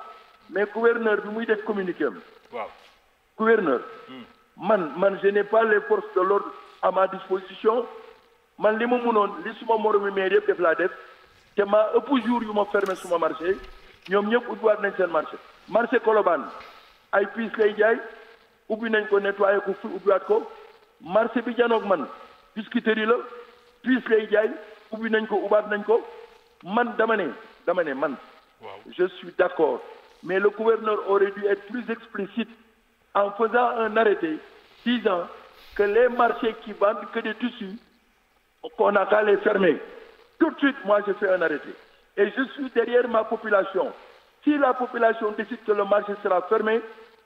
mais gouverneur bi muy def communiqué waaw gouverneur. Hmm. man man je n'ai pas les forces de l'ordre man li ma mënoon li suma moromu maire yëpp def laa def. te maa ëpp jour yu ma fermé suma marché ñoom ñëpp ubbiwaat nañ seen marché marché Colobane ay piis lay jaay ubbi nañ ko nettoyé ko fi ubbiwaat ko marché bi janoog man biscuiterie la piis lay jaay ubbi nañ ko ubbaat nañ ko man dama ne dama ne man waaw je suis d'accord mais le gouverneur aurait dû être plus explicite en faisant un arrêté disant que les marché qui vendent que des tissus qu'on n'a qu'à les Tout de suite, moi, je fais un arrêté. Et je suis derrière ma population. Si la population décide que le marché sera fermé,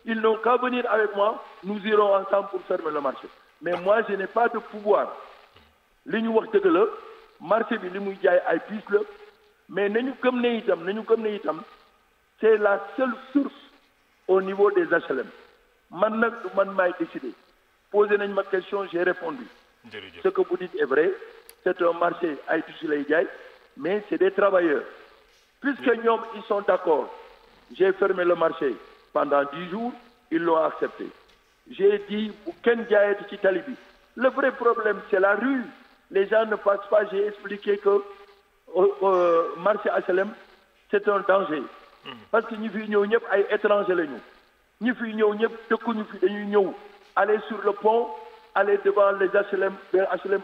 ils n'ont qu'à venir avec moi, nous irons ensemble pour fermer le marché. Mais moi, je n'ai pas de pouvoir. li ñu wax dëgg la marché bi li muy jaay ay puces la mais na gëm ne itam na gëm ne itam c'est la seule source au niveau des HLM man nag du man maay décider posé nañ ma question j'ai répondu ce que vous dites est c'est un marché ay tissu lay jaay mais c'est des travailleurs puisque ñoom ils sont d'accord j'ai fermé le marché pendant dix jours ils l'ont accepté j'ai dit bu kenn jaayati ci tali bi le vrai problème c'est la rue les gens ne passent pas j'ai expliqué que euh, euh marché HLM c'est un danger hmm. parce que ñu fiy ñëw ñëpp ay étrangers lañu ñu fiy ñëw ñëpp dëkkuñu fi dañuy ñëw aller sur le pont aller devant les HLM vers HLM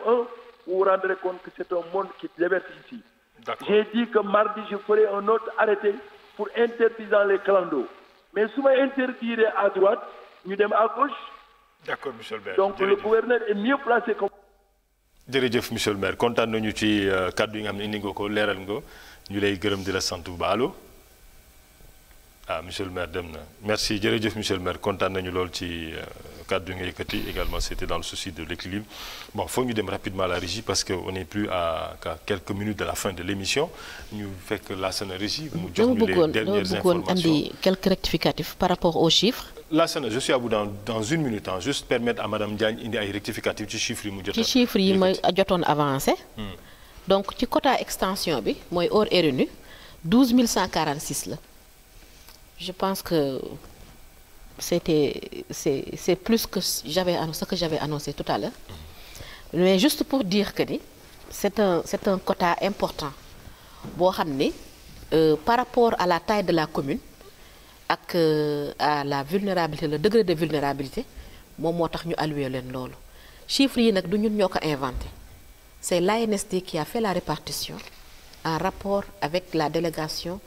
vous vous rendrez compte que c'est un monde qui déverse ici. J'ai dit que mardi, je ferai un autre arrêté pour interdisant les clandos. Mais souvent interdirait à droite, nous sommes à gauche. D'accord, monsieur le Donc le gouverneur est mieux placé comme. jërëjëf monsieur le maire kontaan nañu ci euh, kàddu yi ngam xam ne indi nga ko leeral nga ñu lay gërëm di la sant bu baax ah monsieur le maire dem na merci jërëjëf monsieur le maire kontaan nañu lool ci euh, kàddu yi nga yëkkati également c'était dans le souci de l'équilibre bon faut ñu dem rapidement la régie parce que on est plus à quelques minutes de la fin de l'émission ñu fekk la sena régie mu jox ñu les dernières informations bëggoon andi quelques rectificatifs par rapport aux chiffres la sena je suis à dans une minute hein juste permettre à madame Diagne indi ay rectificatifs hmm. la je pense que c'était c'est c'est plus que j'avais ce que j'avais annoncé tout à l'heure mais juste pour dire que ni c'est un c'est un quota important boo xam ne euh, par rapport à la taille de la commune ak euh, à la vulnérabilité le degré de vulnérabilité moom moo tax ñu alloué leen loolu chiffres yi nag du ñun ñoo ko inventé c'est l'ANSD qui a fait la répartition en rapport avec la délégation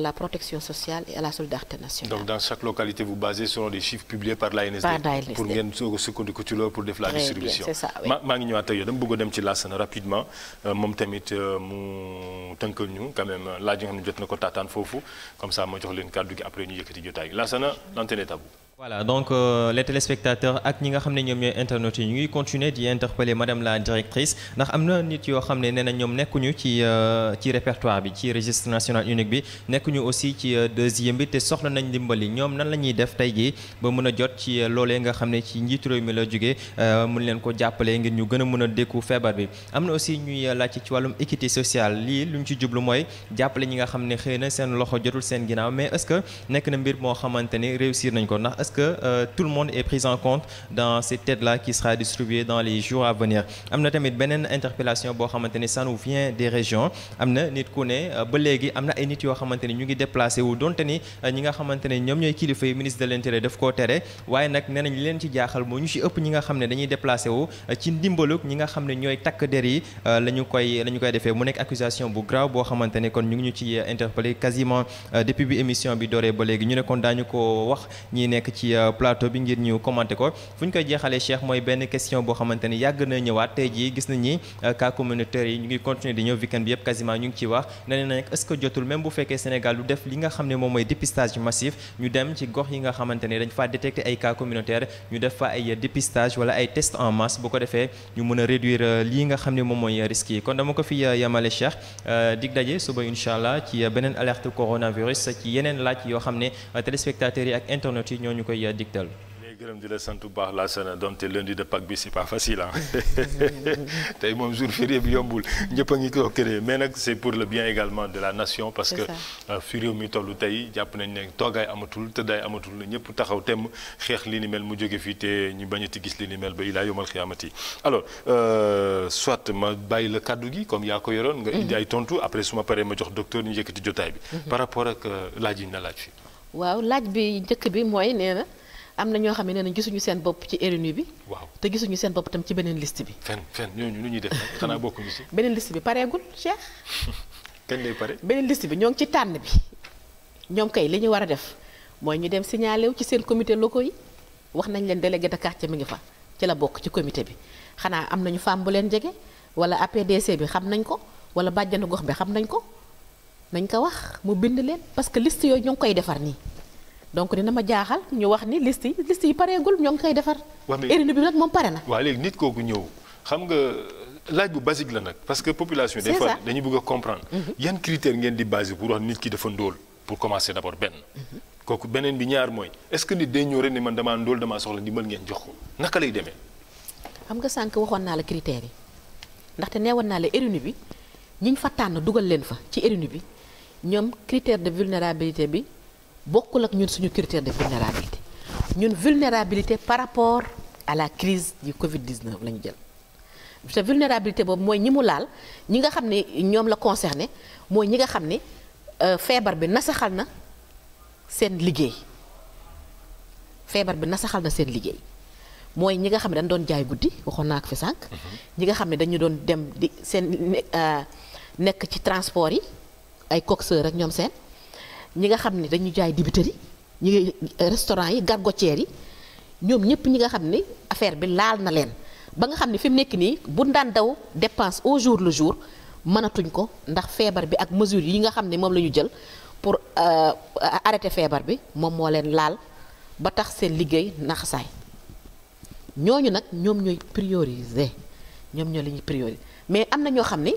la protection sociale et à la solidarité nationale. dans chaque localité vous basez selon des chiffres publiés par l'ANSD. par pour ngeen soog a sukkandiku ci loolu pour def la distribution. maa ngi ñëwaat ak yow dama bëgg a dem ci Lassana rapidement euh, moom tamit euh, mu tënkal ñu quand euh, laaj yi nga xam ne jot na ko taataan foofu comme ça ma jox leen kàddu gi après ñu yëkkati jotaay Lassana l'antenne est voilà donc euh, les téléspectateurs ak ñi nga xam ne ñoom ñooy internautes yi ñu ngi continuer di interpeller madame la directrice ndax am na nit yoo xam ne nee na ñoom nekkuñu ci euh, ci répertoire bi ci registre national unique bi nekkuñu aussi ci euh, deuxième bi te soxla nañ dimbali ñoom nan la ñuy def tey jii ba mën a jot ci euh, loole nga xam ne ci njiitu réew mi la jógee mun leen ko jàppale ngir ñu gën a mën a dékku feebar bi am na aussi ñuy laajte ci wàllum équité sociale lii lu ñu ci jublu mooy jàppale ñi nga xam ne xëy na seen loxo jotul seen ginnaaw mais est-ce nekk na mbir moo xamante ni réussir nañ ko ndax parce que euh, tout le monde est pris en compte dans cette aide-là qui sera distribuée dans les jours à venir am na tamit beneen interpellation boo xamante ni ça nous vient am na nit ku ne euh, ba léegi am na ay nit yoo xamante ñu ngi déplacé wu donte ni euh, ñi nga xamante ne ñoom ñooy kilifa yi ministre de l'intérieur daf koo tere waaye nag nee nañ leen ci jaaxal moo ñu ci ëpp ñi nga xam ne dañuy déplacé euh, ci ndimbalug ñi nga xam ne ñooy takk der yi la kon ñu ngi ñu bi ci euh, plateau bi ngir ñu commenté ko fu ñu koy jeexalee Cheikh mooy benn question boo xamante ni yàgg na ñëwaat tey jii gis nañ ni euh, cas communautaire yi ñu ngi continuer di ñëw weekend bi yëpp quasiment ñu ngi ciy wax nee na nag est-ce que jotul même bu fekkee Sénégal xam ne moom mooy dépistage massif ñu yi nga xamante ne dañ faa détecté ay cas communautaire ñu def fa ay dépistage ko defee ñu mën a réduire euh, lii nga xam ne moom mooy risques yi kon dama ko fi yamale Cheikh dig daje suba incha allah ci beneen alerte coronavirus ci yeneen laaj yoo xam ne téléspectateurs yi ak internautes yi ñooñu koy digtal gërëm di la sant bu baax laa sana donte lundi de Pâques bi c'est pas facile ah tey moom jour férié bi yombul ñëpp ngi ko créé mais nag c'est pour le bien également de la nation parce que euh, fi réew mi toll tey jàpp nañ ne toogaay amatul tëddaay amatul ñëpp taxaw temm xeex li ni mel mu jóge fii te ñu bañati gis li ni mel ba ilaa yomal xiyaamati alors euh, soit ma bàyyi la kàddu gi comme yaa ko yoroon nga indi mhm. ay tontu après su ma paree ma jox docteur ñu yëkkati jotaay bi mhm. par rapport euh, waaw laaj bi njëkk bi mooy nee na am na ñoo xam ne nee gisuñu seen bopp ci RNU bi. waaw te gisuñu seen bopp tam ci beneen list bi. fenn fenn ñooñu lu ñuy def xanaa bokkuñu si. beneen liste bi pareegul Cheikh. kañ lay pare. beneen liste bi ñoo ngi ci tànn bi ñoom kay li ñu war a def mooy ñu dem siñaalew ci seen comité locaux yi wax nañ leen délégué de quartier mi ngi fa ci la bokk ci comité bi xanaa am nañu femme bu leen jege wala APDC bi xam nañ ko wala bàjjanu gox bi xam nañ ko. nañ ko wax mu bind leen parce que liste yooyu ñu ngi koy defar nii donc dina ma jaaxal ñu wax ni list yi liste yi pareegul ñoo ngi koy defar. urne bi nag moom pare na. waa léegi nit kooku ñëw xam nga laaj bu basique la nag parce que population. des fois bëgg a comprendre. Mhm. yan critère di basé pour wax nit ki dafa ndóol pour commencer d'abord benn. Mhm. kooku beneen bi ñaar mooy est-ce que nit day ñëw rek ne man damaa ndóol damaa soxla ndimbal ngeen jox ko naka lay demee. xam nga sànq waxoon naa la critères yi ndaxte neewoon naa la urne bi ñiñ fa tànn dugal leen fa ci urne bi. ñoom critère de vulnérabilité bi bokkul ak ñun suñu critère de vulnérabilité ñun vulnérabilité par rapport à la crise du Covid 19 la ñu jël. te vulnérabilité boobu mooy ñi mu laal ñi nga xam ne ñoom la concerné mooy ñi nga xam ni euh, feebar bi nasaxal na seen liggéey feebar bi nasaxal na seen liggéey mooy ñi nga xam ne dañ doon jaay guddi waxoon naa ko fi sànq. Mm-hmm. ñi nga xam ne dañu doon dem di seen euh, nekk ci transport yi. ay coxeur ak ñoom seen ñi nga xam ni dañu jaay dibitari ñi ngi restaurant yi gargotières yi ñoom ñëpp ñi nga xam ni affaire bi laal na leen ba nga xam ne fi mu nekk nii bu daan daw dépense au jour le jour mënatuñ ko ndax feebar bi ak mesure yi nga xam ne moom la ñu jël pour euh, arrêter feebar bi moom moo leen laal ba tax seen liggéey naxasaay ñooñu nag ñoom ñooy prioriser ñoom ñoo la ñuy prioriser mais am na ñoo xam ni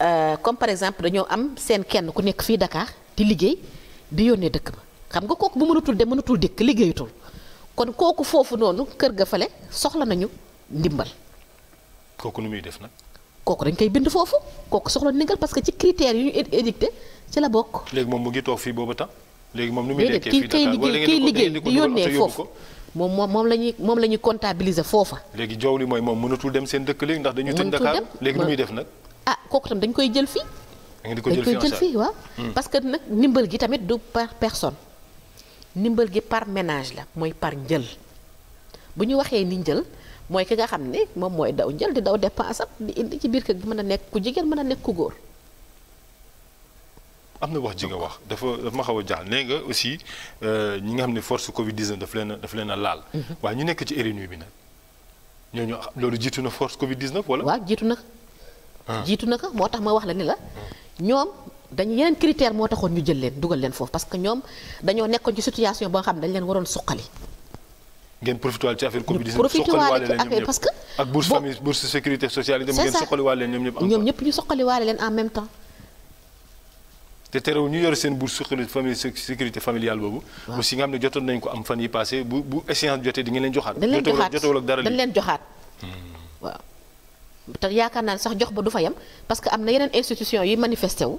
Euh, comme par exemple dañoo am seen kenn ku nekk fii dakaar di liggéey di yónnee dëkk ba xam nga kooku bu mënatul dem mënatul dikk liggéeyatul kon kooku foofu noonu kër ga fale soxla nañu ndimbal. kooku nu muy def nag. kooku dañ koy bind foofu kooku soxla ndimbal parce que ci critères yu ñu édicté ci la bokk. léegi moom mu ngi toog fii boobu temps. léegi moom nu muy nekkee fii Dakar wala ngeen di yónnee foofu. moom moom moom la ñuy moom la ñuy comptabiliser foofa. léegi joow li mooy moom mënatul dem seen dëkk léegi ndax dañuy tëj Dakar léegi nu muy def nag ah kooku tam dañ koy jël fii. dañ koy jël fii waaw. Hmm. parce que nag ndimbal gi tamit du par personne ndimbal gi par ménage la mooy par njël bu ñu waxee ni njël mooy ki nga xam ne moom mooy daw njël di daw dépense am di indi ci biir kër gi mën a nekk ku jigéen mën a nekk ku góor. am na wax ji nga wax dafa dafa ma xaw a jaaxal nee nga aussi euh, ñi nga xam ne force Covid 19 daf leen daf leen a laal. Mhm. waaye ñu nekk ci RNU bi nag ñooñu loolu jiitu na force Covid 19 wala. waaw na Ah. jiitu na ko moo tax ma wax la ni la ñoom dañu yeneen critère moo taxoon ñu jël leen dugal leen foofu parce que ñoom dañoo nekkoon ci situation boo xam ne dañu leen waroon suqali ngeen profité waale ci affaire Covid 19 que ak bourse famille bourse sécurité sociale yi ngeen suqaliwaale leen ñoom ñëpp suqaliwaale leen en même temps te terew ñu yore seen bourse famille sécurité familiale boobu aussi nga xam ne jotoon nañ ko am fan yi passé bu bu échéance jotee di leen joxaat dañ leen joxaat te yaakaar naa sax jox ba du fa yem parce que am na yeneen institution yi manifesté wu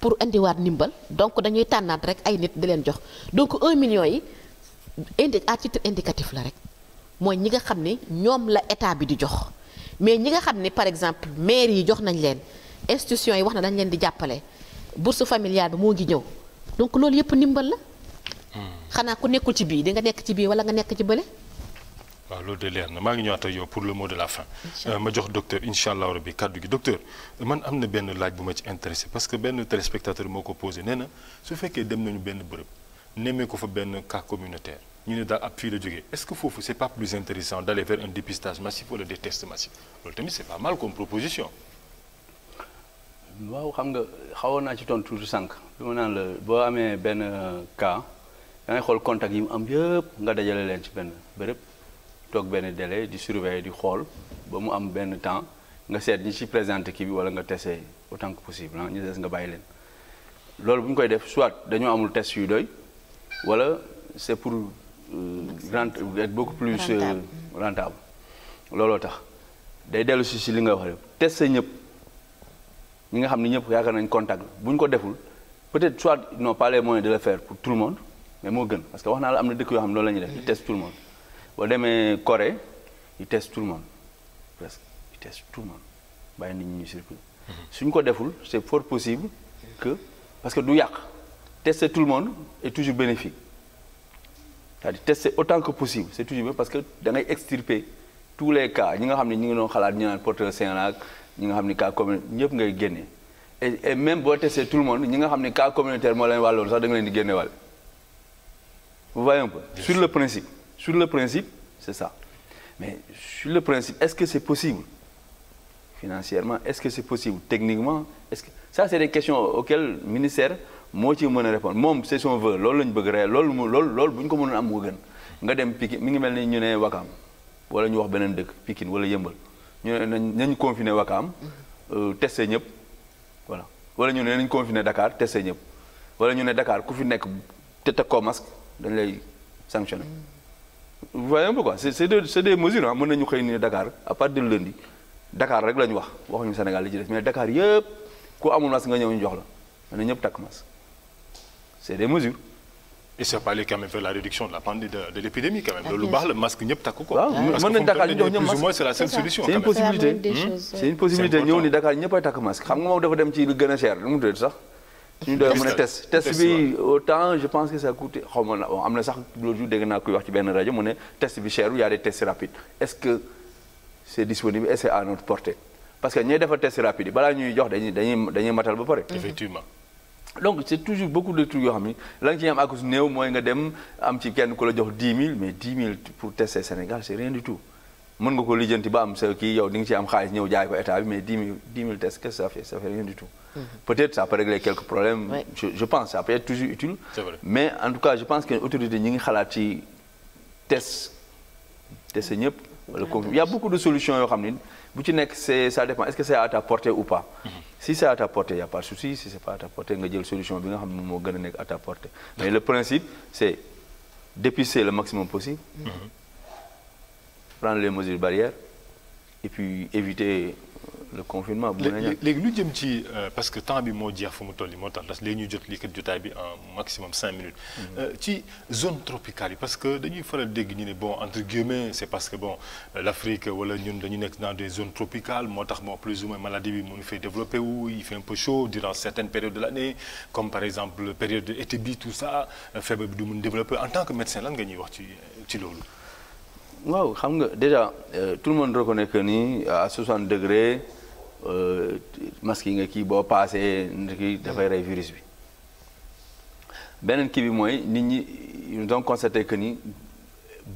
pour indiwaat ndimbal donc dañuy tànnaat rek ay nit di leen jox donc 1 million yi indi à titre indicatif la rek mooy ñi nga xam ni ñoom la état bi di jox mais ñi nga xam ni par exemple maire yi jox nañ leen institution yi wax na dañ leen di jàppale bourse familiale bi moo ngi ñëw donc loolu yëpp ndimbal la hmm. xanaa ku nekkul ci bii di nga nekk ci biir wala nga nekk ci bële waaw loolu de leer na maa ngi ñëwaat ak yow pour le mot de la fin euh, ma jox docteur incha allah rabbi kàddu gi docteur man am na benn laaj bu ma ci intéressé parce que benn téléspectateur moo ko posé nee na su fekkee dem nañu benn bërëb nemmee ko fa benn cas communautaire ñu ne daal ab fii la jógee est-ce que foofu c'est pas plus intéressant d'aller vers un dépistage massif wala des tests massifs loolu tamit c'est pas mal comme proposition waaw xam nga xawoon naa ci tontu tuuti sànq li boo amee benn euh, cas da xool contact yi mu am yëpp nga dajale leen ci benn bërëb toog benn délai di surveiller di xool ba mu am benn temps nga seet ñi ci présenté kii bi wala nga testé autant que possible ah ñu des nga bàyyi leen loolu bu ñu koy def soit dañoo amul test yu doy wala c'est pour euh, rent être beaucoup plus euh, rentable looloo tax day dellu si si li nga wax testé ñëpp ñi nga xam ne ñëpp yaakaar nañ contact bu ñu ko deful peut-être soit ils n'ont pas les de le faire pour tout le monde mais moo gën parce que wax naa la am na dëkk yoo xam ne loolu boo demee Corée ils testent tout le monde presque ils testent tout le monde bàyyi nit ñi ñu su mhm. suñ ko deful c'est fort possible que parce que du yàq tester tout le monde est toujours bénéfique cest autant que possible c'est toujours bien parce que da ngay extirper tous les cas ñi nga xam ne ñi ngi doon xalaat ñu naan porteur sain ak ñi nga xam ne cas communautaire ñëpp ngay génne et et boo testé tout le monde ñi nga xam ne cas communautaire moo leen wàlloon sax da nga génne wàll sur le principe Sur le principe, c'est ça. Mais sur le principe, est-ce que c'est possible Financièrement, est-ce que c'est possible Techniquement, est-ce que... Ça, c'est des questions auxquelles le ministère moo ci mën a répondre moom c'est son vœu loolu la ñu bëgg rek loolu mu loolu loolu bu ñu ko mënoon am moo gën nga dem Pikine mi ngi mel ni ñu ne Wakaam wala ñu wax beneen dëkk Pikine wala Yëmbal ñu ne nañ nañ confiné Wakaam euh, testé ñëpp voilà wala ñu ne nañ confiné Dakar testé ñëpp wala ñu ne Dakar ku fi nekk te teg koo masque dañ lay sanctionné vous voyez un peu quoi c' est c' est des c' est des mesures ah mën nañu xëy ni Dakar à partir de lundi Dakar rek la ñu wax waxuñu Sénégal li ci def Dakar yëpp ku amul masque nga ñëw ñu jox la ma ñëpp takk masque c' est des mesures. et c' la réduction de la pandémie de de l' épidémie quand même. Ah, loolu lu la masque ñëpp takk ko. mën nañu Dakar ñu jox ñëpp masque parce la seule solution. c' est hmm? une possibilité c' est une possibilité ñëw ni Dakar ñëpp ay takk masque xam nga moom dafa dem ci lu gën a cher lu mu tudd sax. ñu doon mën a test test bi autant je pense que ça coûte xaw ma na am na sax loolu dégg naa koy wax ci benn rajo mu ne test bi cher y a des tests est-ce que c'est disponible et c'est à notre portée parce que ñooy defar test rapide balaa ñuy jox dañuy dañuy dañuy matal ba pare. effectivement. Mm-hmm. donc c'est toujours beaucoup de trucs yoo xam ni la nga ciy am ak néew mooy nga dem am ci kenn ku la jox 10 000 mais 10 000 pour tester Sénégal c'est rien du tout mën nga ko lijjanti Mhm. peut-être ça peut régler quelques problèmes. Oui. je je pense ça peut être toujours utile. c'est vrai. mais en tout cas je pense que autorité ñi ngi xalaat ci test test ñëpp. de solutions yoo xam ni bu ci nekk c'est ça dépend est-ce que c'est à ta ou pas. Mhm. si c'est à ta y a pas de souci si c'est pas à ta nga jël solution bi nga xam ne moo gën a nekk à ta portée. mais le principe c'est dépister le maximum possible. Mhm. prendre les mesures barrières et puis éviter. le confinement bu mën léegi lu jëm ci euh, parce que temps bi moo jeex fu mu toll moo tax parce que léegi ñuy jot lii kat jotaay bi en maximum cinq minutes. Mhm. Euh, ci zone tropicale yi parce que dañuy faral dégg ñu ne bon entre guillemets c' parce que bon euh, l' Afrique wala ñun dañu nekk dans des zones tropicales moo tax bon plus ou moins maladie bi mu ngi fay développé wu il fait un peu chaud durant certaines périodes de l' comme par exemple période de été bi tout ça feebar bi du mun développé en tant nga ñuy wax xam nga déjà tout le monde reconnaît que ni à 60 degrés. Euh, masque yi nga kii boo paasee kii dafay rey virus bi beneen kii bi mooy nit ñi nous avons constaté que ni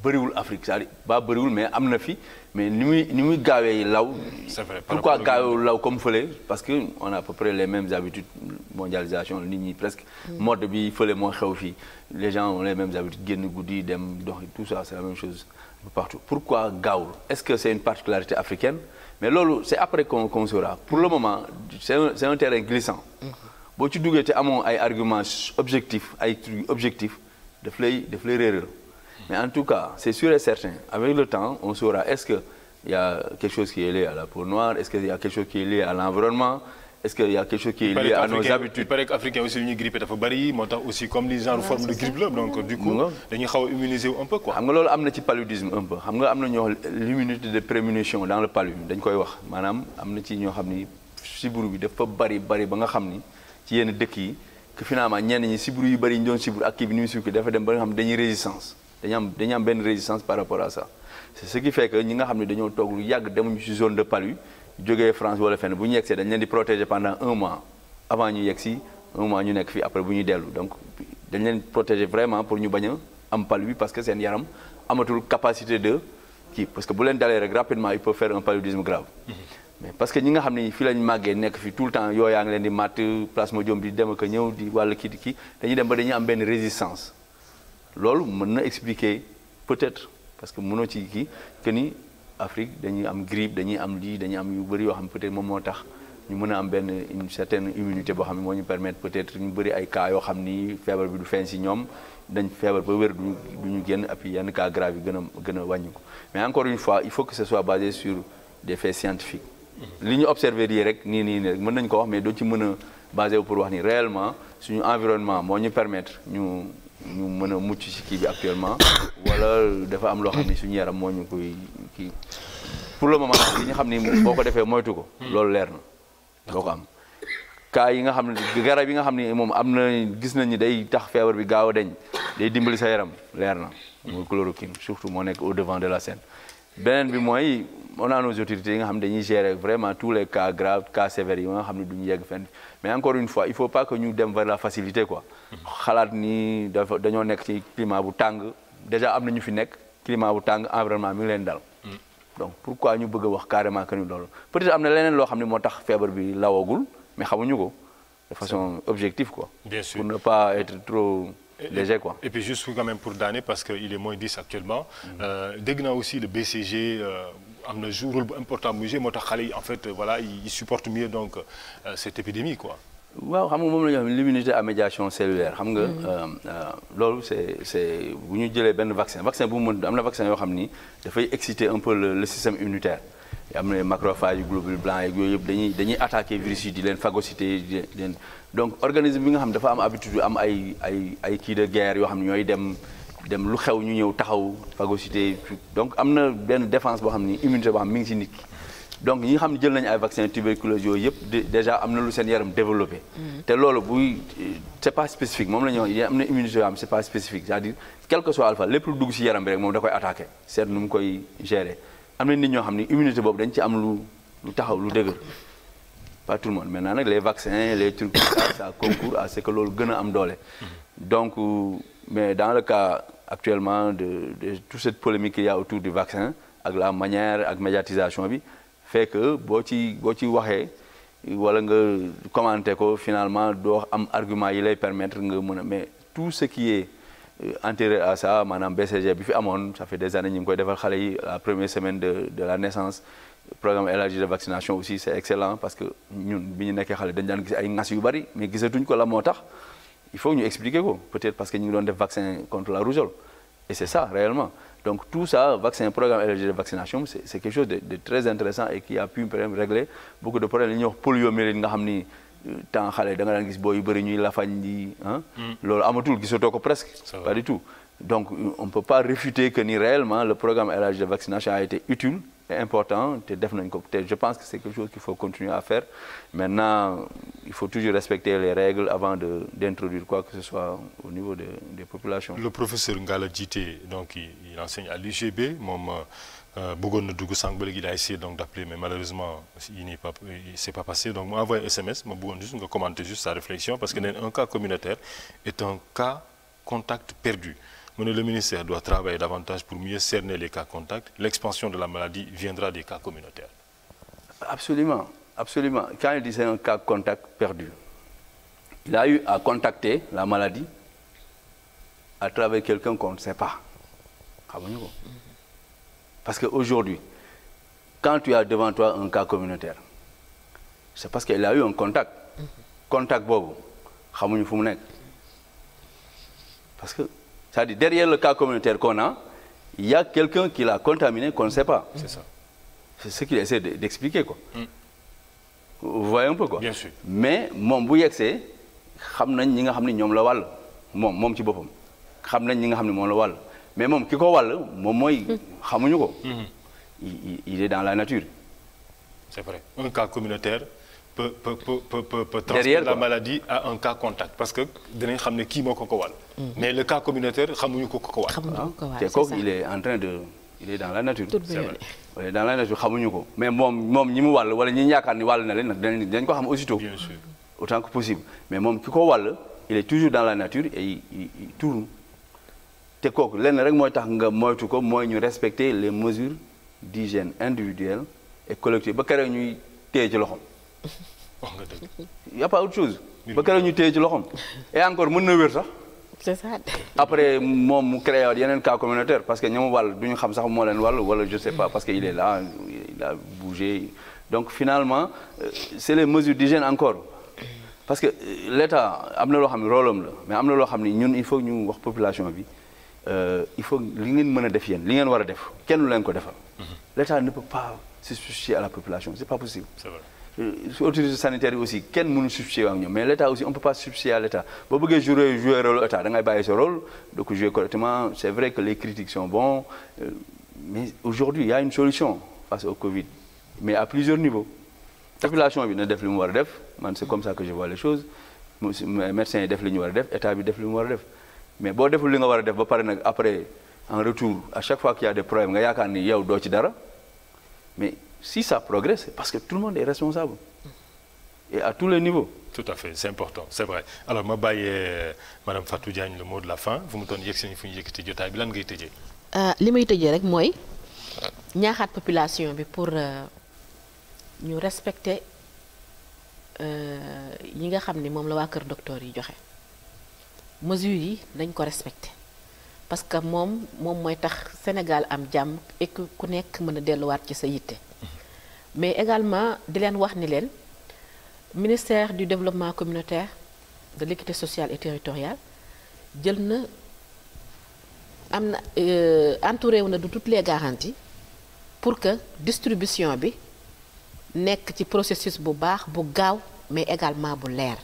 bëriwul Afrique c'est-à-dire ba bëriwul mais am na fi mais ni muy ni muy gaawee law. c'est vrai pourquoi gaawee law comme fële parce que on a à peu près les mêmes habitudes mondialisation nit ñi presque. Mm. mode bi fële moo xew fii les gens ont les mêmes habitudes génn guddi dem dox tout ça c'est la même chose partout pourquoi gaawul est-ce que c'est une particularité africaine. mais loolu c' est après qu'on qu'on saura pour le moment c' est un c' est terrain glissant. boo ci duggee te amoo ay arguments objectifs ay objectifs objectif lay daf lay réeral mais en tout cas c' est sûr et certain avec le temps on saura est ce que y a quelque chose qui est lié à la peau noire est ce que y a quelque chose qui est lié à l'environnement est-ce que y a quelque chose qui est lié à nos habitudes. il paraît que africain aussi li ñuy grippé dafa bari moo tax aussi comme li genre forme de grippe la donc du coup dañuy xaw a immuniser am na ci paludisme de prémunition dans le palu dañ koy wax maanaam am na ci ñoo xam ni siburu bi dafa bari bari ba nga xam ni ci yenn dëkk yi que finalement ñenn ñi siburu yu bari ñu doon siburu ak kii bi ni muy siburu dafa dem ba nga xam ne dañuy résistance dañu am benn résistance par rapport à ça c'est ce qui fait que ñi nga xam ne dañoo toog lu yàgg demuñu ci zone de palu jógee France wala fenn bu ñu yegg see dañ leen di protéger pendant un mois avant ñu yegg si un mois ñu nekk fii après bu ñu dellu donc dañ leen protéger vraiment pour ñu bañ a am palu parce que seen yaram amatul capacité de kii parce que bu leen dalee rek rapidement il peut faire un paludisme grave. Mhm. parce que ñi nga xam ne fii lañ màggee nekk fi tout le temps yooyaa ngi leen di màtt plasmodium di dem ak ñëw di wàll kii di kii dem ba dañuy am benn résistance loolu mën na expliquer peut-être parce que mënoo ci kii que ni. Afrique dañuy am grippe dañuy am lii dañuy am yu bëri yoo xam peut-être moom moo tax ñu mën a am benn une certaine boo xam ne moo ñu permettre peut-être ñu bëri ay cas yoo xam ni feebar bi du feeñ si ñoom dañ feebar ba wér duñu du ñu génn ak yenn cas grave yi gën a ko mais encore une fois il faut que ce soit basé sur des faits scientifiques mm-hmm. li ñu observé yi rek nii nii nii rek mën nañ ko wax mais doo ci mën a basé wu pour wax ni réellement suñu environnement moo ñu permettre ñu ñu mën a mucc ci kii bi actuellement wala dafa am loo xam ne suñu yaram moo ñu koy kii pour le moom li ñu xam ni boo ko defee moytu ko loolu leer na doo ko am cas yi nga xam ne garab yi nga xam ne moom am na gis nañ ni day tax feebar bi gaaw a deñ day dimbali sa yaram leer na mooy chloroquine surtout moo nekk au devant de la scène beneen bi mooy naa a nos autorités yi nga xam ne dañuy gérer vraiment tous les cas graves cas sévères yi nga xam ne duñu yegg fenn mais encore une fois il faut pas que ñu dem vers la facilité quoi. xalaat nii dañoo nekk ci climat bu tàng déjà am na ñu fi nekk climat bu tàng environnement mi ngi leen dal. donc pourquoi ñu bëgg a wax carrément que ni loolu peut am na leneen loo xam ne moo tax feebar bi lawoogul mais xamuñu ko de façon objective quoi. bien pour ne pas être trop. léger quoi. et puis juste quand même pour daane parce que il est moins 10 actuellement. Mm-hmm. Euh, dégg aussi le BCG. Euh, am na jour rôle bu important mu moo tax xale yi en fait euh, voilà ils supportent mieux donc euh, cette épidémie quoi. waaw xam nga l'immunité à médiation cellulaire xam nga. Mm-hmm. loolu c'est c'est bu ñu jëlee benn vaccin vaccin bu mu mën am na vaccin yoo xam ni dafay exciter un peu le, le système immunitaire. am na macrophage yu globule blanc yeeg yooyu yëpp bi nga xam dafa am habitude yoo xam ne ñooy dem dem lu xew ñu ñëw taxaw phagocyté donc am na benn défense boo xam ni immunité mi ngi ci nit ki donc ñi nga xam ne jël nañu ay vaccin tuberculose am na lu seen yaram développé mm-hmm. te loolu buy c'est pas spécifique moom la am na immunité yoo xam c'est spécifique cest dire quel soit alpha lépp lu dugg ci yaram bi rek moom da koy attaqué seet nu mu koy gérer am na nit ñoo xam ne immunité boobu dañ ci am lu taxaw lu dëgër pas tout le monde maintenant nag les vaccins les trucs ça concourt à ce que loolu gën am doole donc euh, mais dans le cas actuellement de de toute cette polémique qu'il y a autour du vaccin ak la manière ak médiatisation bi fait que boo ci boo ci waxee wala nga commenter ko finalement doo am argument yi lay permettre nga mun a mais tout ce qui est antérieur euh, à ça maanaam BCG bi fi amoon ça fait des années ñu ngi koy defal xale yi la première semaine de la naissance programme élargi de vaccination aussi c'est excellent parce que ñun bi ñu nekkee xale dañ daan gis ay ŋas yu bari mais gisatuñ ko la moo tax il faut ñu expliquer ko peut-être parce que ñu ngi def vaccin contre la rougeole et c'est ça réellement donc tout ça vaccin programme élargi de vaccination c'est quelque chose de très intéressant et nga xam ni temps xale da nga gis bo yu bëri ñuy lafañ di ah. loolu amatul gisatoo ko presque. pas du tout donc on peut pas réfuter que ni réellement le programme LH de vaccination a été utile. est important te def nañ ko je pense que c'est quelque chose qu'il faut continuer à faire maintenant il faut toujours respecter les règles avant de d'introduire quoi que ce soit au niveau de des populations. Le professeur Ngala Djité donc il, enseigne à l'UGB moom euh, Euh, bëggoon na dugg sànq ba léegi il a essayé donc d' appeler mais malheureusement il n'est pas c' est pas passé donc mu envoyé SMS ma bëggoon juste nga commenter juste sa réflexion parce que nee un cas communautaire est un cas contact perdu le ministère doit travailler davantage pour mieux cerner les cas contacts l'expansion de la maladie viendra des cas communautaires. absolument absolument quand il disait un cas contact perdu il a eu à contacter la maladie à travers quelqu'un qu'on ne Parce qu'aujourd'hui, quand tu as devant toi un cas communautaire, c'est parce qu'il a eu un contact. Mm -hmm. Contact nekk Parce que, ça dit, derrière le cas communautaire qu'on a, il y a quelqu'un qui l'a contaminé qu'on ne pas. C'est ça. C'est ce qu'il essaie d'expliquer, quoi. Mm. Vous voyez un peu, quoi. Bien sûr. Mais, mon bouillec, c'est, je sais que nous savons qui nous la wal. Moi, je sais que nous savons qui nous la wal. mais moom ki ko wàll moom mooy. Hmm. xamuñu ko. Hmm. il est dans la nature. c'est vrai un cas communautaire. peut peut la maladie à un cas contact parce que dinañ xam ne kii moo ko ko wàll. Hmm. mais le cas communautaire xamuñu ko ko wàll. xamuñu ko ko wàll ah, c'est ça te kooku il est en train de il est dans la nature. il est dans la nature xamuñu ko mais moom moom ñi mu wàll wala ñi yaakaar ni wàll na leen nag dinañ ko xam aussitôt. bien sûr autant que possible mais moom ki ko wàll il est toujours dans la nature et te kooku lenn rek mooy tax nga moytu ko mooy ñu respecter les mesures d'hygiène individuelle et collective ba këree ñuy téye ci loxom wax nga dëgg y a ba keroog ñuy téye ci loxom et encore mën na wér sax. c'est ça. après moom mu créé waat yeneen cas communautaire parce que ñamu wàll du ñu xam sax moo leen wàll wala je sais pas parce que il est là il a bougé donc finalement euh, c'est les mesures d'hygiène encore parce que euh, l'État am na loo xam ne la mais am na loo xam ne ñun il faut ñu wax population bi. Euh, il faut li ngeen mën a def yéen li ngeen war a def kenn lu ko defal. Mhm. l'État ne peut pas se substituer à la population c'est pas possible. c'est vrai. Euh, autorités sanitaires yi aussi kenn mënu substituer ak ñoom mais l'État aussi on peut pas substituer à l'État boo bëggee jouer jouer rôle État da ngay bàyyi sa donc jouer correctement c'est vrai que les critiques sont bons euh, mais aujourd'hui y a une solution face au Covid mais à plusieurs niveaux population bi na def li mu war a def man c'est comme ça que je vois les def li ñu war a def État bi def li mu war def mais boo deful li nga war a def ba pare nag après en retour à chaque fois qu'il y a des nga yaakaar ni yow doo ci dara mais si ça progresse parce que tout le monde est responsable et à tous les niveaux. tout à fait c'est important c'est vrai alors ma bàyyee euh, madame Fatou Diagne le mot de la fin fu mu toon yegg si fu ñu yëkkati jotaay bi lan ngay tëjee. Euh, li may tëjee rek mooy ñaaxaat population bi pour euh, ñu respecter yi nga xam ni moom la waa kër docteur yi joxe. mesures yi nañ ko respecté parce que moom moom mooy tax Sénégal am jàmm et ku nekk mën a delluwaat ci sa yitte mais également di leen wax ni leen ministère du développement communautaire de l'équité sociale et territoriale jël na am na euh, entouré wu na du toutes les garanties pour que distribution bi nekk ci processus bu baax bu gaaw mais également bu leer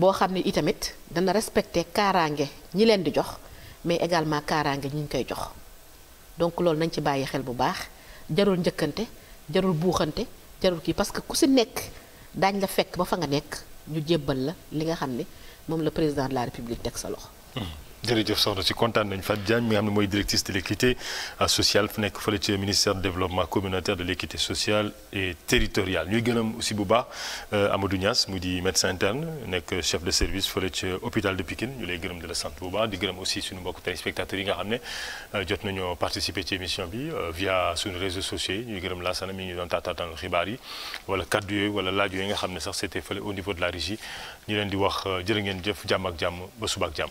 boo xam ne itamit dana respecter kaaraange ñi leen di jox mais également kaaraange ñi ñu koy jox donc loolu nañ ci bàyyi xel bu baax jarul njëkkante jarul buuxante jarul kii parce que ku si nekk daañ la fekk ba fa nga nekk ñu jébbal la li nga xam ne moom la président de la république teg sa loxo. Hmm. jërëjëf soxna ci kontaan nañ Fatou Diagne mi nga xam ne mooy directrice de l' sociale fu nekk fële ci ministère du développement communautaire de l' équité sociale et territoriale ñuy gënam aussi bu baax euh, Amadou Niass mu di médecin interne nekk chef de service fële ci hôpital de Pikine ñu lay gërëm di la sant bu baax di gërëm aussi suñu mbokk téléspectateurs yi nga xam ne euh, jot nañoo participer ci émission bi euh, via suñu réseaux sociaux yi ñuy gërëm laasana mi ñu doon taataataan xibaar yi wala kaddu yooyu wala laaj yooyu nga xam ne sax c'était fële au niveau de la leen di wax jërë ngeen jëf jàmm ak jàmm ba suba ak jàmm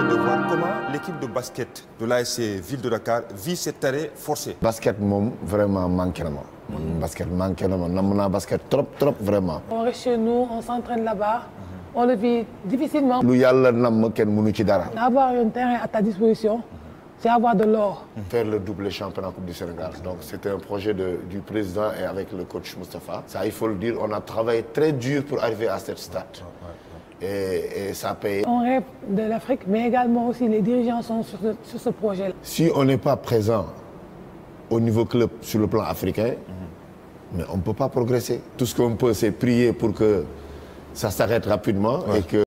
l'équipe de basket de l'ASC Ville de Dakar vit cet arrêt forcé. basket moom vraiment manqué na ma. man mm, basket manqué na ma namm naa basket trop trop vraiment. on reste chez nous on s'entraîne là-bas. on le vit difficilement. lu yàlla namm kenn mënu ci dara. avoir un terrain à ta disposition. c'est avoir de l'or. faire le double championnat Coupe du Sénégal donc c'était un projet de du président et avec le coach Moustapha. ça il faut le dire on a travaillé très dur pour arriver à cette stade. et, et ça paye. On rêve de l'Afrique, mais également aussi les dirigeants sont sur, le, sur ce projet-là. Si on n'est pas présent au niveau club sur le plan africain, mm -hmm. mais on ne peut pas progresser. Tout ce qu'on peut, c'est prier pour que ça s'arrête rapidement ouais. et que